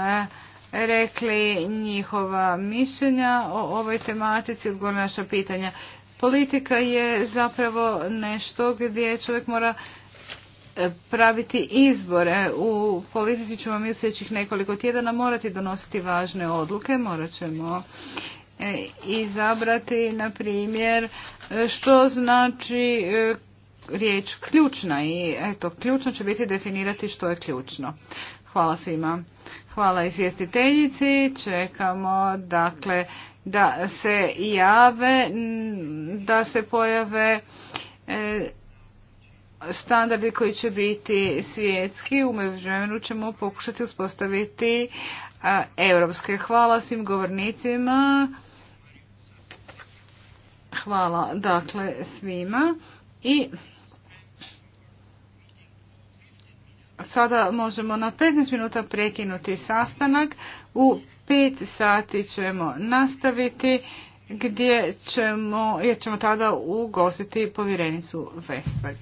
rekli njihova mišljenja o ovoj tematici, odgovor naša pitanja. Politika je zapravo nešto gdje čovjek mora e, praviti izbore. U politici ćemo mi u sljedećih nekoliko tjedana morati donositi važne odluke, morat ćemo e, izabrati, na primjer, što znači e, riječ ključna i eto, ključno će biti definirati što je ključno. Hvala svima. Hvala izvjestiteljici. Čekamo dakle da se jave, da se pojave e, standardi koji će biti svjetski. U međuvremenu ćemo pokušati uspostaviti europske. Hvala svim govornicima. Hvala dakle svima i sada možemo na 15 minuta prekinuti sastanak. U 5 sati ćemo nastaviti gdje ćemo, ćemo tada ugostiti povjerenicu Vestag.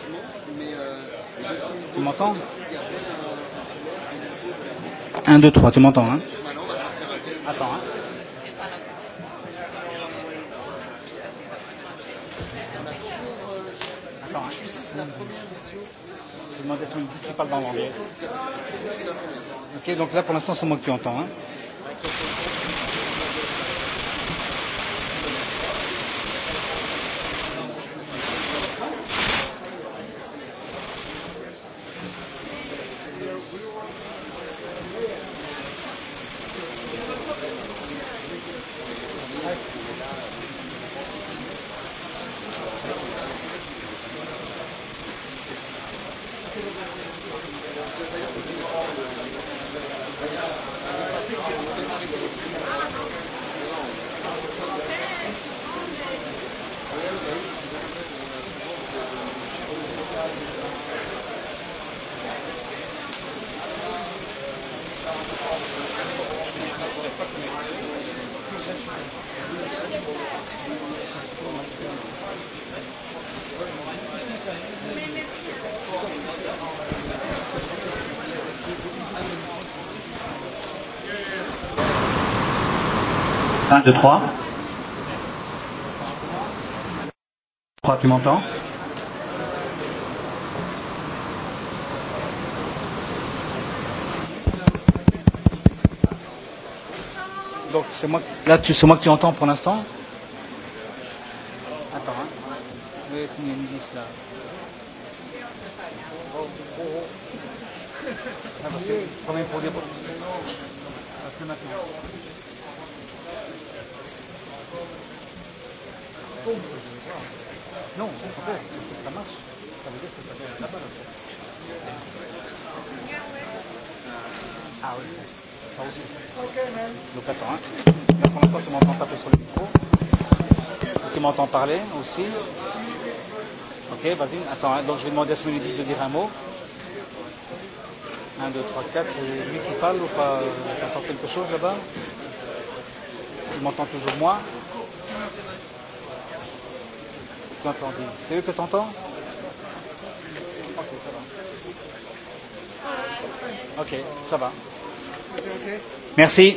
malheureusement, mais... Euh, tu m'entends 1, 2, 3, tu m'entends, hein Attends, hein Attends, hein Je demandais si on dit qui parle dans l'anglais. Ok, donc là, pour l'instant, c'est moi que tu entends, hein 1, 2, 3. 3, tu m'entends Donc c'est moi, là tu, c'est moi que tu entends pour l'instant Attends, hein. Oui, c'est une 10 là. Ah, parce que c'est quand même pour dire... Parce que maintenant... compte que je vais voir. Non, au contraire, c'est que ça marche. Ça veut dire que ça vient de là-bas, Ah oui, ça aussi. Ok, man. Donc attends, hein. Là, pour l'instant, tu m'entends taper sur le micro. Tu m'entends parler aussi. Ok, vas-y. Attends, hein. donc je vais demander à ce menu de dire un mot. 1, 2, 3, 4. C'est lui qui parle ou pas J'entends quelque chose là-bas Tu m'entends toujours moi tu C'est eux que tu entends Ok, ça va. Ok, Merci.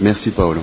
Merci Paolo.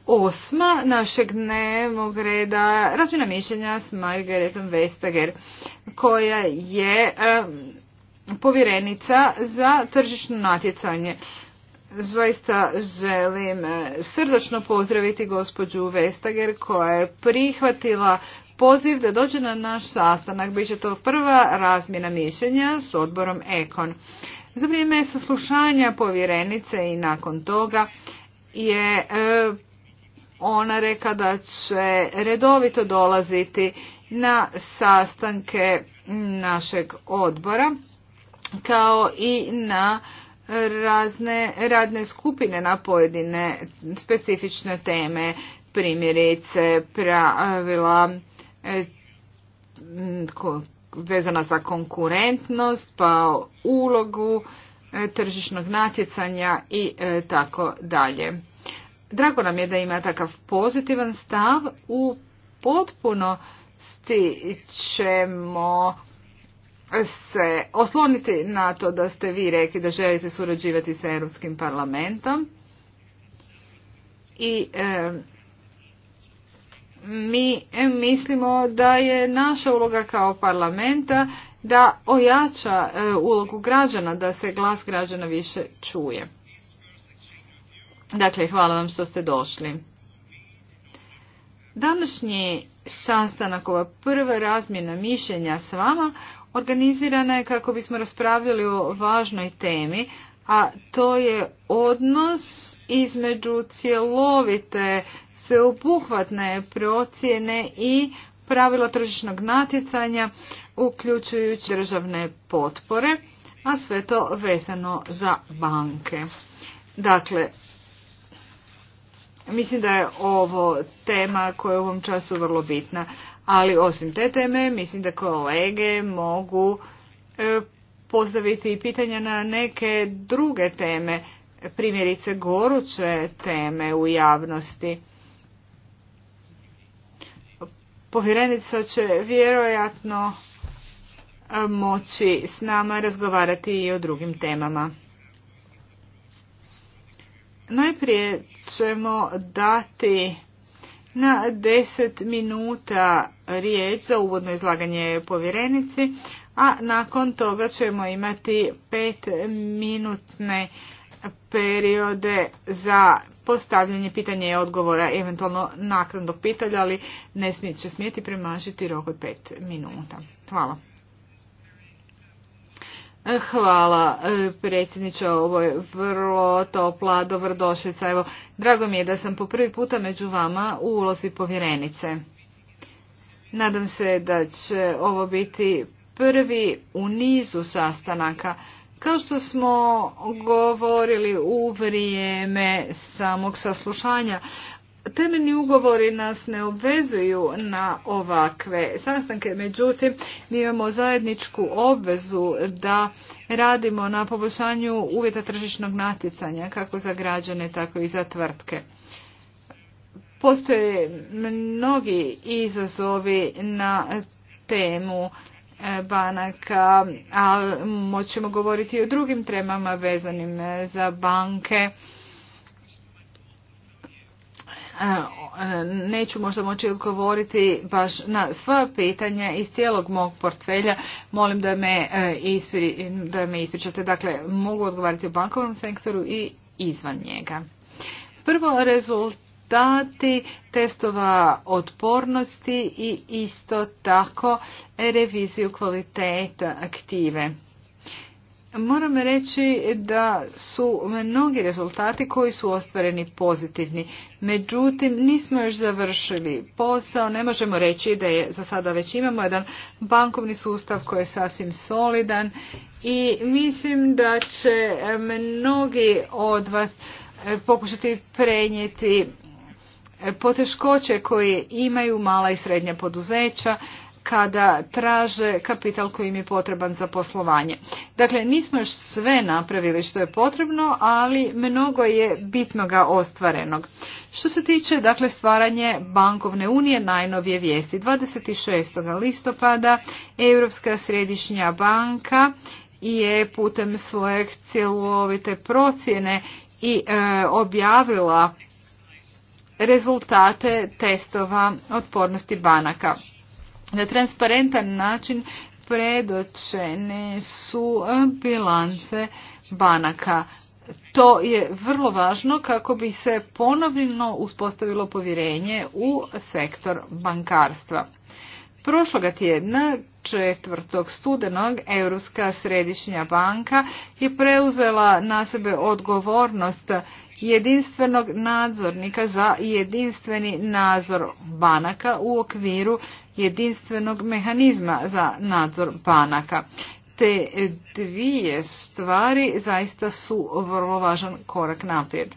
osma našeg dnevnog reda razmjena mišljenja s Margaretom Vestager koja je povjerenica za tržišno natjecanje. Zaista želim e, srdačno pozdraviti gospođu Vestager koja je prihvatila poziv da dođe na naš sastanak. Biće to prva razmjena mišljenja s odborom Ekon. Za vrijeme saslušanja povjerenice i nakon toga je e, ona reka da će redovito dolaziti na sastanke našeg odbora kao i na razne radne skupine na pojedine specifične teme, primjerice pravila e, vezana za konkurentnost, pa ulogu e, tržišnog natjecanja i e, tako dalje. Drago nam je da ima takav pozitivan stav. U potpuno ćemo se osloniti na to da ste vi rekli da želite surađivati sa Europskim parlamentom. I mi mislimo da je naša uloga kao parlamenta da ojača e, ulogu građana, da se glas građana više čuje. Dakle, hvala vam što ste došli. Današnji sastanak, ova prva razmjena mišljenja s vama, organizirana je kako bismo raspravljali o važnoj temi, a to je odnos između cjelovite, sveobuhvatne procjene i pravila tržišnog natjecanja, uključujući državne potpore, a sve to vezano za banke. Dakle, Mislim da je ovo tema koja je u ovom času vrlo bitna, ali osim te teme mislim da kolege mogu e, postaviti i pitanja na neke druge teme, primjerice goruće teme u javnosti. Povjerenica će vjerojatno e, moći s nama razgovarati i o drugim temama. Najprije ćemo dati na 10 minuta riječ za uvodno izlaganje povjerenici, a nakon toga ćemo imati 5 minutne periode za postavljanje pitanja i odgovora, eventualno naknadnog pitanja, ali ne smije, će smijeti premažiti rok od 5 minuta. Hvala. Hvala e, predsjedniče, ovo je vrlo topla dobrodošlica. Evo, drago mi je da sam po prvi puta među vama u ulozi povjerenice. Nadam se da će ovo biti prvi u nizu sastanaka. Kao što smo govorili u vrijeme samog saslušanja, Temeljni ugovori nas ne obvezuju na ovakve sastanke, međutim mi imamo zajedničku obvezu da radimo na poboljšanju uvjeta tržišnog natjecanja kako za građane, tako i za tvrtke. Postoje mnogi izazovi na temu e, banaka, a moćemo govoriti i o drugim temama vezanim e, za banke E, e, neću možda moći odgovoriti baš na sva pitanja iz cijelog mog portfelja. Molim da me, e, ispri, da me ispričate. Dakle, mogu odgovarati o bankovnom sektoru i izvan njega. Prvo, rezultati testova otpornosti i isto tako reviziju kvaliteta aktive. Moram reći da su mnogi rezultati koji su ostvareni pozitivni. Međutim, nismo još završili posao, ne možemo reći da je za sada već imamo jedan bankovni sustav koji je sasvim solidan i mislim da će mnogi od vas eh, pokušati prenijeti eh, poteškoće koje imaju mala i srednja poduzeća kada traže kapital koji im je potreban za poslovanje. Dakle, nismo još sve napravili što je potrebno, ali mnogo je bitnoga ostvarenog. Što se tiče dakle, stvaranje bankovne unije, najnovije vijesti. 26. listopada Europska središnja banka je putem svojeg cjelovite procjene i e, objavila rezultate testova otpornosti banaka na transparentan način predočene su bilance banaka. To je vrlo važno kako bi se ponovno uspostavilo povjerenje u sektor bankarstva. Prošloga tjedna, 4. studenog, Europska središnja banka je preuzela na sebe odgovornost jedinstvenog nadzornika za jedinstveni nadzor banaka u okviru jedinstvenog mehanizma za nadzor banaka. Te dvije stvari zaista su vrlo važan korak naprijed.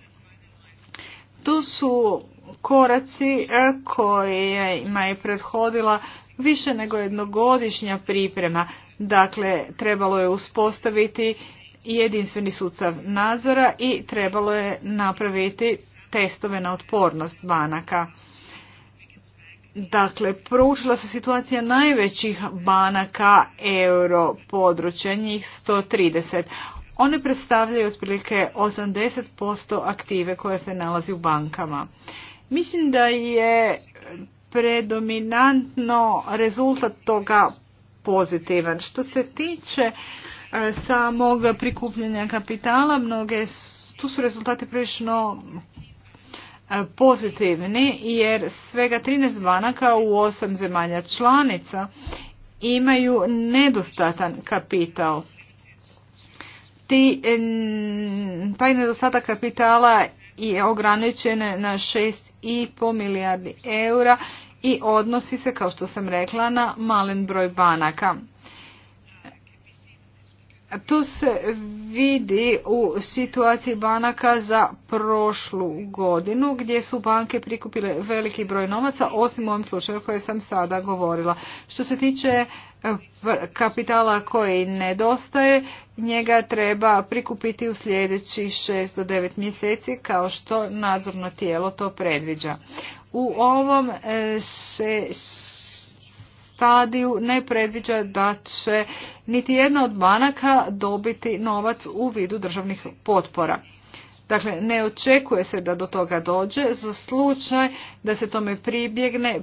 Tu su koraci e, kojima je prethodila više nego jednogodišnja priprema. Dakle, trebalo je uspostaviti jedinstveni sustav nadzora i trebalo je napraviti testove na otpornost banaka. Dakle, proučila se situacija najvećih banaka euro područja, njih 130. One predstavljaju otprilike 80% aktive koja se nalazi u bankama. Mislim da je predominantno rezultat toga pozitivan. Što se tiče samog prikupljenja kapitala. Mnoge, tu su rezultati prilično e, pozitivni jer svega 13 banaka u 8 zemalja članica imaju nedostatan kapital. Ti, taj nedostatak kapitala je ograničen na 6,5 milijardi eura i odnosi se, kao što sam rekla, na malen broj banaka. To se vidi u situaciji banaka za prošlu godinu gdje su banke prikupile veliki broj novaca, osim u ovom slučaju koje sam sada govorila. Što se tiče eh, kapitala koji nedostaje, njega treba prikupiti u sljedećih 6 do 9 mjeseci kao što nadzorno tijelo to predviđa. U ovom eh, se stadiju ne predviđa da će niti jedna od banaka dobiti novac u vidu državnih potpora. Dakle, ne očekuje se da do toga dođe. Za slučaj da se tome pribjegne,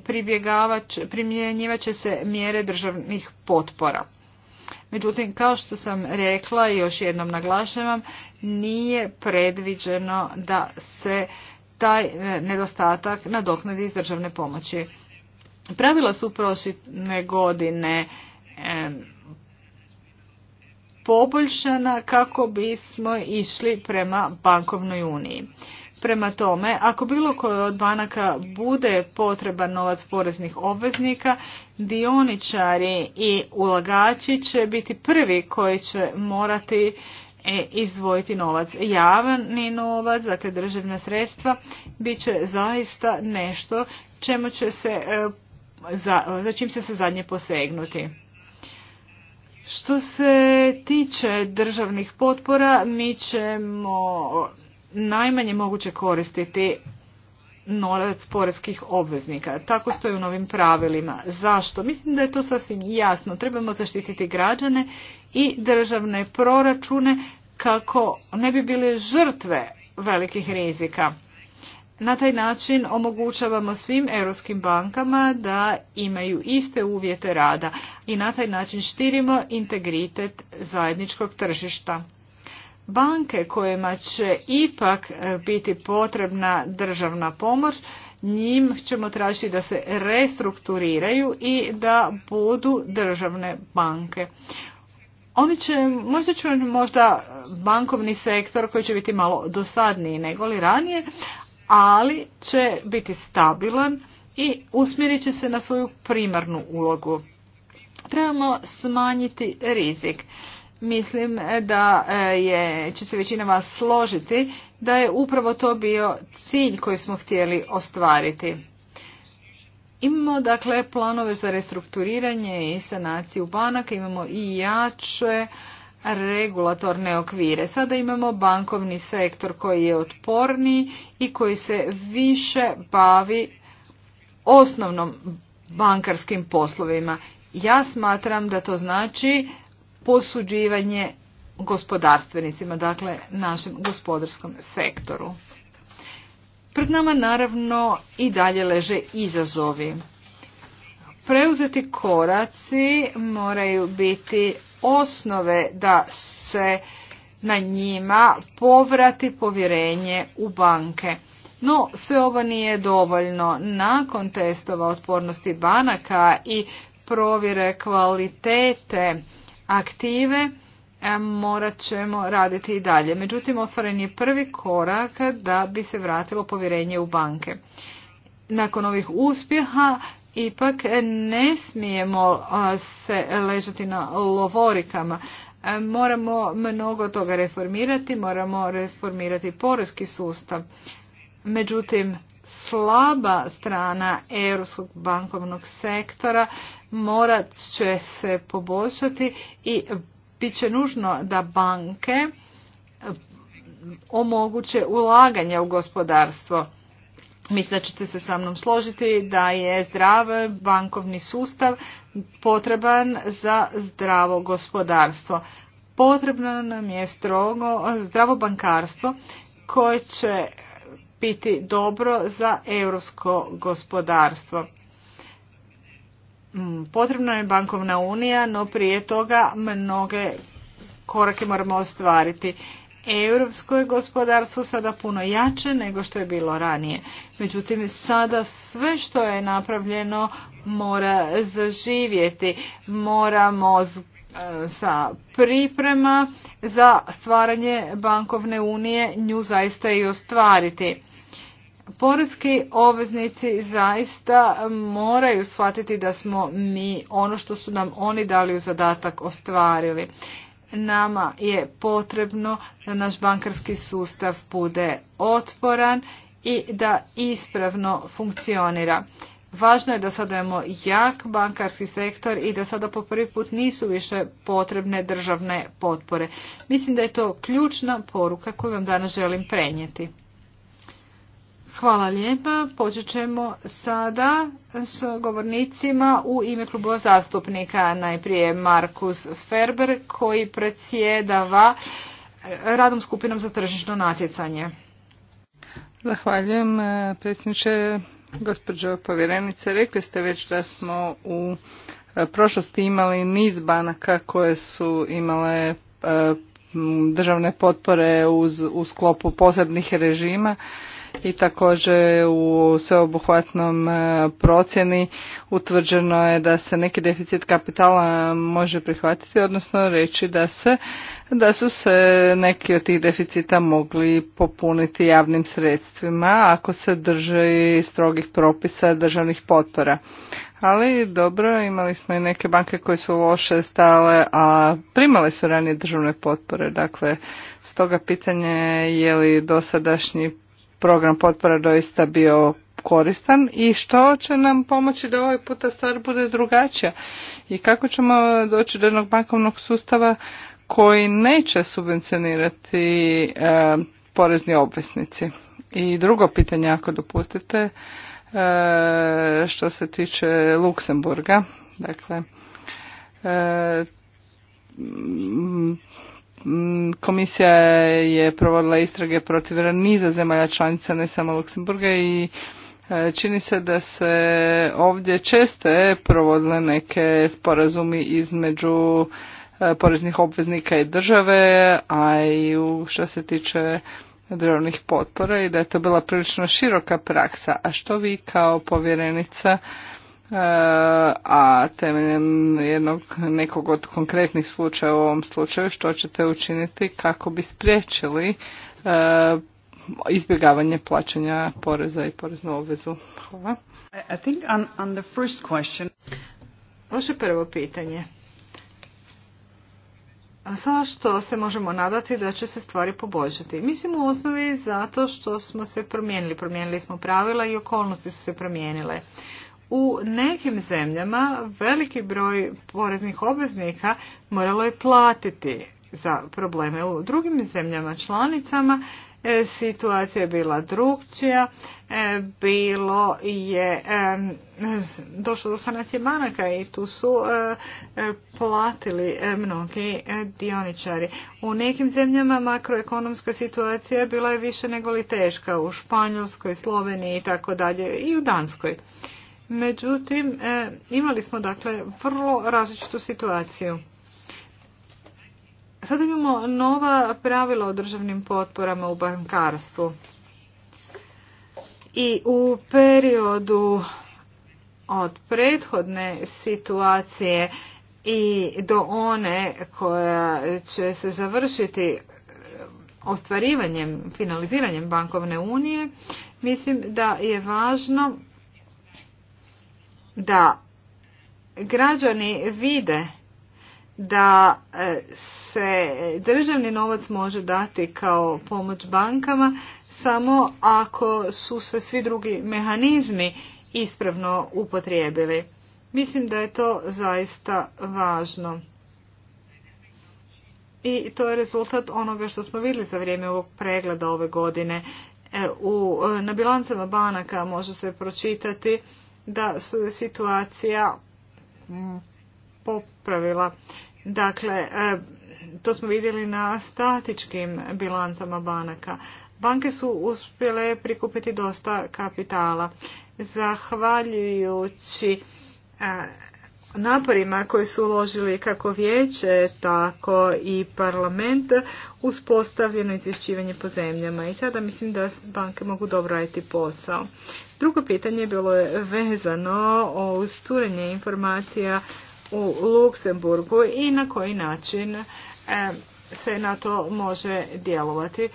primjenjivat će se mjere državnih potpora. Međutim, kao što sam rekla i još jednom naglašavam, nije predviđeno da se taj e, nedostatak nadoknadi iz državne pomoći. Pravila su prošle godine poboljšana kako bismo išli prema bankovnoj uniji. Prema tome, ako bilo koje od banaka bude potreban novac poreznih obveznika, dioničari i ulagači će biti prvi koji će morati e, izdvojiti novac. Javni novac, dakle državna sredstva, bit će zaista nešto čemu će se e, za, za čim će se zadnje posegnuti. Što se tiče državnih potpora, mi ćemo najmanje moguće koristiti novac porezkih obveznika. Tako stoji u novim pravilima. Zašto? Mislim da je to sasvim jasno. Trebamo zaštititi građane i državne proračune kako ne bi bile žrtve velikih rizika. Na taj način omogućavamo svim europskim bankama da imaju iste uvjete rada i na taj način štirimo integritet zajedničkog tržišta. Banke kojima će ipak e, biti potrebna državna pomoć, njim ćemo tražiti da se restrukturiraju i da budu državne banke. Oni će, možda će možda bankovni sektor koji će biti malo dosadniji nego li ranije, ali će biti stabilan i usmjerit će se na svoju primarnu ulogu. Trebamo smanjiti rizik. Mislim e, da e, je, će se većina vas složiti da je upravo to bio cilj koji smo htjeli ostvariti. Imamo dakle planove za restrukturiranje i sanaciju banaka, imamo i jače regulatorne okvire. Sada imamo bankovni sektor koji je otporniji i koji se više bavi osnovnom bankarskim poslovima. Ja smatram da to znači posuđivanje gospodarstvenicima, dakle našem gospodarskom sektoru. Pred nama naravno i dalje leže izazovi. Preuzeti koraci moraju biti osnove da se na njima povrati povjerenje u banke. No, sve ovo nije dovoljno. Nakon testova otpornosti banaka i provjere kvalitete aktive e, morat ćemo raditi i dalje. Međutim, otvoren je prvi korak da bi se vratilo povjerenje u banke. Nakon ovih uspjeha ipak ne smijemo se ležati na lovorikama. Moramo mnogo toga reformirati, moramo reformirati porezki sustav. Međutim, slaba strana europskog bankovnog sektora morat će se poboljšati i bit će nužno da banke omoguće ulaganje u gospodarstvo. Mislim da ćete se sa mnom složiti da je zdrav bankovni sustav potreban za zdravo gospodarstvo. Potrebno nam je strogo zdravo bankarstvo koje će biti dobro za europsko gospodarstvo. Mm, potrebna je bankovna unija, no prije toga mnoge korake moramo ostvariti europsko je gospodarstvo sada puno jače nego što je bilo ranije. Međutim, sada sve što je napravljeno mora zaživjeti. Moramo e, sa priprema za stvaranje bankovne unije nju zaista i ostvariti. Poredski obveznici zaista moraju shvatiti da smo mi ono što su nam oni dali u zadatak ostvarili nama je potrebno da naš bankarski sustav bude otporan i da ispravno funkcionira. Važno je da sada imamo jak bankarski sektor i da sada po prvi put nisu više potrebne državne potpore. Mislim da je to ključna poruka koju vam danas želim prenijeti. Hvala lijepa. Počet ćemo sada s govornicima u ime klubova zastupnika. Najprije Markus Ferber koji predsjedava eh, radom skupinom za tržišno natjecanje. Zahvaljujem eh, predsjedniče gospođo povjerenice. Rekli ste već da smo u eh, prošlosti imali niz banaka koje su imale državne potpore u sklopu posebnih režima i također u sveobuhvatnom e, procjeni utvrđeno je da se neki deficit kapitala može prihvatiti, odnosno reći da se da su se neki od tih deficita mogli popuniti javnim sredstvima ako se drže strogih propisa državnih potpora. Ali dobro, imali smo i neke banke koje su loše stale, a primale su ranije državne potpore. Dakle, stoga pitanje je li dosadašnji program potpora doista bio koristan i što će nam pomoći da ovaj puta stvar bude drugačija i kako ćemo doći do jednog bankovnog sustava koji neće subvencionirati e, porezni obveznici. I drugo pitanje, ako dopustite, e, što se tiče Luksemburga, dakle, e, Mm, komisija je provodila istrage protiv niza zemalja članica, ne samo Luksemburga i e, čini se da se ovdje česte provodile neke sporazumi između e, poreznih obveznika i države, a i u što se tiče državnih potpora i da je to bila prilično široka praksa. A što vi kao povjerenica E, a temeljem jednog nekog od konkretnih slučaja u ovom slučaju što ćete učiniti kako bi spriječili e, izbjegavanje plaćanja poreza i poreznu obvezu. Hvala. I think on, the first question... Vaše prvo pitanje. Zašto se možemo nadati da će se stvari poboljšati? Mislim u osnovi zato što smo se promijenili. Promijenili smo pravila i okolnosti su se promijenile. U nekim zemljama veliki broj poreznih obveznika moralo je platiti za probleme. U drugim zemljama članicama e, situacija je bila drugčija, e, bilo je e, došlo do sanacije banaka i tu su platili mnogi dioničari. U nekim zemljama makroekonomska situacija bila je više nego li teška u Španjolskoj, Sloveniji i tako dalje i u Danskoj. Međutim, e, imali smo dakle vrlo različitu situaciju. Sada imamo nova pravila o državnim potporama u bankarstvu. I u periodu od prethodne situacije i do one koja će se završiti e, ostvarivanjem, finaliziranjem bankovne unije, mislim da je važno da građani vide da e, se državni novac može dati kao pomoć bankama samo ako su se svi drugi mehanizmi ispravno upotrijebili. Mislim da je to zaista važno. I to je rezultat onoga što smo vidjeli za vrijeme ovog pregleda ove godine. E, u, e, na bilancama banaka može se pročitati da su situacija mm, popravila. Dakle, e, to smo vidjeli na statičkim bilancama banaka. Banke su uspjele prikupiti dosta kapitala. Zahvaljujući e, naporima koje su uložili kako vijeće, tako i parlament uspostavljeno izvješćivanje po zemljama. I sada mislim da banke mogu dobro raditi posao. Drugo pitanje bilo je vezano o usturenje informacija u Luksemburgu i na koji način e, se na to može djelovati.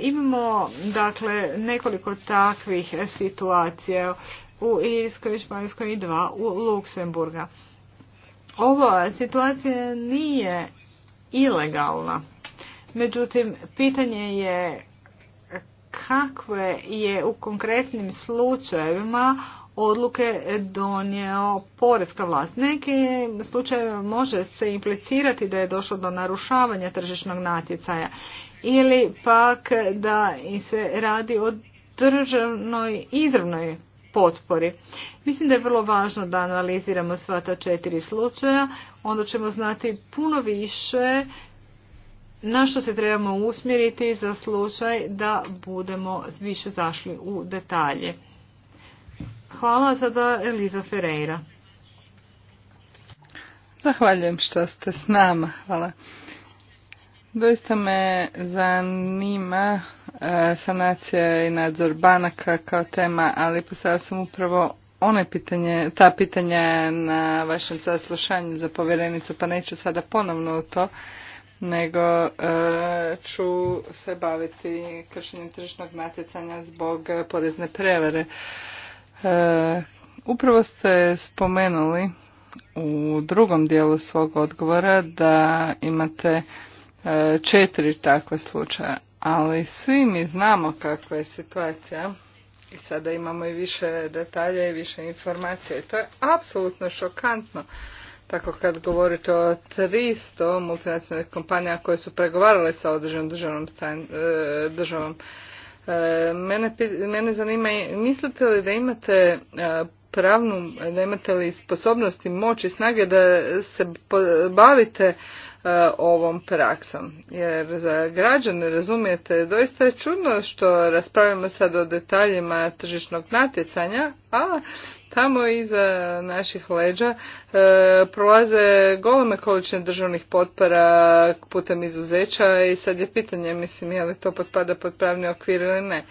Imamo dakle nekoliko takvih situacija u Irskoj, Španjskoj i dva u Luksemburga. Ova situacija nije ilegalna. Međutim, pitanje je kakve je u konkretnim slučajevima odluke donio porezka vlast. Neki slučajeve može se implicirati da je došlo do narušavanja tržišnog natjecaja ili pak da se radi o državnoj izravnoj potpori. Mislim da je vrlo važno da analiziramo sva ta četiri slučaja, onda ćemo znati puno više na što se trebamo usmjeriti za slučaj da budemo više zašli u detalje. Hvala da Eliza Ferreira. Zahvaljujem što ste s nama. Hvala. Doista me zanima E, sanacija i nadzor banaka kao tema, ali postavila sam upravo one pitanje, ta pitanja na vašem saslušanju za povjerenicu, pa neću sada ponovno u to, nego e, ću se baviti kršenjem tržišnog natjecanja zbog porezne prevare. E, upravo ste spomenuli u drugom dijelu svog odgovora da imate četiri takve slučaja ali svi mi znamo kakva je situacija i sada imamo i više detalja i više informacija to je apsolutno šokantno. Tako kad govorite o 300 multinacionalnih kompanija koje su pregovarale sa određenom državom, e, e, mene, mene zanima, mislite li da imate e, pravnu, da imate li sposobnosti, moći, snage da se bavite E, ovom praksom. Jer za građane, razumijete, doista je čudno što raspravljamo sad o detaljima tržišnog natjecanja, a tamo iza naših leđa e, prolaze goleme količine državnih potpora putem izuzeća i sad je pitanje, mislim, je li to potpada pod pravni okvir ili ne.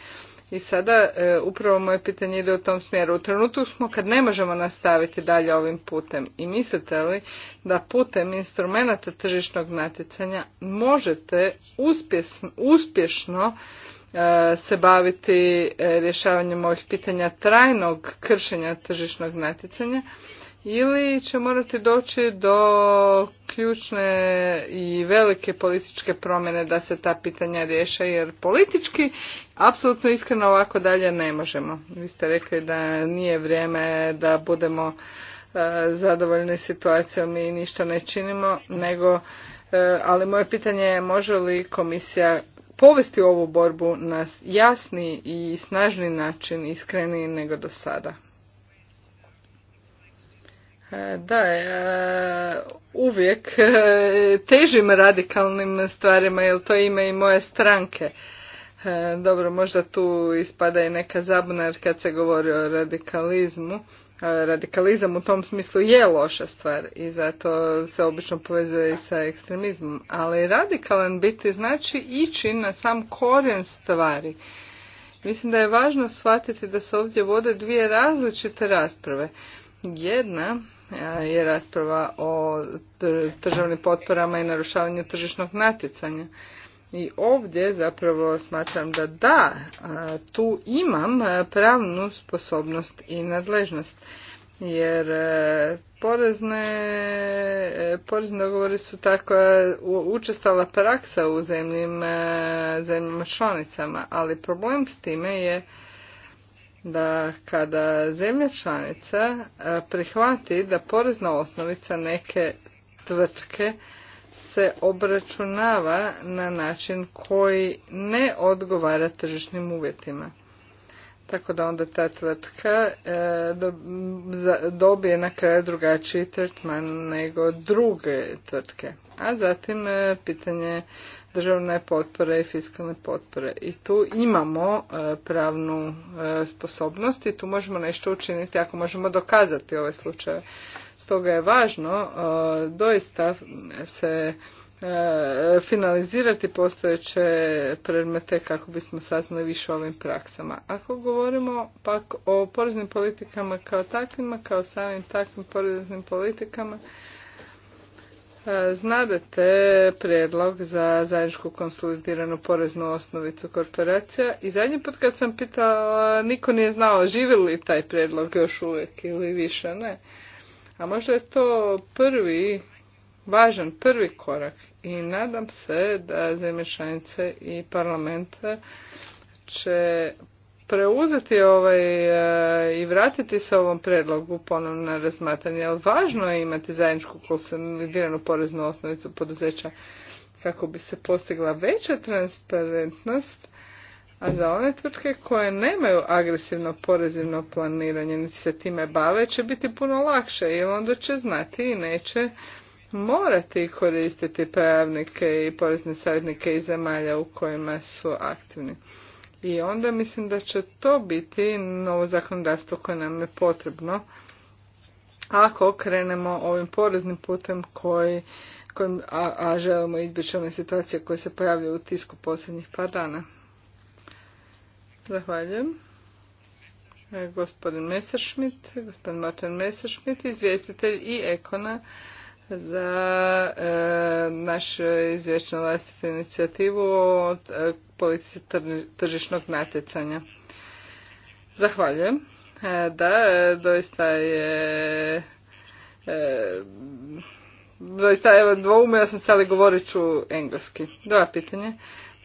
I sada e, upravo moje pitanje ide u tom smjeru. U trenutku smo kad ne možemo nastaviti dalje ovim putem i mislite li da putem instrumenta tržišnog natjecanja možete uspješno e, se baviti e, rješavanjem ovih pitanja trajnog kršenja tržišnog natjecanja ili će morati doći do ključne i velike političke promjene da se ta pitanja riješe jer politički apsolutno iskreno ovako dalje ne možemo. Vi ste rekli da nije vrijeme da budemo e, zadovoljni situacijom i ništa ne činimo, nego e, ali moje pitanje je može li komisija povesti ovu borbu na jasni i snažni način iskreniji nego do sada. E, da, e, uvijek e, težim radikalnim stvarima, jer to ime i moje stranke. Dobro, možda tu ispada i neka jer kad se govori o radikalizmu. Radikalizam u tom smislu je loša stvar i zato se obično povezuje i sa ekstremizmom. Ali radikalan biti znači ići na sam korijen stvari. Mislim da je važno shvatiti da se ovdje vode dvije različite rasprave jedna e, je rasprava o državnim potporama i narušavanju tržišnog natjecanja. I ovdje zapravo smatram da da, e, tu imam e, pravnu sposobnost i nadležnost. Jer porezne, porezne dogovori su tako učestala praksa u zemljima, zemljama članicama, ali problem s time je da kada zemlja članica e, prihvati da porezna osnovica neke tvrtke se obračunava na način koji ne odgovara tržišnim uvjetima. Tako da onda ta tvrtka e, dobije na kraju drugačiji tretman nego druge tvrtke. A zatim e, pitanje državne potpore i fiskalne potpore. I tu imamo e, pravnu e, sposobnost i tu možemo nešto učiniti ako možemo dokazati ove slučaje. Stoga je važno e, doista se finalizirati postojeće predmete kako bismo saznali više o ovim praksama. Ako govorimo pak o poreznim politikama kao takvima, kao samim takvim poreznim politikama, E, znadete prijedlog za zajedničku konsolidiranu poreznu osnovicu korporacija i zadnji put kad sam pitala niko nije znao živi li taj prijedlog još uvijek ili više ne. A možda je to prvi, važan prvi korak i nadam se da zemlje članice i parlamente će preuzeti ovaj e, i vratiti se ovom predlogu ponovno na razmatranje. Ali važno je imati zajedničku konsolidiranu poreznu osnovicu poduzeća kako bi se postigla veća transparentnost, a za one tvrtke koje nemaju agresivno porezivno planiranje niti se time bave će biti puno lakše jer onda će znati i neće morati koristiti pravnike i porezne savjetnike iz zemalja u kojima su aktivni. I onda mislim da će to biti novo zakonodavstvo koje nam je potrebno ako krenemo ovim poreznim putem koji, koji a, a želimo izbjeći one situacije koje se pojavljaju u tisku posljednjih par dana. Zahvaljujem. E, gospodin Messerschmidt, gospodin Martin Messerschmidt, izvjestitelj i Ekona za e, naš izvješćno vlastitu inicijativu o e, politici tržišnog natjecanja. Zahvaljujem. E, da, e, doista je... E, doista, evo, dvoumio sam se, ali govorit ću engleski. Dva pitanja.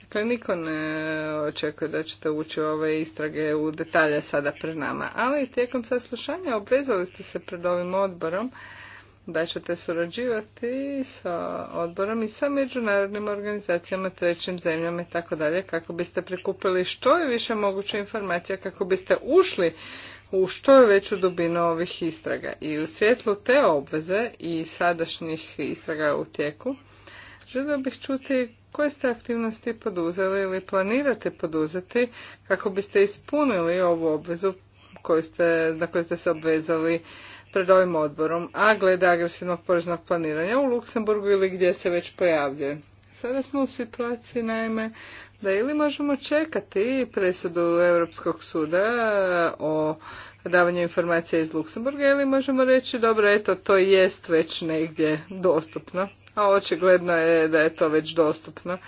Dakle, niko ne očekuje da ćete ući ove istrage u detalje sada pred nama, ali tijekom saslušanja obvezali ste se pred ovim odborom da ćete surađivati sa odborom i sa međunarodnim organizacijama, trećim zemljama i tako dalje, kako biste prikupili što je više moguće informacija, kako biste ušli u što je veću dubinu ovih istraga. I u svjetlu te obveze i sadašnjih istraga u tijeku, želio bih čuti koje ste aktivnosti poduzeli ili planirate poduzeti kako biste ispunili ovu obvezu ste, na koju ste se obvezali pred ovim odborom, a glede agresivnog poreznog planiranja u Luksemburgu ili gdje se već pojavljuje. Sada smo u situaciji naime da ili možemo čekati presudu Europskog suda e, o davanju informacija iz Luksemburga ili možemo reći dobro eto to jest već negdje dostupno, a očigledno je da je to već dostupno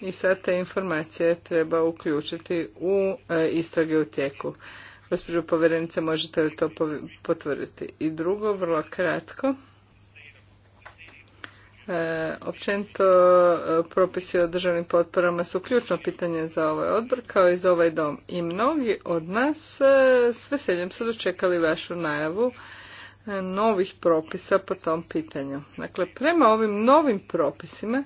i sad te informacije treba uključiti u e, istrage u tijeku. Gospođo povjerenice, možete li to potvrditi? I drugo, vrlo kratko, e, općenito e, propisi o državnim potporama su ključno pitanje za ovaj odbor kao i za ovaj dom. I mnogi od nas e, s veseljem su dočekali vašu najavu e, novih propisa po tom pitanju. Dakle, prema ovim novim propisima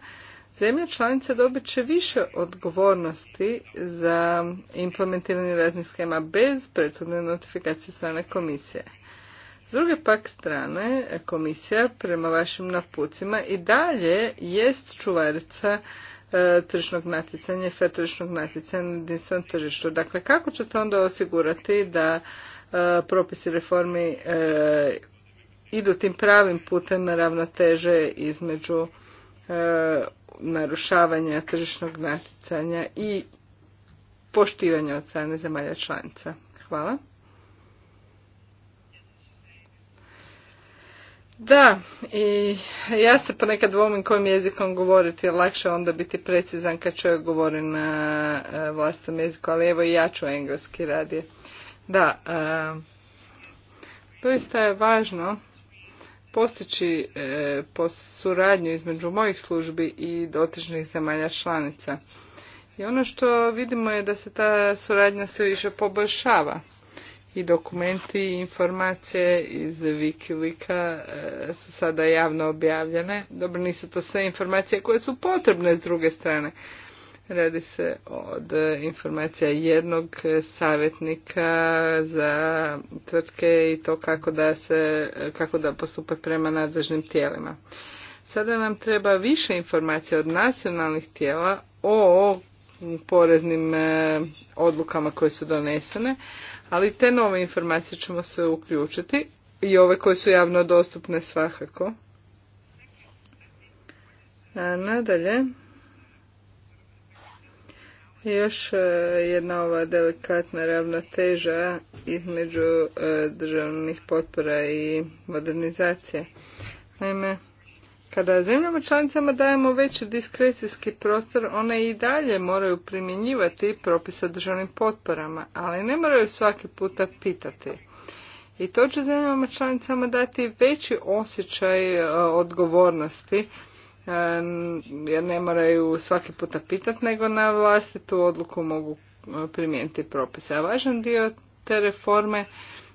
Zemlje članice dobit će više odgovornosti za implementiranje raznih schema bez prethodne notifikacije strane komisije. S druge pak strane, komisija prema vašim napucima i dalje jest čuvarica e, tržišnog natjecanja i fair tržišnog natjecanja na jedinstvenom tržištu. Dakle, kako ćete onda osigurati da e, propisi reformi e, idu tim pravim putem ravnoteže između narušavanja tržišnog natjecanja i poštivanja od strane zemalja članica. Hvala. Da, i ja se ponekad volim kojim jezikom govoriti, je lakše onda biti precizan kad čovjek govori na e, vlastnom jeziku, ali evo i ja ću engleski radije. Da, e, isto je važno postići e, po suradnju između mojih službi i dotičnih zemalja članica. I ono što vidimo je da se ta suradnja sve više poboljšava. I dokumenti i informacije iz Wikileaka e, su sada javno objavljene. Dobro, nisu to sve informacije koje su potrebne s druge strane, Radi se od informacija jednog savjetnika za tvrtke i to kako da, se, kako da postupe prema nadležnim tijelima. Sada nam treba više informacija od nacionalnih tijela o poreznim e, odlukama koje su donesene, ali te nove informacije ćemo se uključiti i ove koje su javno dostupne svakako. E, nadalje, još e, jedna ova delikatna ravnoteža između e, državnih potpora i modernizacije. Naime, kada zemljama članicama dajemo veći diskrecijski prostor, one i dalje moraju primjenjivati propise državnim potporama, ali ne moraju svaki puta pitati. I to će zemljama članicama dati veći osjećaj e, odgovornosti E, jer ne moraju svaki puta pitati, nego na vlastitu odluku mogu e, primijeniti propise. A važan dio te reforme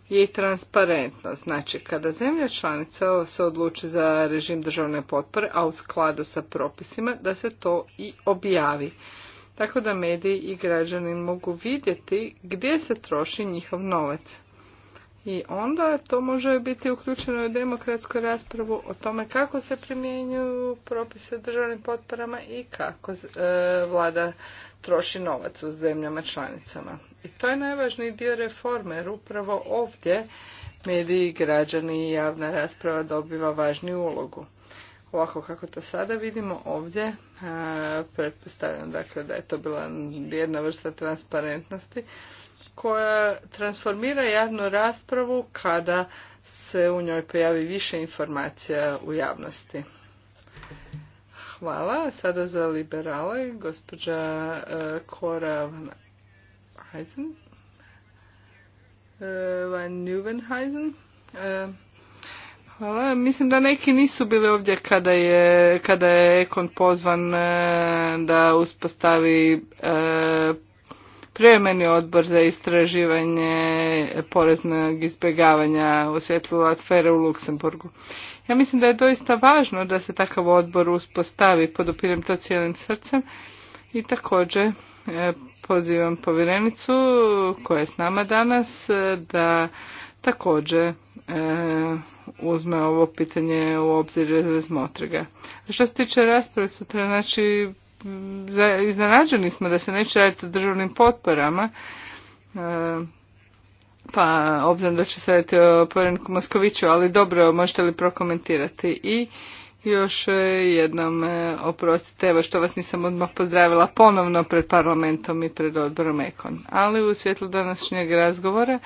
je i transparentnost. Znači, kada zemlja članica se odluči za režim državne potpore, a u skladu sa propisima, da se to i objavi. Tako da mediji i građani mogu vidjeti gdje se troši njihov novac i onda to može biti uključeno u demokratsku raspravu o tome kako se primjenjuju propise državnim potporama i kako e, vlada troši novac u zemljama članicama. I to je najvažniji dio reforme jer upravo ovdje mediji, građani i javna rasprava dobiva važniju ulogu. Ovako kako to sada vidimo ovdje, e, pretpostavljam dakle da je to bila jedna vrsta transparentnosti, koja transformira javnu raspravu kada se u njoj pojavi više informacija u javnosti. Hvala. Sada za liberale, gospođa Kora e, Heisen. Van e, e, Hvala. Mislim da neki nisu bili ovdje kada je, kada je Ekon pozvan da uspostavi Prijemeni odbor za istraživanje poreznog izbjegavanja u svjetlu atfere u Luksemburgu. Ja mislim da je doista važno da se takav odbor uspostavi, podupirem to cijelim srcem i također e, pozivam povjerenicu koja je s nama danas e, da također e, uzme ovo pitanje u obzir i razmotri ga. Što se tiče rasprave sutra, znači iznenađeni smo da se neće raditi o državnim potporama. E, pa obzirom da će se raditi o Moskoviću, ali dobro, možete li prokomentirati i još e, jednom e, oprostite, evo što vas nisam odmah pozdravila ponovno pred parlamentom i pred odborom Ekon. Ali u svjetlu današnjeg razgovora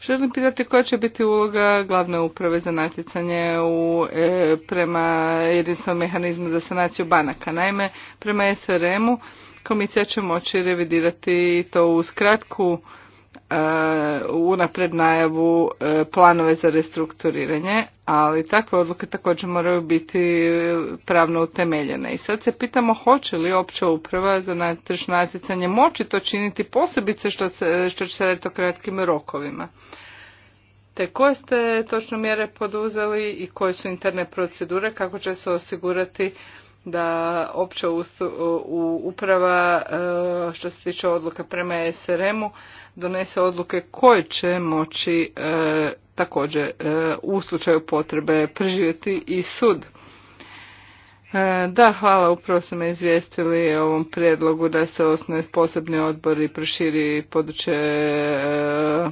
želim pitati koja će biti uloga glavne uprave za natjecanje u, e, prema jedinstvenom mehanizmu za sanaciju banaka. Naime, prema SRM-u komisija će moći revidirati to u skratku. E, unapred najavu e, planove za restrukturiranje, ali takve odluke također moraju biti pravno utemeljene. I sad se pitamo hoće li opća uprava za tržno natjecanje moći to činiti posebice što, se, što će se raditi o kratkim rokovima. Te koje ste točno mjere poduzeli i koje su interne procedure kako će se osigurati da opća uprava e, što se tiče odluka prema SRM-u donese odluke koje će moći e, također e, u slučaju potrebe preživjeti i sud. Da, hvala, upravo su me izvijestili o ovom prijedlogu da se osnuje posebni odbor i proširi područje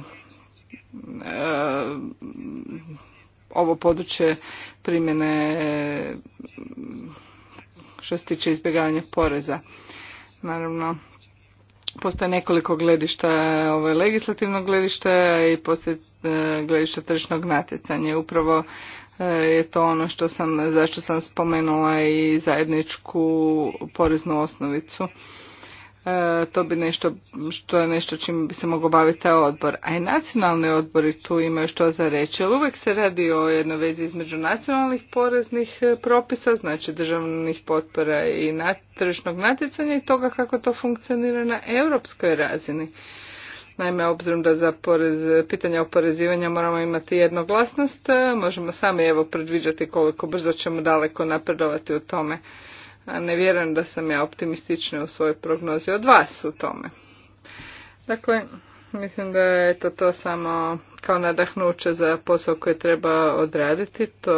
ovo područje primjene što se tiče izbjegavanja poreza. Naravno, postoje nekoliko gledišta, ovo je legislativno gledište i postoje e, gledišta tržišnog natjecanja. Upravo e, je to ono što sam, zašto sam spomenula i zajedničku poreznu osnovicu E, to bi nešto što je nešto čim bi se mogao baviti taj odbor. A i nacionalni odbori tu imaju što za reći, jer uvijek se radi o jednoj vezi između nacionalnih poreznih e, propisa, znači državnih potpora i tržišnog natjecanja i toga kako to funkcionira na europskoj razini. Naime, obzirom da za porez, pitanja oporezivanja moramo imati jednoglasnost, e, možemo sami evo predviđati koliko brzo ćemo daleko napredovati u tome a ne vjerujem da sam ja optimistična u svojoj prognozi od vas u tome. Dakle, mislim da je to, to samo kao nadahnuće za posao koji treba odraditi. To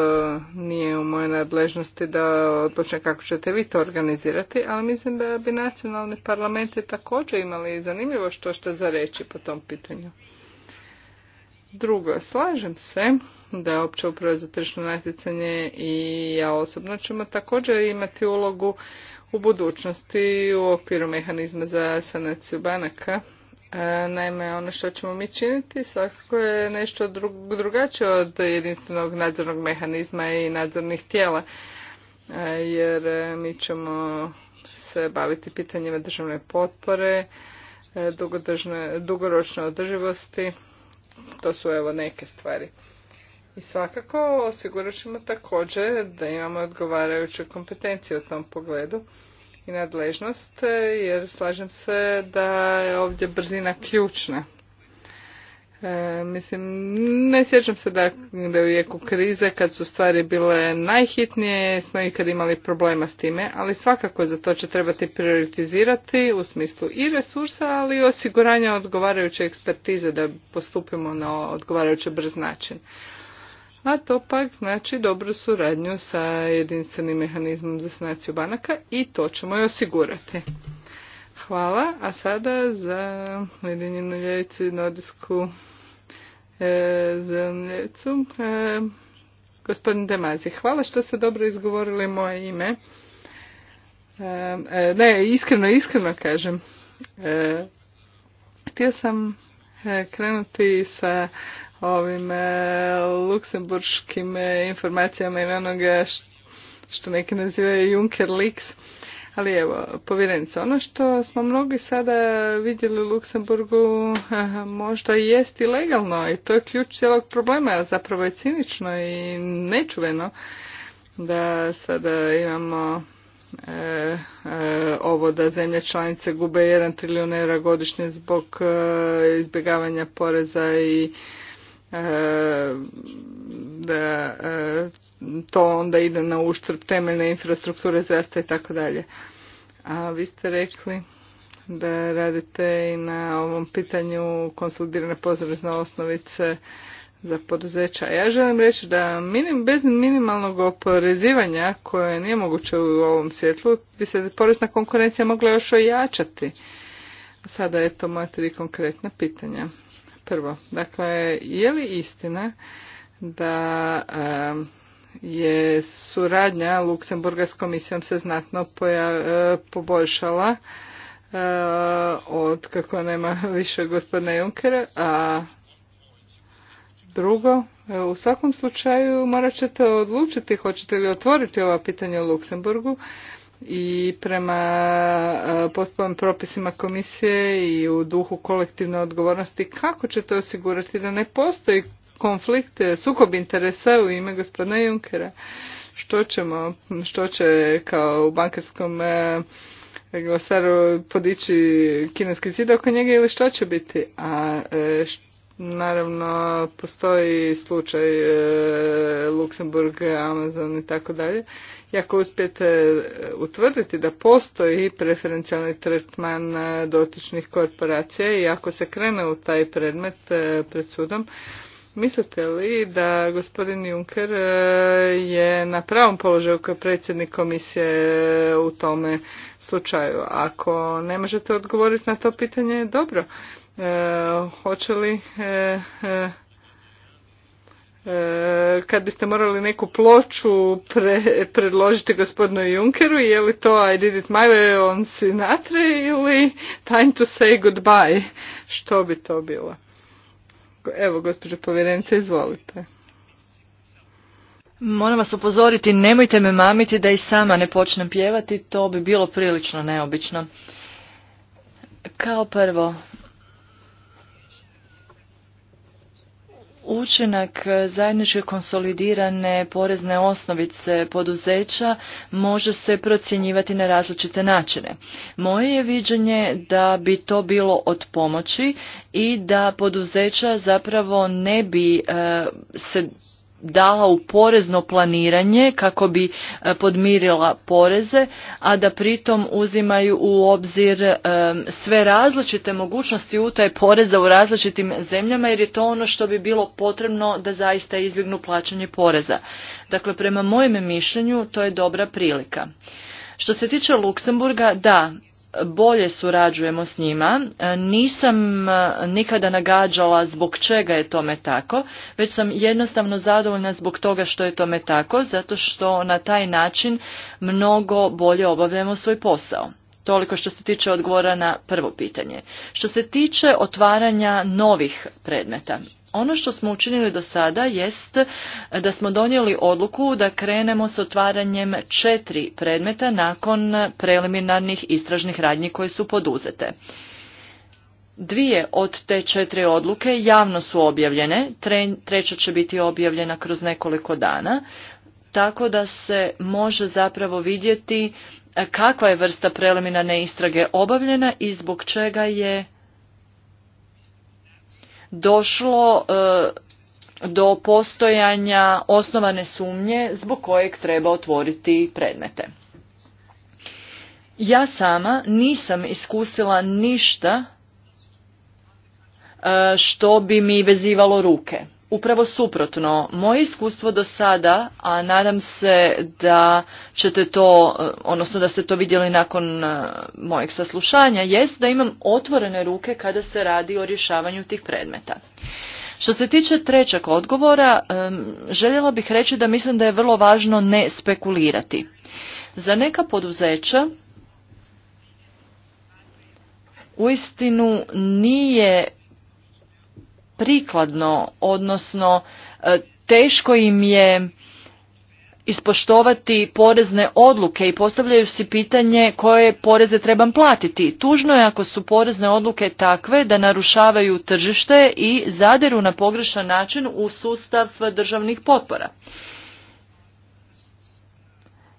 nije u mojoj nadležnosti da odlučim kako ćete vi to organizirati, ali mislim da bi nacionalni parlamenti također imali zanimljivo što što za reći po tom pitanju. Drugo, slažem se da je opća uprava za tržišno natjecanje i ja osobno ćemo također imati ulogu u budućnosti u okviru mehanizma za sanaciju banaka. E, naime, ono što ćemo mi činiti svakako je nešto drugačije od jedinstvenog nadzornog mehanizma i nadzornih tijela, e, jer e, mi ćemo se baviti pitanjima državne potpore, dugoročne održivosti, to su evo neke stvari. I svakako osigurat ćemo također da imamo odgovarajuće kompetencije u tom pogledu i nadležnost, jer slažem se da je ovdje brzina ključna. E, mislim, ne sjećam se da, da u jeku krize, kad su stvari bile najhitnije, smo ikad imali problema s time, ali svakako za to će trebati prioritizirati u smislu i resursa, ali i osiguranja odgovarajuće ekspertize da postupimo na odgovarajuće brz način. A to pak znači dobru suradnju sa jedinstvenim mehanizmom za sanaciju banaka i to ćemo i osigurati. Hvala. A sada za Ujedinjenu ljevicu i nordijsku e, zemljecu. E, gospodin Demazi, hvala što ste dobro izgovorili moje ime. E, e ne, iskreno, iskreno kažem. E, htio sam e, krenuti sa ovim luksemburškim informacijama i onoga što neki nazivaju Junker Leaks ali evo, povjerenica, ono što smo mnogi sada vidjeli u Luksemburgu možda i jest ilegalno legalno i to je ključ cijelog problema, a zapravo je cinično i nečuveno da sada imamo e, e, ovo da zemlje članice gube 1 trilijun eura godišnje zbog e, izbjegavanja poreza i E, da e, to onda ide na uštrb temeljne infrastrukture zrasta i tako dalje. A vi ste rekli da radite i na ovom pitanju konsolidirane pozorizne osnovice za poduzeća. Ja želim reći da minim, bez minimalnog oporezivanja koje nije moguće u ovom svijetlu, bi se porezna konkurencija mogla još ojačati. Sada je to moja tri konkretna pitanja. Prvo, dakle, je li istina da je suradnja Luksemburga s komisijom se znatno e, poboljšala e, od kako nema više gospodina Junkera, a drugo, e, u svakom slučaju morat ćete odlučiti hoćete li otvoriti ova pitanja u Luksemburgu, i prema e, postupovim propisima komisije i u duhu kolektivne odgovornosti kako ćete osigurati da ne postoji konflikt, e, sukob interesa u ime gospodina Junkera? Što ćemo, što će kao u bankarskom e, glasaru podići kineski zid oko njega ili što će biti? A Naravno, postoji slučaj e, Luksemburg, Amazon i tako dalje. I ako uspijete e, utvrditi da postoji preferencijalni tretman e, dotičnih korporacija i ako se krene u taj predmet pred sudom, mislite li da gospodin Juncker je na pravom položaju kao predsjednik komisije u tome slučaju? Ako ne možete odgovoriti na to pitanje, dobro. E, hoće li e, e, kad biste morali neku ploču predložiti gospodinu Junkeru, je li to I did it my way on Sinatra ili time to say goodbye? Što bi to bilo? Evo, gospođo povjerenice, izvolite. Moram vas upozoriti, nemojte me mamiti da i sama ne počnem pjevati, to bi bilo prilično neobično. Kao prvo, Učinak e, zajedničke konsolidirane porezne osnovice poduzeća može se procjenjivati na različite načine. Moje je viđenje da bi to bilo od pomoći i da poduzeća zapravo ne bi e, se dala u porezno planiranje kako bi e, podmirila poreze, a da pritom uzimaju u obzir e, sve različite mogućnosti utaje poreza u različitim zemljama jer je to ono što bi bilo potrebno da zaista izbjegnu plaćanje poreza. Dakle, prema mojem mišljenju to je dobra prilika. Što se tiče Luksemburga, da, bolje surađujemo s njima. E, nisam e, nikada nagađala zbog čega je tome tako, već sam jednostavno zadovoljna zbog toga što je tome tako, zato što na taj način mnogo bolje obavljamo svoj posao. Toliko što se tiče odgovora na prvo pitanje. Što se tiče otvaranja novih predmeta, ono što smo učinili do sada jest da smo donijeli odluku da krenemo s otvaranjem četiri predmeta nakon preliminarnih istražnih radnji koje su poduzete. Dvije od te četiri odluke javno su objavljene, treća će biti objavljena kroz nekoliko dana, tako da se može zapravo vidjeti kakva je vrsta preliminarne istrage obavljena i zbog čega je došlo e, do postojanja osnovane sumnje zbog kojeg treba otvoriti predmete. Ja sama nisam iskusila ništa e, što bi mi vezivalo ruke upravo suprotno. Moje iskustvo do sada, a nadam se da ćete to, eh, odnosno da ste to vidjeli nakon eh, mojeg saslušanja, jest da imam otvorene ruke kada se radi o rješavanju tih predmeta. Što se tiče trećeg odgovora, željela bih reći da mislim da je vrlo važno ne spekulirati. Za neka poduzeća uistinu nije prikladno, odnosno e, teško im je ispoštovati porezne odluke i postavljaju si pitanje koje poreze trebam platiti. Tužno je ako su porezne odluke takve da narušavaju tržište i zaderu na pogrešan način u sustav državnih potpora.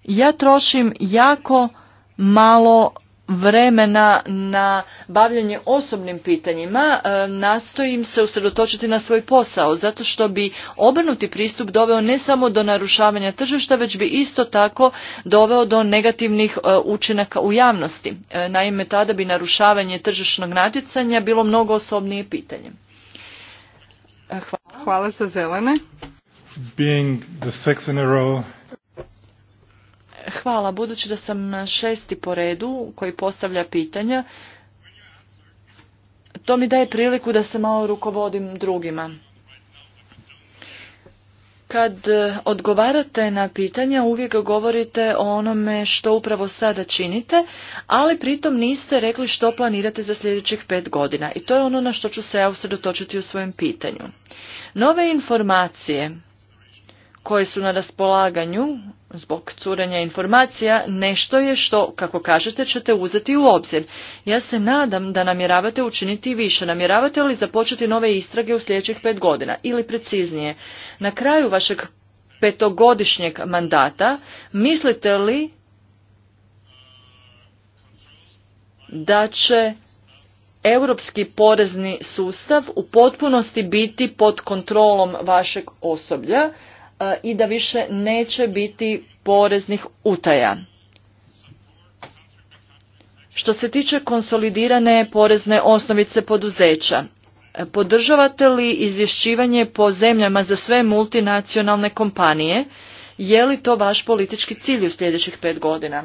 Ja trošim jako malo vremena na bavljanje osobnim pitanjima, e, nastojim se usredotočiti na svoj posao, zato što bi obrnuti pristup doveo ne samo do narušavanja tržišta, već bi isto tako doveo do negativnih e, učinaka u javnosti. E, naime, tada bi narušavanje tržišnog natjecanja bilo mnogo osobnije pitanje. Hvala. Hvala za zelene. Being the Hvala, budući da sam šesti po redu koji postavlja pitanja, to mi daje priliku da se malo rukovodim drugima. Kad odgovarate na pitanja, uvijek govorite o onome što upravo sada činite, ali pritom niste rekli što planirate za sljedećih pet godina. I to je ono na što ću se ja usredotočiti u svojem pitanju. Nove informacije koje su na raspolaganju zbog curenja informacija nešto je što, kako kažete, ćete uzeti u obzir. Ja se nadam da namjeravate učiniti više. Namjeravate li započeti nove istrage u sljedećih pet godina? Ili preciznije, na kraju vašeg petogodišnjeg mandata, mislite li da će europski porezni sustav u potpunosti biti pod kontrolom vašeg osoblja, E, i da više neće biti poreznih utaja. Što se tiče konsolidirane porezne osnovice poduzeća, e, podržavate li izvješćivanje po zemljama za sve multinacionalne kompanije? Je li to vaš politički cilj u sljedećih pet godina?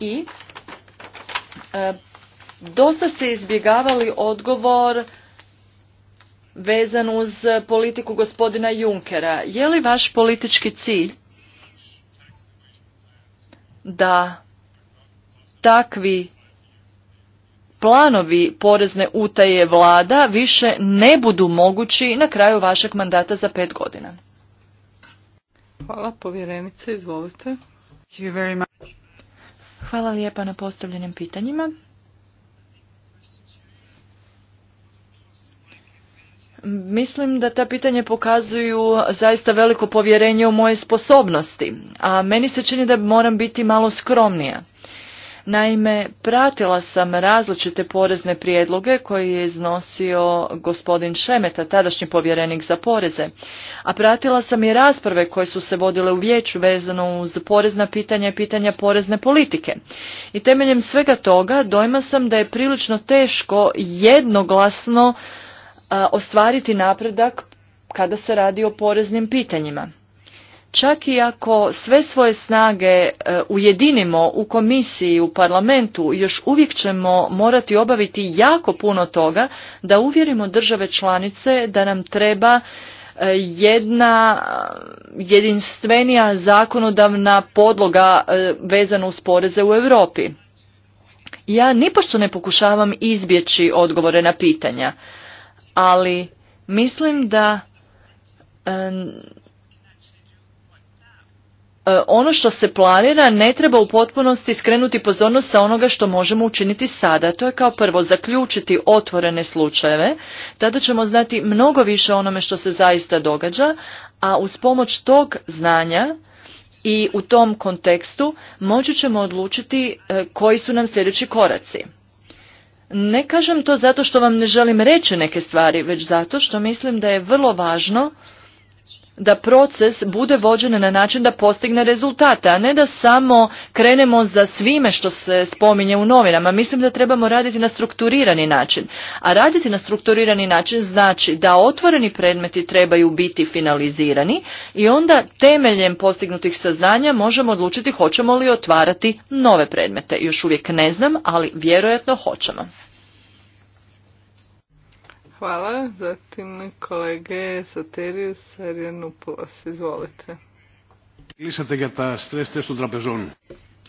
I e, dosta ste izbjegavali odgovor vezan uz politiku gospodina Junkera. Je li vaš politički cilj da takvi planovi porezne utaje vlada više ne budu mogući na kraju vašeg mandata za pet godina? Hvala povjerenice, izvolite. Hvala lijepa na postavljenim pitanjima. Mislim da ta pitanja pokazuju zaista veliko povjerenje u moje sposobnosti, a meni se čini da moram biti malo skromnija. Naime, pratila sam različite porezne prijedloge koje je iznosio gospodin Šemeta, tadašnji povjerenik za poreze, a pratila sam i rasprave koje su se vodile u vijeću vezano uz porezna pitanja i pitanja porezne politike. I temeljem svega toga dojma sam da je prilično teško jednoglasno ostvariti napredak kada se radi o poreznim pitanjima. Čak i ako sve svoje snage e, ujedinimo u komisiji, u parlamentu, još uvijek ćemo morati obaviti jako puno toga da uvjerimo države članice da nam treba e, jedna e, jedinstvenija zakonodavna podloga vezana uz poreze u Europi. Ja nipošto ne pokušavam izbjeći odgovore na pitanja ali mislim da e, ono što se planira ne treba u potpunosti skrenuti pozornost sa onoga što možemo učiniti sada. To je kao prvo zaključiti otvorene slučajeve, tada ćemo znati mnogo više onome što se zaista događa, a uz pomoć tog znanja i u tom kontekstu moći ćemo odlučiti e, koji su nam sljedeći koraci. Ne kažem to zato što vam ne želim reći neke stvari, već zato što mislim da je vrlo važno da proces bude vođen na način da postigne rezultate, a ne da samo krenemo za svime što se spominje u novinama. Mislim da trebamo raditi na strukturirani način. A raditi na strukturirani način znači da otvoreni predmeti trebaju biti finalizirani i onda temeljem postignutih saznanja možemo odlučiti hoćemo li otvarati nove predmete. Još uvijek ne znam, ali vjerojatno hoćemo. Hvala. Zatim kolege Soterius Arianupulos. Izvolite. Lisate ga ta stres testu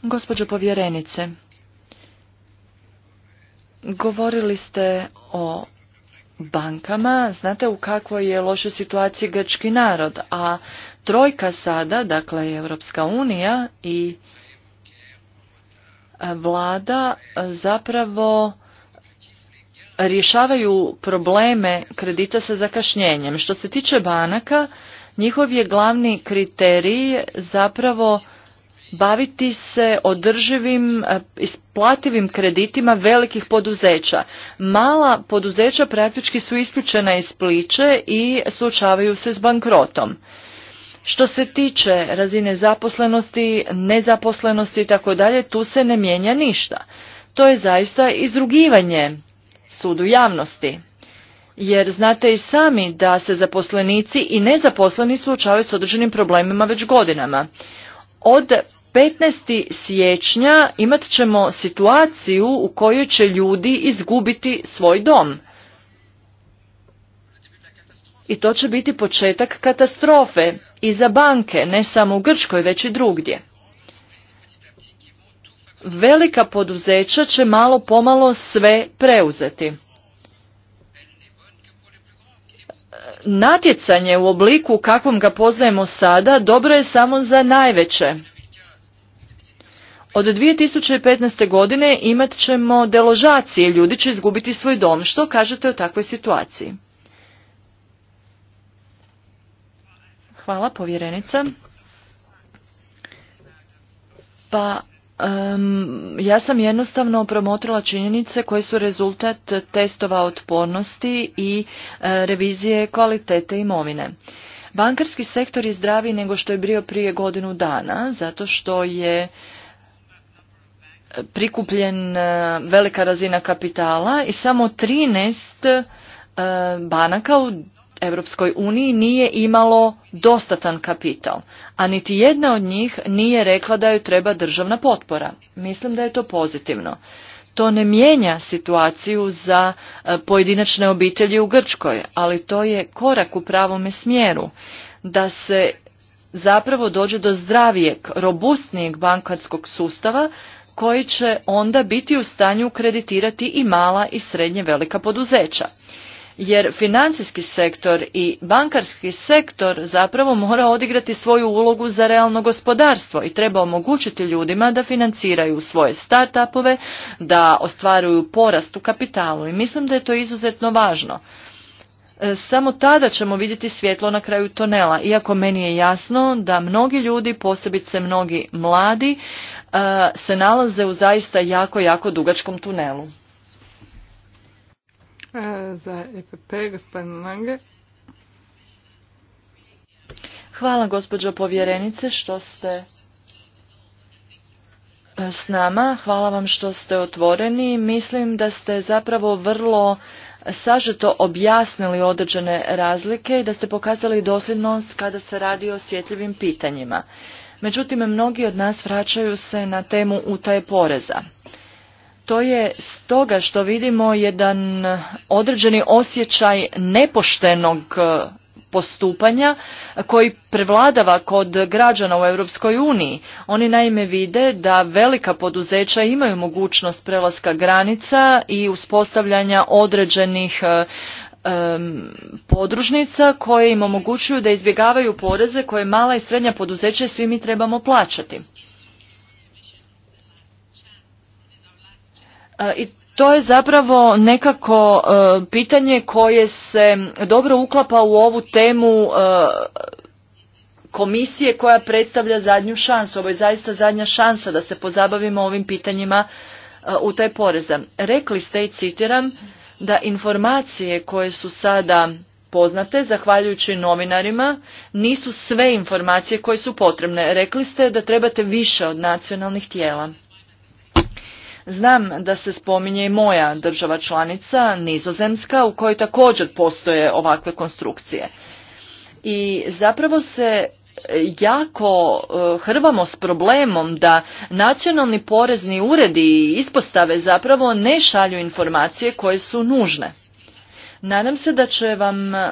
Gospođo povjerenice, govorili ste o bankama, znate u kakvoj je lošoj situaciji grčki narod, a trojka sada, dakle Europska unija i vlada zapravo rješavaju probleme kredita sa zakašnjenjem. Što se tiče banaka, njihov je glavni kriterij zapravo baviti se održivim eh, isplativim kreditima velikih poduzeća. Mala poduzeća praktički su isključena iz pliče i suočavaju se s bankrotom. Što se tiče razine zaposlenosti, nezaposlenosti i tako dalje, tu se ne mijenja ništa. To je zaista izrugivanje sudu javnosti. Jer znate i sami da se zaposlenici i nezaposleni suočavaju s određenim problemima već godinama. Od 15. siječnja imat ćemo situaciju u kojoj će ljudi izgubiti svoj dom. I to će biti početak katastrofe i za banke, ne samo u Grčkoj, već i drugdje velika poduzeća će malo pomalo sve preuzeti. Natjecanje u obliku kakvom ga poznajemo sada dobro je samo za najveće. Od 2015. godine imat ćemo deložacije, ljudi će izgubiti svoj dom. Što kažete o takvoj situaciji? Hvala, povjerenica. Pa ja sam jednostavno promotrila činjenice koje su rezultat testova otpornosti i e, revizije kvalitete imovine. Bankarski sektor je zdraviji nego što je bio prije godinu dana, zato što je prikupljen e, velika razina kapitala i samo 13 e, banaka u Europskoj uniji nije imalo dostatan kapital, a niti jedna od njih nije rekla da joj treba državna potpora. Mislim da je to pozitivno. To ne mijenja situaciju za e, pojedinačne obitelji u Grčkoj, ali to je korak u pravome smjeru da se zapravo dođe do zdravijeg, robustnijeg bankarskog sustava koji će onda biti u stanju kreditirati i mala i srednje velika poduzeća jer financijski sektor i bankarski sektor zapravo mora odigrati svoju ulogu za realno gospodarstvo i treba omogućiti ljudima da financiraju svoje startupove, da ostvaruju porast u kapitalu i mislim da je to izuzetno važno. E, samo tada ćemo vidjeti svjetlo na kraju tunela, iako meni je jasno da mnogi ljudi, posebice mnogi mladi, e, se nalaze u zaista jako, jako dugačkom tunelu. Za EPP, gospodin Lange. Hvala gospođo povjerenice što ste e, s nama. Hvala vam što ste otvoreni. Mislim da ste zapravo vrlo sažeto objasnili određene razlike i da ste pokazali dosljednost kada se radi o osjetljivim pitanjima. Međutim, mnogi od nas vraćaju se na temu utaje poreza to je stoga što vidimo jedan određeni osjećaj nepoštenog e, postupanja koji prevladava kod građana u Europskoj uniji. Oni naime vide da velika poduzeća imaju mogućnost prelaska granica i uspostavljanja određenih e, podružnica koje im omogućuju da izbjegavaju poreze koje mala i srednja poduzeća i svi mi trebamo plaćati. E, I to je zapravo nekako e, pitanje koje se dobro uklapa u ovu temu e, komisije koja predstavlja zadnju šansu. Ovo je zaista zadnja šansa da se pozabavimo ovim pitanjima u taj poreza. Rekli ste i citiram da informacije koje su sada poznate, zahvaljujući novinarima, nisu sve informacije koje su potrebne. Rekli ste da trebate više od nacionalnih tijela. Znam da se spominje i moja država članica, Nizozemska, u kojoj također postoje ovakve konstrukcije. I zapravo se jako e, hrvamo s problemom da nacionalni porezni uredi i ispostave zapravo ne šalju informacije koje su nužne. Nadam se da će vam e,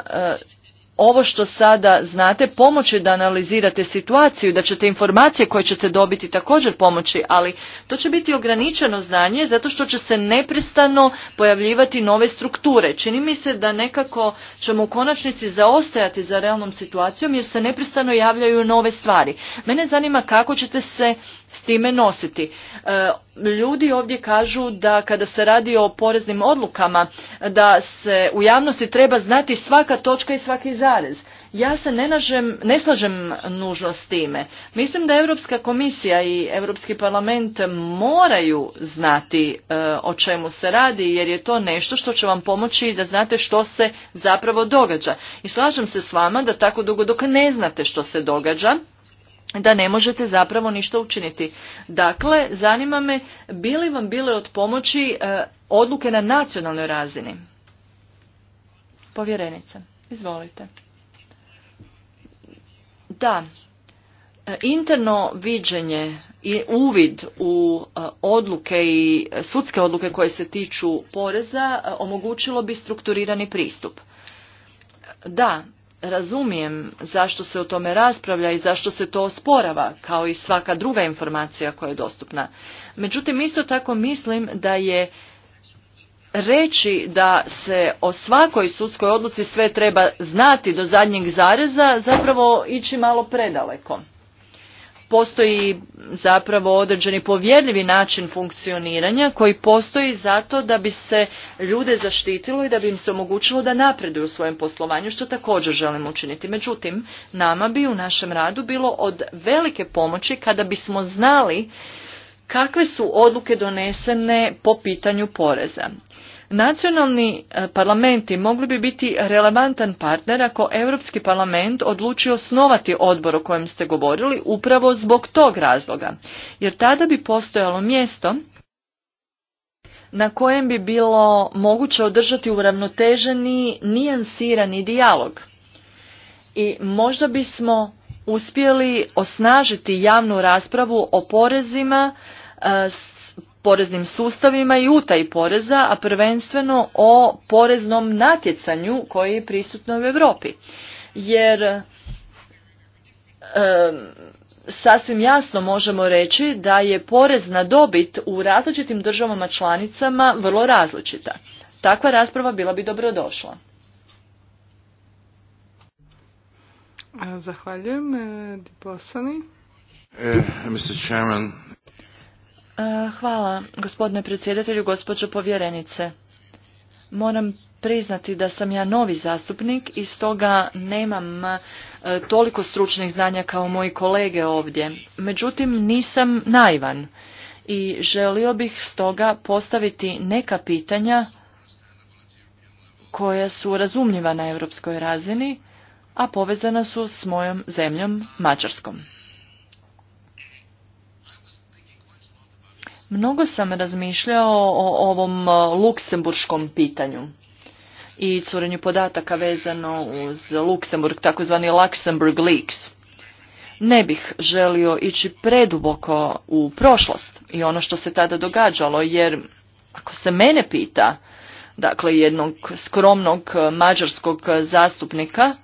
ovo što sada znate pomoći da analizirate situaciju, da ćete informacije koje ćete dobiti također pomoći, ali to će biti ograničeno znanje zato što će se neprestano pojavljivati nove strukture. Čini mi se da nekako ćemo u konačnici zaostajati za realnom situacijom jer se neprestano javljaju nove stvari. Mene zanima kako ćete se s time nositi. E, ljudi ovdje kažu da kada se radi o poreznim odlukama da se u javnosti treba znati svaka točka i svaki zarez. Ja se ne, ne slažem nužno s time. Mislim da Europska komisija i Europski parlament moraju znati e, o čemu se radi jer je to nešto što će vam pomoći da znate što se zapravo događa. I slažem se s vama da tako dugo dok ne znate što se događa da ne možete zapravo ništa učiniti. Dakle, zanima me, bili vam bile od pomoći e, odluke na nacionalnoj razini? Povjerenica, izvolite. Da, e, interno viđenje i uvid u e, odluke i sudske odluke koje se tiču poreza omogućilo bi strukturirani pristup. Da, razumijem zašto se o tome raspravlja i zašto se to osporava, kao i svaka druga informacija koja je dostupna. Međutim, isto tako mislim da je reći da se o svakoj sudskoj odluci sve treba znati do zadnjeg zareza zapravo ići malo predaleko postoji zapravo određeni povjerljivi način funkcioniranja koji postoji zato da bi se ljude zaštitilo i da bi im se omogućilo da napreduju u svojem poslovanju, što također želimo učiniti. Međutim, nama bi u našem radu bilo od velike pomoći kada bismo znali kakve su odluke donesene po pitanju poreza. Nacionalni e, parlamenti mogli bi biti relevantan partner ako Europski parlament odluči osnovati odbor o kojem ste govorili upravo zbog tog razloga, jer tada bi postojalo mjesto na kojem bi bilo moguće održati uravnoteženi, nijansirani dijalog. I možda bismo uspjeli osnažiti javnu raspravu o porezima e, s poreznim sustavima i utaji poreza, a prvenstveno o poreznom natjecanju koje je prisutno u Europi. Jer sasvim jasno možemo reći da je porez na dobit u različitim državama članicama vrlo različita. Takva rasprava bila bi dobrodošla. Zahvaljujem. E, Diposani. E, Mr. Chairman, E, hvala, gospodine predsjedatelju, gospođo povjerenice. Moram priznati da sam ja novi zastupnik i stoga nemam e, toliko stručnih znanja kao moji kolege ovdje. Međutim, nisam naivan i želio bih stoga postaviti neka pitanja koja su razumljiva na europskoj razini, a povezana su s mojom zemljom Mađarskom. Mnogo sam razmišljao o ovom e, luksemburškom pitanju i curenju podataka vezano uz Luksemburg, takozvani Luxemburg Leaks. Ne bih želio ići preduboko u prošlost i ono što se tada događalo, jer ako se mene pita, dakle jednog skromnog e, mađarskog zastupnika,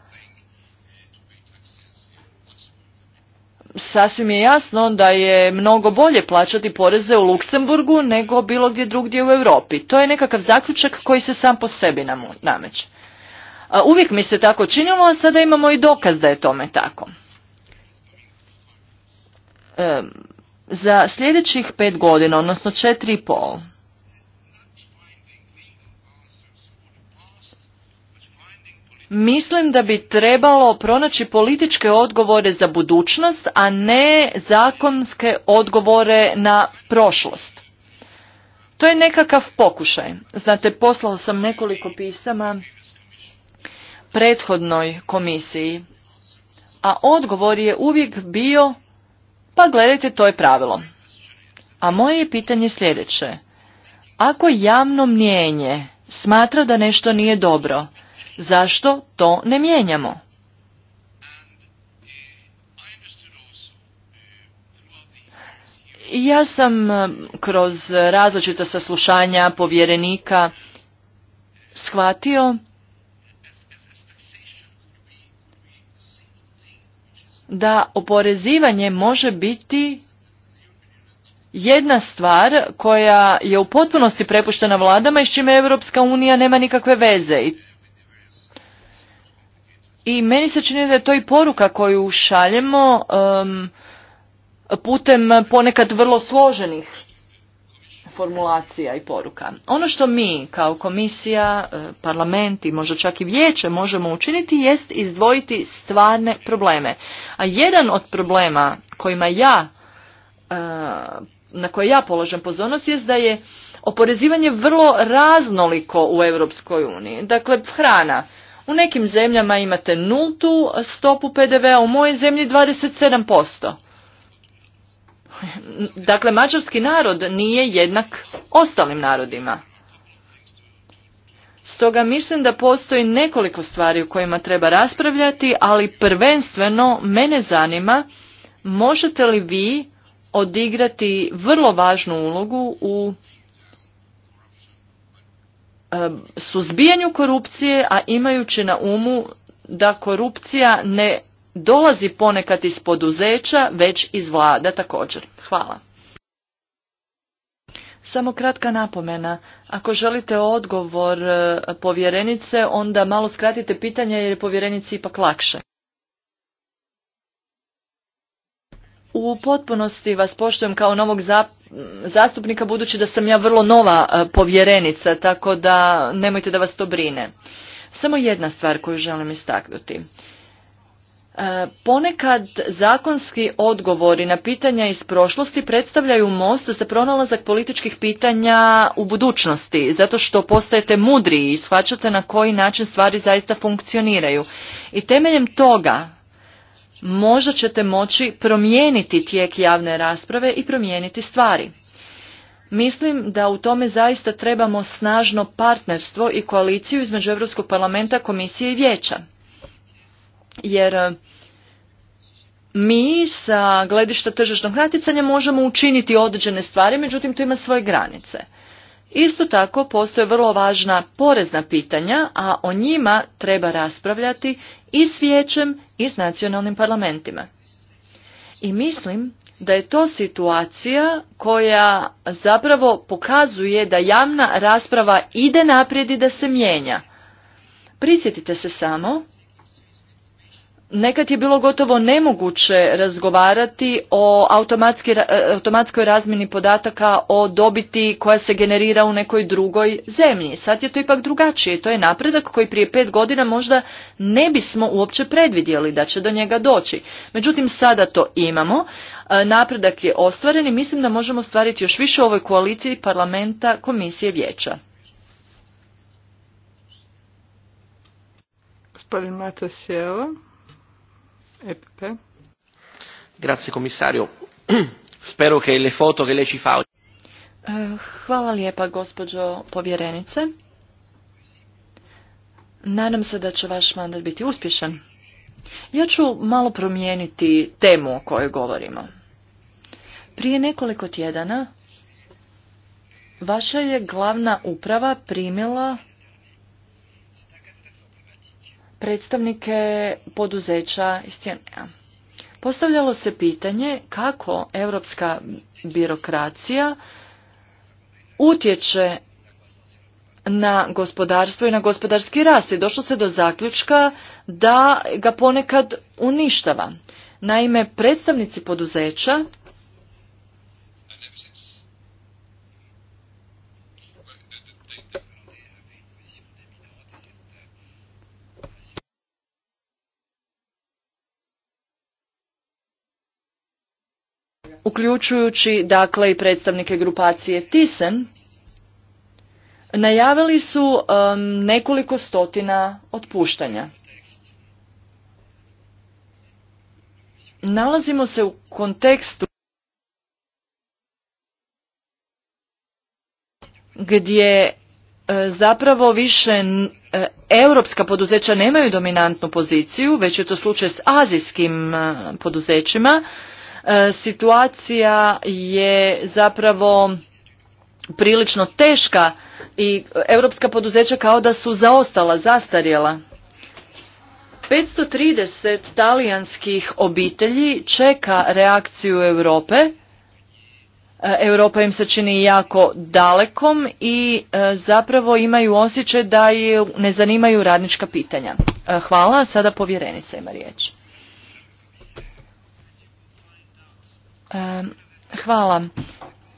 sasvim je jasno da je mnogo bolje plaćati poreze u Luksemburgu nego bilo gdje drugdje u Europi. To je nekakav zaključak koji se sam po sebi nam nameće. Uvijek mi se tako činilo, a sada imamo i dokaz da je tome tako. za sljedećih pet godina, odnosno četiri i pol, Mislim da bi trebalo pronaći političke odgovore za budućnost, a ne zakonske odgovore na prošlost. To je nekakav pokušaj. Znate, poslao sam nekoliko pisama prethodnoj komisiji, a odgovor je uvijek bio, pa gledajte, to je pravilo. A moje je pitanje sljedeće. Ako javno mnijenje smatra da nešto nije dobro, Zašto to ne mijenjamo? Ja sam e, kroz različita saslušanja povjerenika shvatio da oporezivanje može biti jedna stvar koja je u potpunosti prepuštena vladama i s čime Europska unija nema nikakve veze i i meni se čini da je to i poruka koju šaljemo putem ponekad vrlo složenih formulacija i poruka. Ono što mi kao komisija, e, parlament i možda čak i vijeće možemo učiniti jest izdvojiti stvarne probleme. A jedan od problema kojima ja, e, na koje ja položem pozornost jest da je oporezivanje vrlo raznoliko u Europskoj uniji. Dakle, hrana, u nekim zemljama imate nultu stopu PDV-a, u mojoj zemlji 27%. Dakle, mađarski narod nije jednak ostalim narodima. Stoga mislim da postoji nekoliko stvari u kojima treba raspravljati, ali prvenstveno mene zanima možete li vi odigrati vrlo važnu ulogu u Um, suzbijanju korupcije, a imajući na umu da korupcija ne dolazi ponekad iz poduzeća, već iz vlada također. Hvala. Samo kratka napomena. Ako želite odgovor uh, povjerenice, onda malo skratite pitanje jer je povjerenici ipak lakše. U potpunosti vas poštujem kao novog zastupnika budući da sam ja vrlo nova e, povjerenica, tako da nemojte da vas to brine. Samo jedna stvar koju želim istaknuti. E, ponekad zakonski odgovori na pitanja iz prošlosti predstavljaju most za pronalazak političkih pitanja u budućnosti, zato što postajete mudri i shvaćate na koji način stvari zaista funkcioniraju. I temeljem toga možda ćete moći promijeniti tijek javne rasprave i promijeniti stvari. Mislim da u tome zaista trebamo snažno partnerstvo i koaliciju između Europskog parlamenta, komisije i vijeća. Jer e, mi sa gledišta tržišnog natjecanja možemo učiniti određene stvari, međutim to ima svoje granice. Isto tako postoje vrlo važna porezna pitanja, a o njima treba raspravljati i s vijećem i s nacionalnim parlamentima. I mislim da je to situacija koja zapravo pokazuje da javna rasprava ide naprijed i da se mijenja. Prisjetite se samo Nekad je bilo gotovo nemoguće razgovarati o e, automatskoj razmjeni podataka o dobiti koja se generira u nekoj drugoj zemlji. Sad je to ipak drugačije. To je napredak koji prije pet godina možda ne bismo uopće predvidjeli da će do njega doći. Međutim, sada to imamo. E, napredak je ostvaren i mislim da možemo ostvariti još više u ovoj koaliciji parlamenta, komisije, vijeća. Gospodin Spero che le foto lei fa eh, Hvala lijepa gospođo povjerenice. Nadam se da će vaš mandat biti uspješan. Ja ću malo promijeniti temu o kojoj govorimo. Prije nekoliko tjedana vaša je glavna uprava primila predstavnike poduzeća iz Postavljalo se pitanje kako europska birokracija utječe na gospodarstvo i na gospodarski rast i došlo se do zaključka da ga ponekad uništava. Naime, predstavnici poduzeća uključujući dakle i predstavnike grupacije Tisen, najavili su um, nekoliko stotina otpuštanja. Nalazimo se u kontekstu gdje e, zapravo više e, europska poduzeća nemaju dominantnu poziciju, već je to slučaj s azijskim e, poduzećima E, situacija je zapravo prilično teška i europska poduzeća kao da su zaostala, zastarjela. 530 talijanskih obitelji čeka reakciju Europe. E, Europa im se čini jako dalekom i e, zapravo imaju osjećaj da ne zanimaju radnička pitanja. Hvala, sada povjerenica ima riječ. Hvala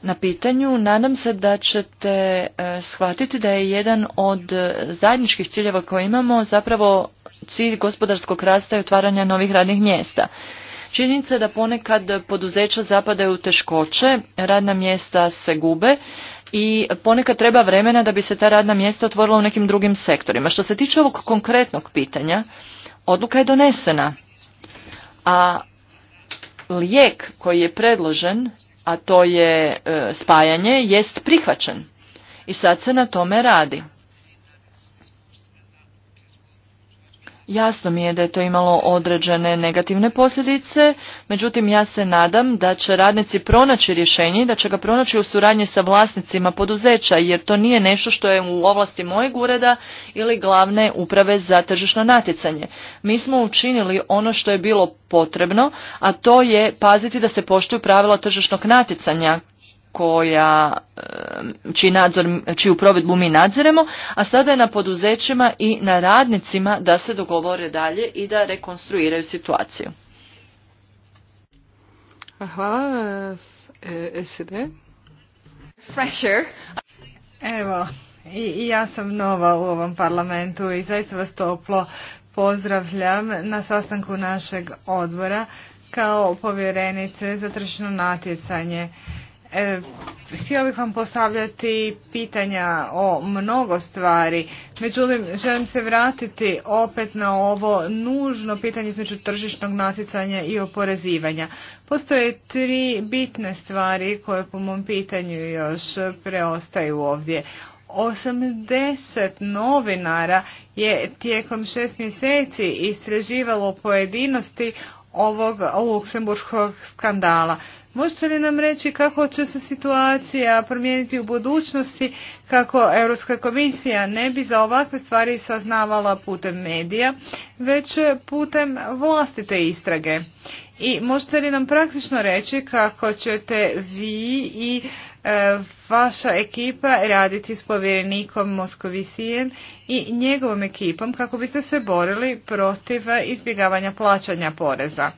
na pitanju. Nadam se da ćete e, shvatiti da je jedan od zajedničkih ciljeva koje imamo zapravo cilj gospodarskog rasta i otvaranja novih radnih mjesta. Činjenica je da ponekad poduzeća zapadaju u teškoće, radna mjesta se gube i ponekad treba vremena da bi se ta radna mjesta otvorila u nekim drugim sektorima. Što se tiče ovog konkretnog pitanja, odluka je donesena, a lijek koji je predložen, a to je e, spajanje, jest prihvaćen. I sad se na tome radi. Jasno mi je da je to imalo određene negativne posljedice, međutim ja se nadam da će radnici pronaći rješenje i da će ga pronaći u suradnji sa vlasnicima poduzeća, jer to nije nešto što je u ovlasti mojeg ureda ili glavne uprave za tržišno natjecanje. Mi smo učinili ono što je bilo potrebno, a to je paziti da se poštuju pravila tržišnog natjecanja koja, e, čiji nadzor, čiju provedbu mi nadziremo, a sada je na poduzećima i na radnicima da se dogovore dalje i da rekonstruiraju situaciju. Hvala. E, SED. Evo, i ja sam nova u ovom parlamentu i zaista vas toplo pozdravljam na sastanku našeg odbora kao povjerenice za tržišno natjecanje. E, htjela bih vam postavljati pitanja o mnogo stvari, međutim želim se vratiti opet na ovo nužno pitanje između tržišnog nasicanja i oporezivanja. Postoje tri bitne stvari koje po mom pitanju još preostaju ovdje. 80 novinara je tijekom šest mjeseci istraživalo pojedinosti ovog Luksemburskog skandala. Možete li nam reći kako će se situacija promijeniti u budućnosti kako Europska komisija ne bi za ovakve stvari saznavala putem medija, već putem vlastite istrage? I možete li nam praktično reći kako ćete vi i E, vaša ekipa raditi s povjerenikom Moskovisijem i njegovom ekipom kako biste se borili protiv izbjegavanja plaćanja poreza.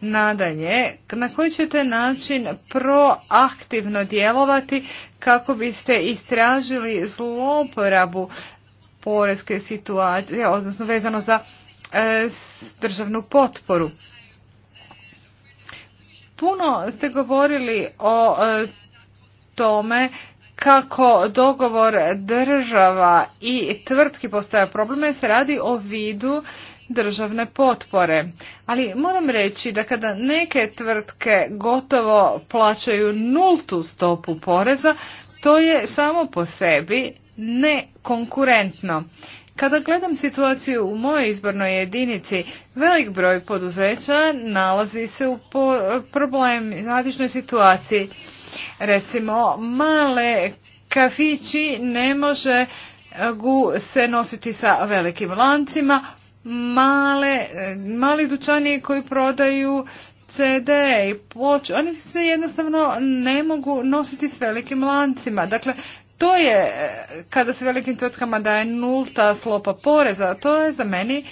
Nadalje, na koji ćete način proaktivno djelovati kako biste istražili zloporabu porezke situacije, odnosno vezano za e, državnu potporu. Puno ste govorili o e, tome kako dogovor država i tvrtki postaje problem se radi o vidu državne potpore. Ali moram reći da kada neke tvrtke gotovo plaćaju nultu stopu poreza, to je samo po sebi nekonkurentno. Kada gledam situaciju u mojoj izbornoj jedinici, velik broj poduzeća nalazi se u problem, radičnoj situaciji recimo male kafići ne može se nositi sa velikim lancima, male, mali dućani koji prodaju CD i ploču, oni se jednostavno ne mogu nositi s velikim lancima. Dakle, to je, kada se velikim tvrtkama daje nulta slopa poreza, to je za meni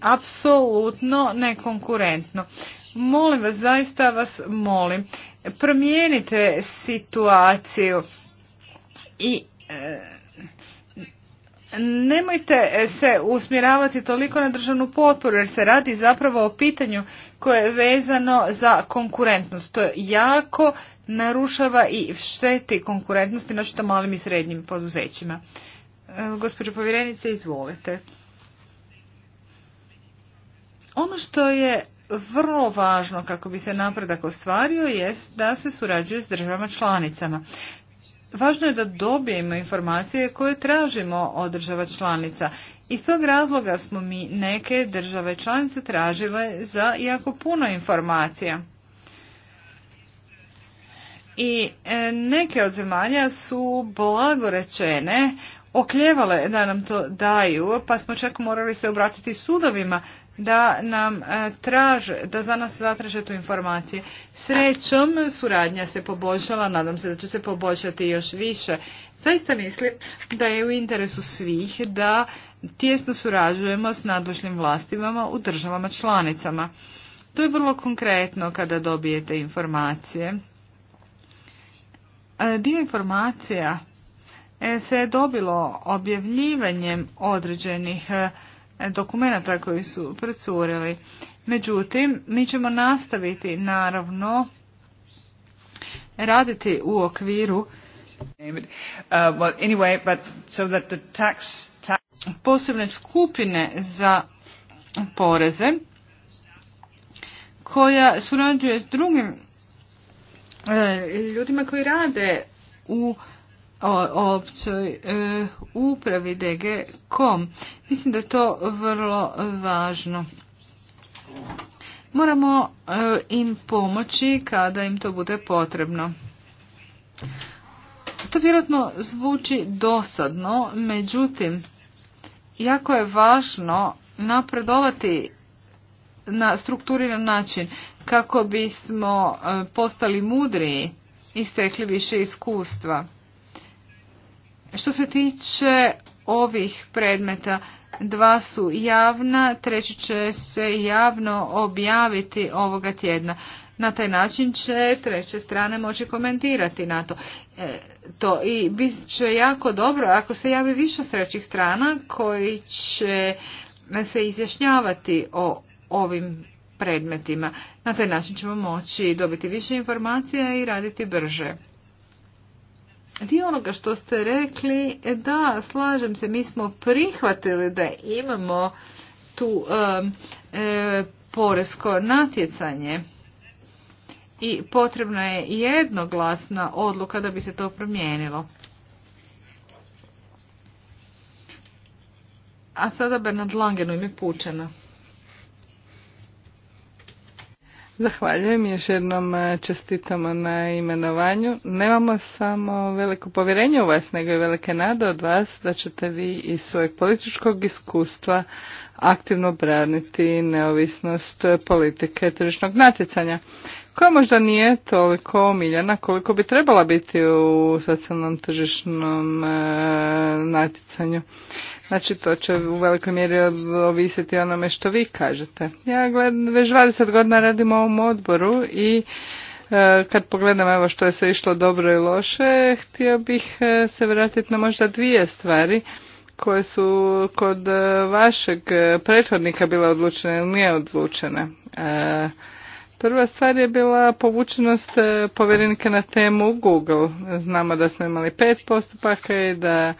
apsolutno nekonkurentno. Molim vas, zaista vas molim, promijenite situaciju i e, Nemojte se usmjeravati toliko na državnu potporu jer se radi zapravo o pitanju koje je vezano za konkurentnost. To jako narušava i šteti konkurentnosti što malim i srednjim poduzećima. E, gospođo povjerenice, izvolite. Ono što je vrlo važno kako bi se napredak ostvario jest da se surađuje s državama članicama. Važno je da dobijemo informacije koje tražimo od država članica. Iz tog razloga smo mi neke države članice tražile za jako puno informacija. I e, neke od zemalja su blagorečene, okljevale da nam to daju, pa smo čak morali se obratiti sudovima da nam e, traže, da za nas zatraže tu informacije. Srećom, suradnja se poboljšala, nadam se da će se poboljšati još više. Zaista mislim da je u interesu svih da tjesno surađujemo s nadležnim vlastivama u državama članicama. To je vrlo konkretno kada dobijete informacije. E, dio informacija e, se je dobilo objavljivanjem određenih dokumenta koji su procurili. Međutim, mi ćemo nastaviti naravno raditi u okviru posebne skupine za poreze koja surađuje s drugim e, ljudima koji rade u o općoj e, upravi DG.com. Mislim da je to vrlo važno. Moramo e, im pomoći kada im to bude potrebno. To vjerojatno zvuči dosadno, međutim, jako je važno napredovati na strukturiran način kako bismo e, postali mudriji i stekli više iskustva. Što se tiče ovih predmeta, dva su javna, treći će se javno objaviti ovoga tjedna. Na taj način će treće strane moći komentirati na to. E, to i bit će jako dobro ako se javi više srećih trećih strana koji će se izjašnjavati o ovim predmetima. Na taj način ćemo moći dobiti više informacija i raditi brže. Dio onoga što ste rekli, da, slažem se, mi smo prihvatili da imamo tu um, e, poresko natjecanje i potrebna je jednoglasna odluka da bi se to promijenilo. A sada Bernard Langen u ime Pučana. Zahvaljujem, još jednom e, čestitamo na imenovanju. Nemamo samo veliko povjerenje u vas, nego i velike nade od vas da ćete vi iz svojeg političkog iskustva aktivno braniti neovisnost politike tržišnog natjecanja, koja možda nije toliko omiljena koliko bi trebala biti u socijalnom tržišnom e, natjecanju. Znači to će u velikoj mjeri ovisiti onome što vi kažete. Ja gledam, već 20 godina radim u ovom odboru i e, kad pogledam evo što je sve išlo dobro i loše, htio bih e, se vratiti na možda dvije stvari koje su kod e, vašeg prethodnika bile odlučene ili nije odlučene. Prva stvar je bila povučenost povjerenika na temu Google. Znamo da smo imali pet postupaka i da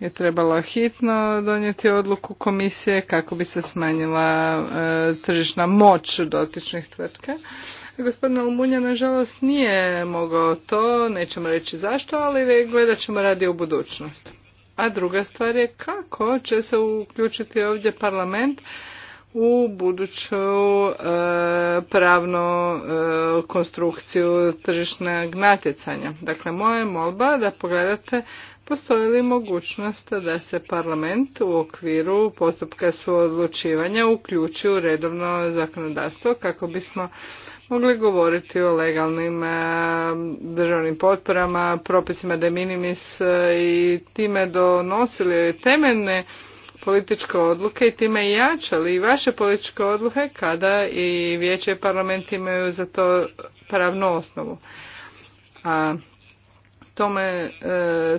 je trebalo hitno donijeti odluku komisije kako bi se smanjila e, tržišna moć dotičnih tvrtke. Gospodin Almunja, nažalost, nije mogao to, nećemo reći zašto, ali gledat ćemo radi u budućnost. A druga stvar je kako će se uključiti ovdje parlament u buduću pravno e, pravnu e, konstrukciju tržišnog natjecanja. Dakle, moja je molba da pogledate postoji li mogućnost da se parlament u okviru postupka suodlučivanja uključi u redovno zakonodavstvo kako bismo mogli govoriti o legalnim e, državnim potporama, propisima de minimis e, i time donosili temeljne političke odluke i time jačali i vaše političke odluke kada i vijeće i parlament imaju za to pravnu osnovu. A tome e,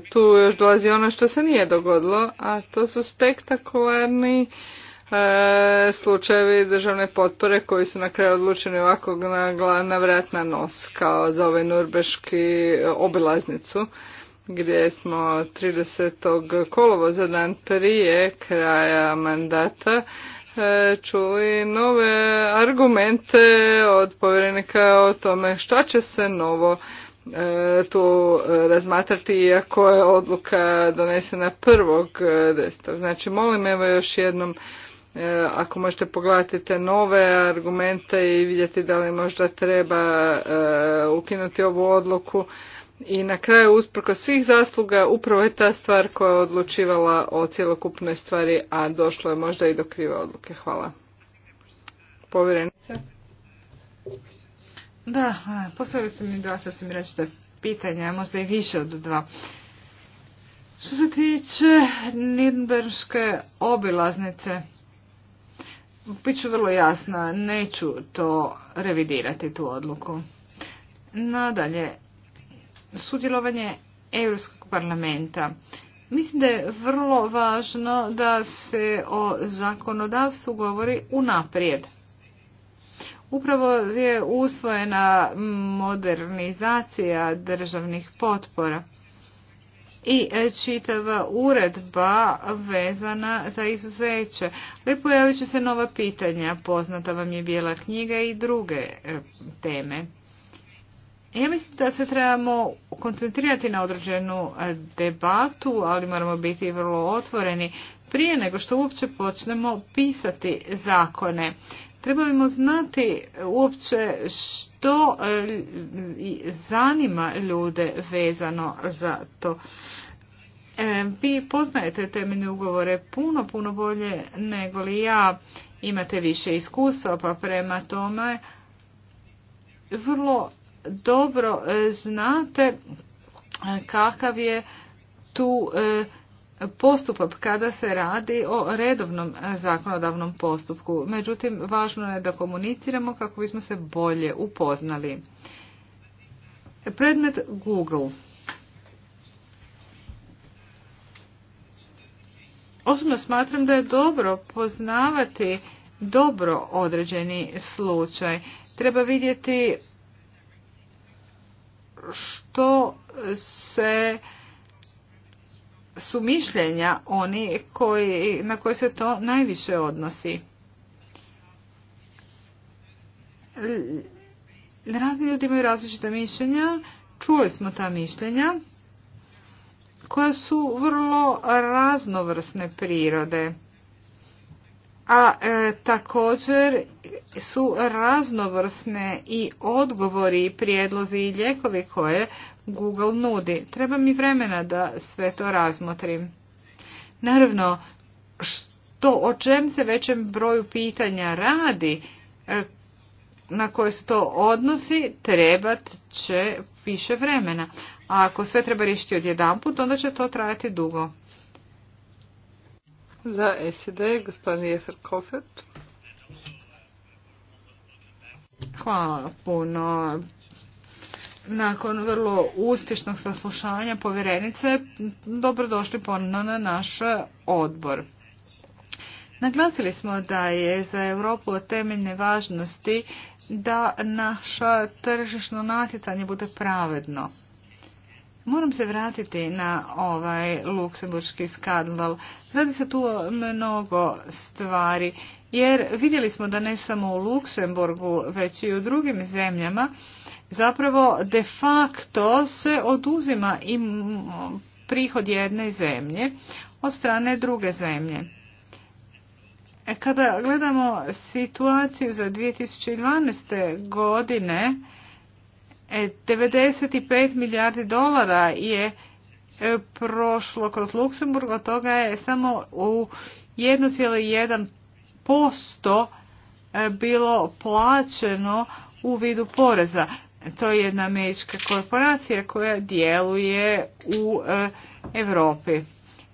tu još dolazi ono što se nije dogodilo, a to su spektakularni e, slučajevi državne potpore koji su na kraju odlučeni ovako na, na vratna nos kao za ovaj nurbeški obilaznicu gdje smo 30. kolovo za dan prije kraja mandata e, čuli nove argumente od povjerenika o tome šta će se novo E, tu e, razmatrati iako je odluka donesena prvog e, desta. Znači molim evo još jednom ako možete pogledati te nove argumente i vidjeti da li možda treba ukinuti ovu odluku i na kraju usprko svih zasluga upravo je ta stvar koja je odlučivala o cjelokupnoj stvari, a došlo je možda i do krive odluke. Hvala. Povjerenica. Da, postavili ste mi dva sasvim rečite pitanja, možda i više od dva. Što se tiče Nidberške obilaznice, bit ću vrlo jasna, neću to revidirati, tu odluku. Nadalje, sudjelovanje Europskog parlamenta. Mislim da je vrlo važno da se o zakonodavstvu govori unaprijed. Upravo je usvojena modernizacija državnih potpora i čitava uredba vezana za izuzeće. Ali pojavit će se nova pitanja, poznata vam je bijela knjiga i druge e, teme. Ja mislim da se trebamo koncentrirati na određenu e, debatu, ali moramo biti vrlo otvoreni prije nego što uopće počnemo pisati zakone. Trebamo znati uopće što e, zanima ljude vezano za to. E, vi poznajete temeljne ugovore puno, puno bolje nego li ja. Imate više iskustva, pa prema tome vrlo dobro e, znate kakav je tu postupak kada se radi o redovnom zakonodavnom postupku. Međutim, važno je da komuniciramo kako bismo se bolje upoznali. Predmet Google. Osobno smatram da je dobro poznavati dobro određeni slučaj. Treba vidjeti što se su mišljenja oni na koje se to najviše odnosi. Razni ljudi imaju različite mišljenja, čuli smo ta mišljenja koja su vrlo raznovrsne prirode. A e, također su raznovrsne i odgovori i prijedlozi i lijekovi koje Google nudi. Treba mi vremena da sve to razmotrim. Naravno, što o čem se većem broju pitanja radi, e, na koje se to odnosi, trebat će više vremena. A ako sve treba riješiti odjedanput, onda će to trajati dugo. Za SED, gospodin Jefer Hvala puno. Nakon vrlo uspješnog saslušanja povjerenice, dobrodošli ponovno na naš odbor. Naglasili smo da je za Europu od temeljne važnosti da naša tržišno natjecanje bude pravedno. Moram se vratiti na ovaj luksemburški skandal. Radi se tu o mnogo stvari jer vidjeli smo da ne samo u Luksemburgu, već i u drugim zemljama, zapravo de facto se oduzima i prihod jedne zemlje od strane druge zemlje. E, kada gledamo situaciju za 2012. godine, 95 e, milijardi dolara je e, prošlo kroz Luksemburg, od toga je samo u 1,1 posto e, bilo plaćeno u vidu poreza. To je jedna američka korporacija koja djeluje u e, Europi.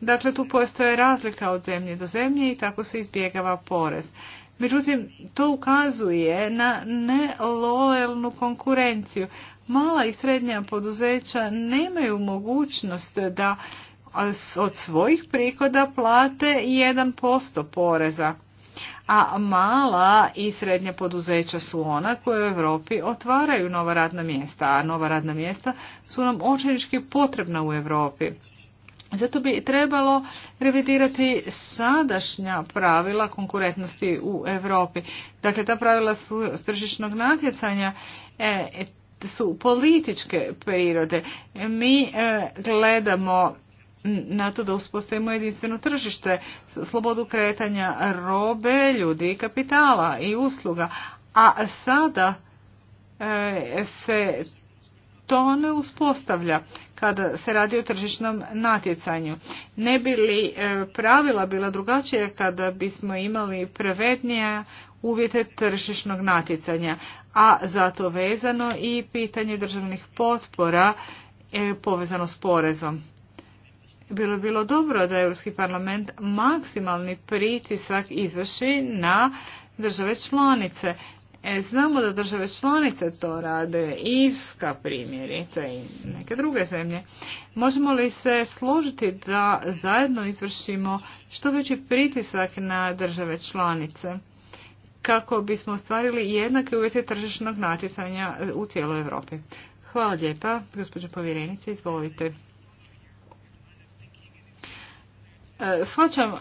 Dakle, tu postoje razlika od zemlje do zemlje i tako se izbjegava porez. Međutim, to ukazuje na nelojalnu konkurenciju. Mala i srednja poduzeća nemaju mogućnost da od svojih prihoda plate 1% poreza a mala i srednja poduzeća su ona koje u Europi otvaraju nova radna mjesta, a nova radna mjesta su nam očinički potrebna u Europi. Zato bi trebalo revidirati sadašnja pravila konkurentnosti u Europi. Dakle, ta pravila su tržišnog natjecanja e, su političke prirode. Mi e, gledamo na to da uspostavimo jedinstveno tržište, slobodu kretanja robe, ljudi kapitala i usluga. A sada e, se to ne uspostavlja kada se radi o tržišnom natjecanju. Ne bi li e, pravila bila drugačija kada bismo imali prevednije uvjete tržišnog natjecanja, a zato vezano i pitanje državnih potpora e, povezano s porezom bilo bilo dobro da Europski parlament maksimalni pritisak izvrši na države članice. E, znamo da države članice to rade, Irska primjerice i neke druge zemlje. Možemo li se složiti da zajedno izvršimo što veći pritisak na države članice kako bismo ostvarili jednake uvjete tržišnog natjecanja u cijeloj Europi? Hvala lijepa, gospođo povjerenice, izvolite. E, shvaćam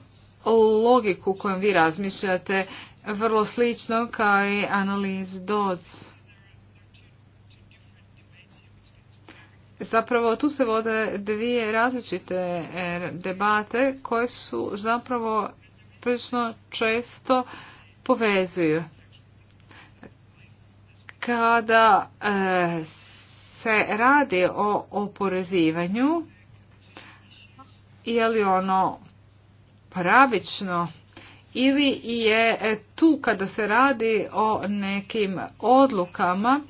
logiku kojom vi razmišljate, vrlo slično kao i analiz dots Zapravo tu se vode dvije različite e, debate koje su zapravo prilično često povezuju. Kada e, se radi o oporezivanju, je li ono pravično ili je tu kada se radi o nekim odlukama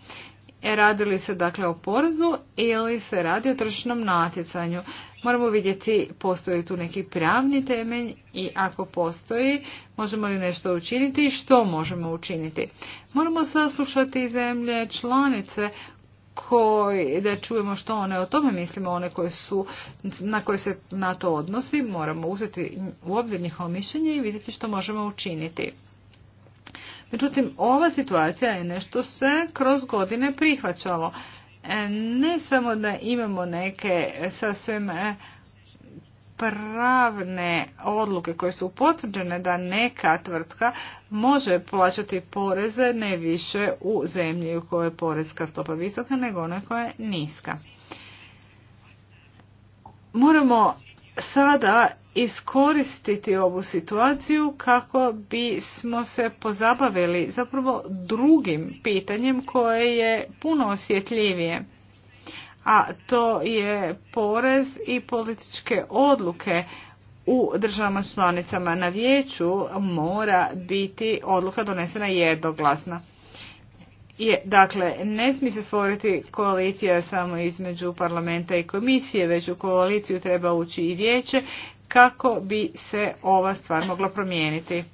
e, radili se dakle o porezu ili se radi o tržišnom natjecanju. Moramo vidjeti postoji tu neki pravni temelj i ako postoji možemo li nešto učiniti i što možemo učiniti. Moramo saslušati zemlje članice koji, da čujemo što one o tome mislimo, one koje su, na koje se na to odnosi, moramo uzeti u obzir njihovo mišljenje i vidjeti što možemo učiniti. Međutim, ova situacija je nešto se kroz godine prihvaćalo. E, ne samo da imamo neke sasvim e, pravne odluke koje su potvrđene da neka tvrtka može plaćati poreze ne više u zemlji u kojoj je porezka stopa visoka nego ona koja je niska. Moramo sada iskoristiti ovu situaciju kako bismo se pozabavili zapravo drugim pitanjem koje je puno osjetljivije a to je porez i političke odluke u državama članicama na vijeću mora biti odluka donesena jednoglasna. dakle, ne smije se stvoriti koalicija samo između parlamenta i komisije, već u koaliciju treba ući i vijeće kako bi se ova stvar mogla promijeniti.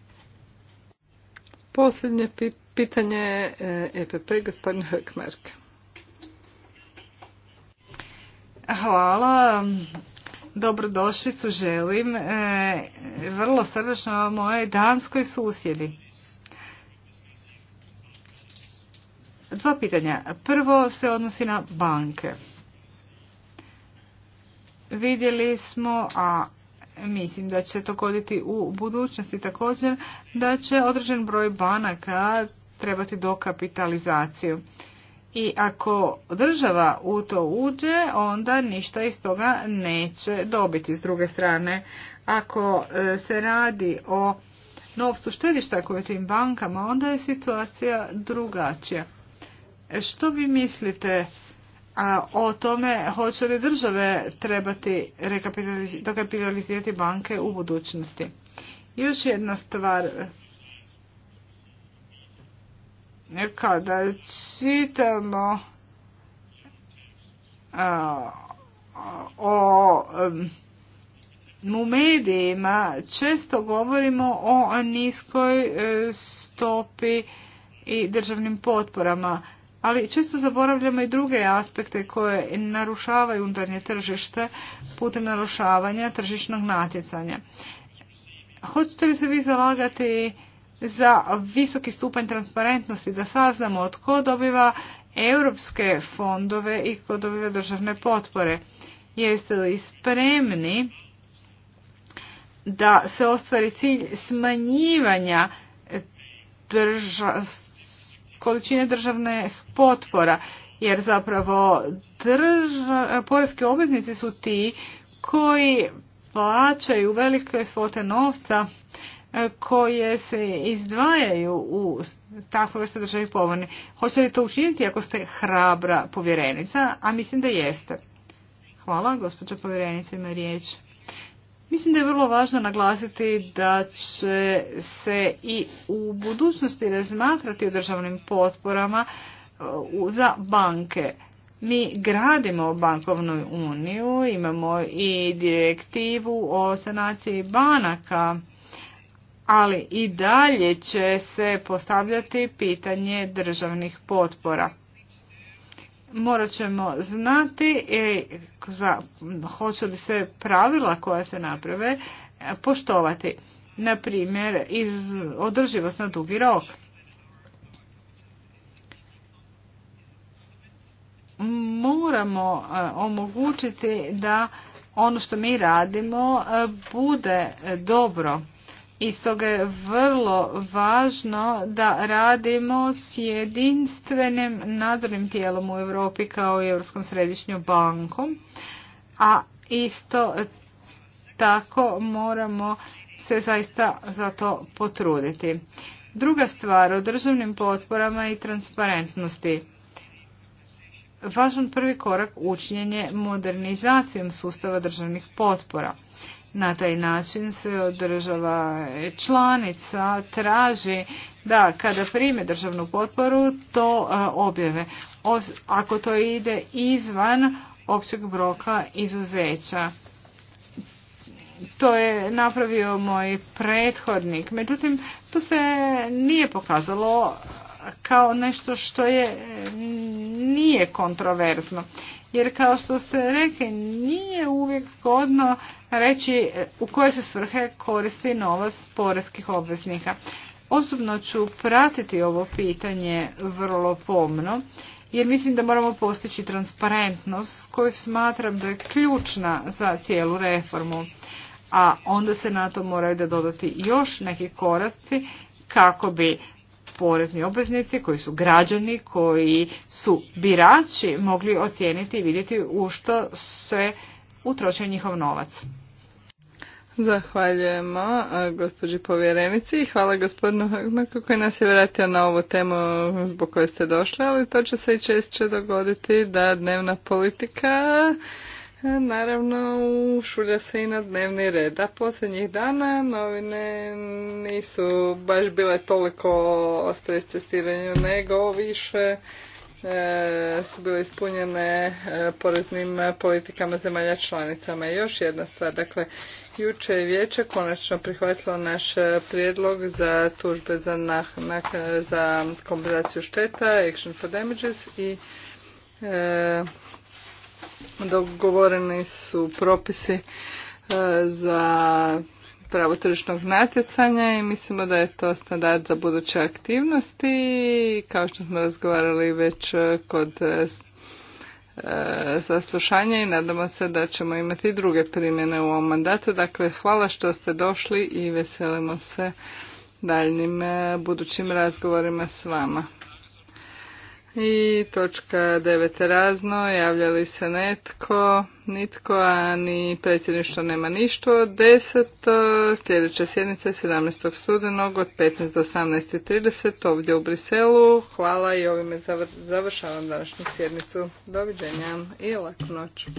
Posljednje pitanje EPP, e gospodin Hökmerke. Hvala. Dobrodošlicu želim e, vrlo srdečno moje danskoj susjedi. Dva pitanja. Prvo se odnosi na banke. Vidjeli smo, a mislim da će to koditi u budućnosti također, da će određen broj banaka trebati dokapitalizaciju. kapitalizaciju. I ako država u to uđe, onda ništa iz toga neće dobiti. S druge strane, ako e, se radi o novcu štedišta u tim bankama, onda je situacija drugačija. E, što vi mislite o tome hoće li države trebati dokapitalizirati banke u budućnosti? Još jedna stvar kada čitamo o u medijima često govorimo o niskoj e, stopi i državnim potporama, ali često zaboravljamo i druge aspekte koje narušavaju unutarnje tržište putem narušavanja tržišnog natjecanja. Hoćete li se vi zalagati za visoki stupanj transparentnosti da saznamo tko dobiva europske fondove i tko dobiva državne potpore. Jeste li spremni da se ostvari cilj smanjivanja količine državne potpora, jer zapravo drža, obveznici su ti koji plaćaju velike svote novca koje se izdvajaju u takve vrste državnih povorni. Hoćete li to učiniti ako ste hrabra povjerenica, a mislim da jeste? Hvala, gospođa povjerenica ima riječ. Mislim da je vrlo važno naglasiti da će se i u budućnosti razmatrati o državnim potporama za banke. Mi gradimo bankovnu uniju, imamo i direktivu o sanaciji banaka ali i dalje će se postavljati pitanje državnih potpora. Morat ćemo znati e, za, hoće li se pravila koja se naprave e, poštovati. Na primjer, iz, održivost na dugi rok. Moramo e, omogućiti da ono što mi radimo bude dobro. I stoga je vrlo važno da radimo s jedinstvenim nadzornim tijelom u Europi kao i Europskom središnjom bankom, a isto tako moramo se zaista za to potruditi. Druga stvar o državnim potporama i transparentnosti. Važan prvi korak učinjen je modernizacijom sustava državnih potpora. Na taj način se od država članica traži da kada prime državnu potporu to objave. Ako to ide izvan općeg broka izuzeća. To je napravio moj prethodnik. Međutim, to se nije pokazalo kao nešto što je nije kontroverzno. Jer kao što se reke, nije uvijek zgodno reći e, u koje se svrhe koristi novac poreskih obveznika. Osobno ću pratiti ovo pitanje vrlo pomno, jer mislim da moramo postići transparentnost koju smatram da je ključna za cijelu reformu. A onda se na to moraju da dodati još neki koraci kako bi porezni obveznici, koji su građani, koji su birači mogli ocijeniti i vidjeti u što se utroče njihov novac. Zahvaljujemo gospođi povjerenici i hvala gospodinu Hagmarku koji nas je vratio na ovu temu zbog koje ste došli, ali to će se i češće dogoditi da dnevna politika E, naravno, ušulja se i na dnevni red. A posljednjih dana novine nisu baš bile toliko o stres testiranju, nego više e, su bile ispunjene e, poreznim politikama zemalja članicama. I još jedna stvar, dakle, juče je vijeće konačno prihvatilo naš prijedlog za tužbe za, za kompenzaciju šteta, action for damages i dogovoreni su propisi e, za pravo tržišnog natjecanja i mislimo da je to standard za buduće aktivnosti. Kao što smo razgovarali već e, kod e, saslušanja i nadamo se da ćemo imati druge primjene u ovom mandatu. Dakle, hvala što ste došli i veselimo se daljnim budućim razgovorima s vama. I točka devet razno, javljali se netko, nitko, a ni predsjedništvo nema ništa. Deset, sljedeća sjednica 17. studenog od 15 do 18.30 ovdje u Briselu. Hvala i ovime završavam današnju sjednicu. Doviđenja i laku noć.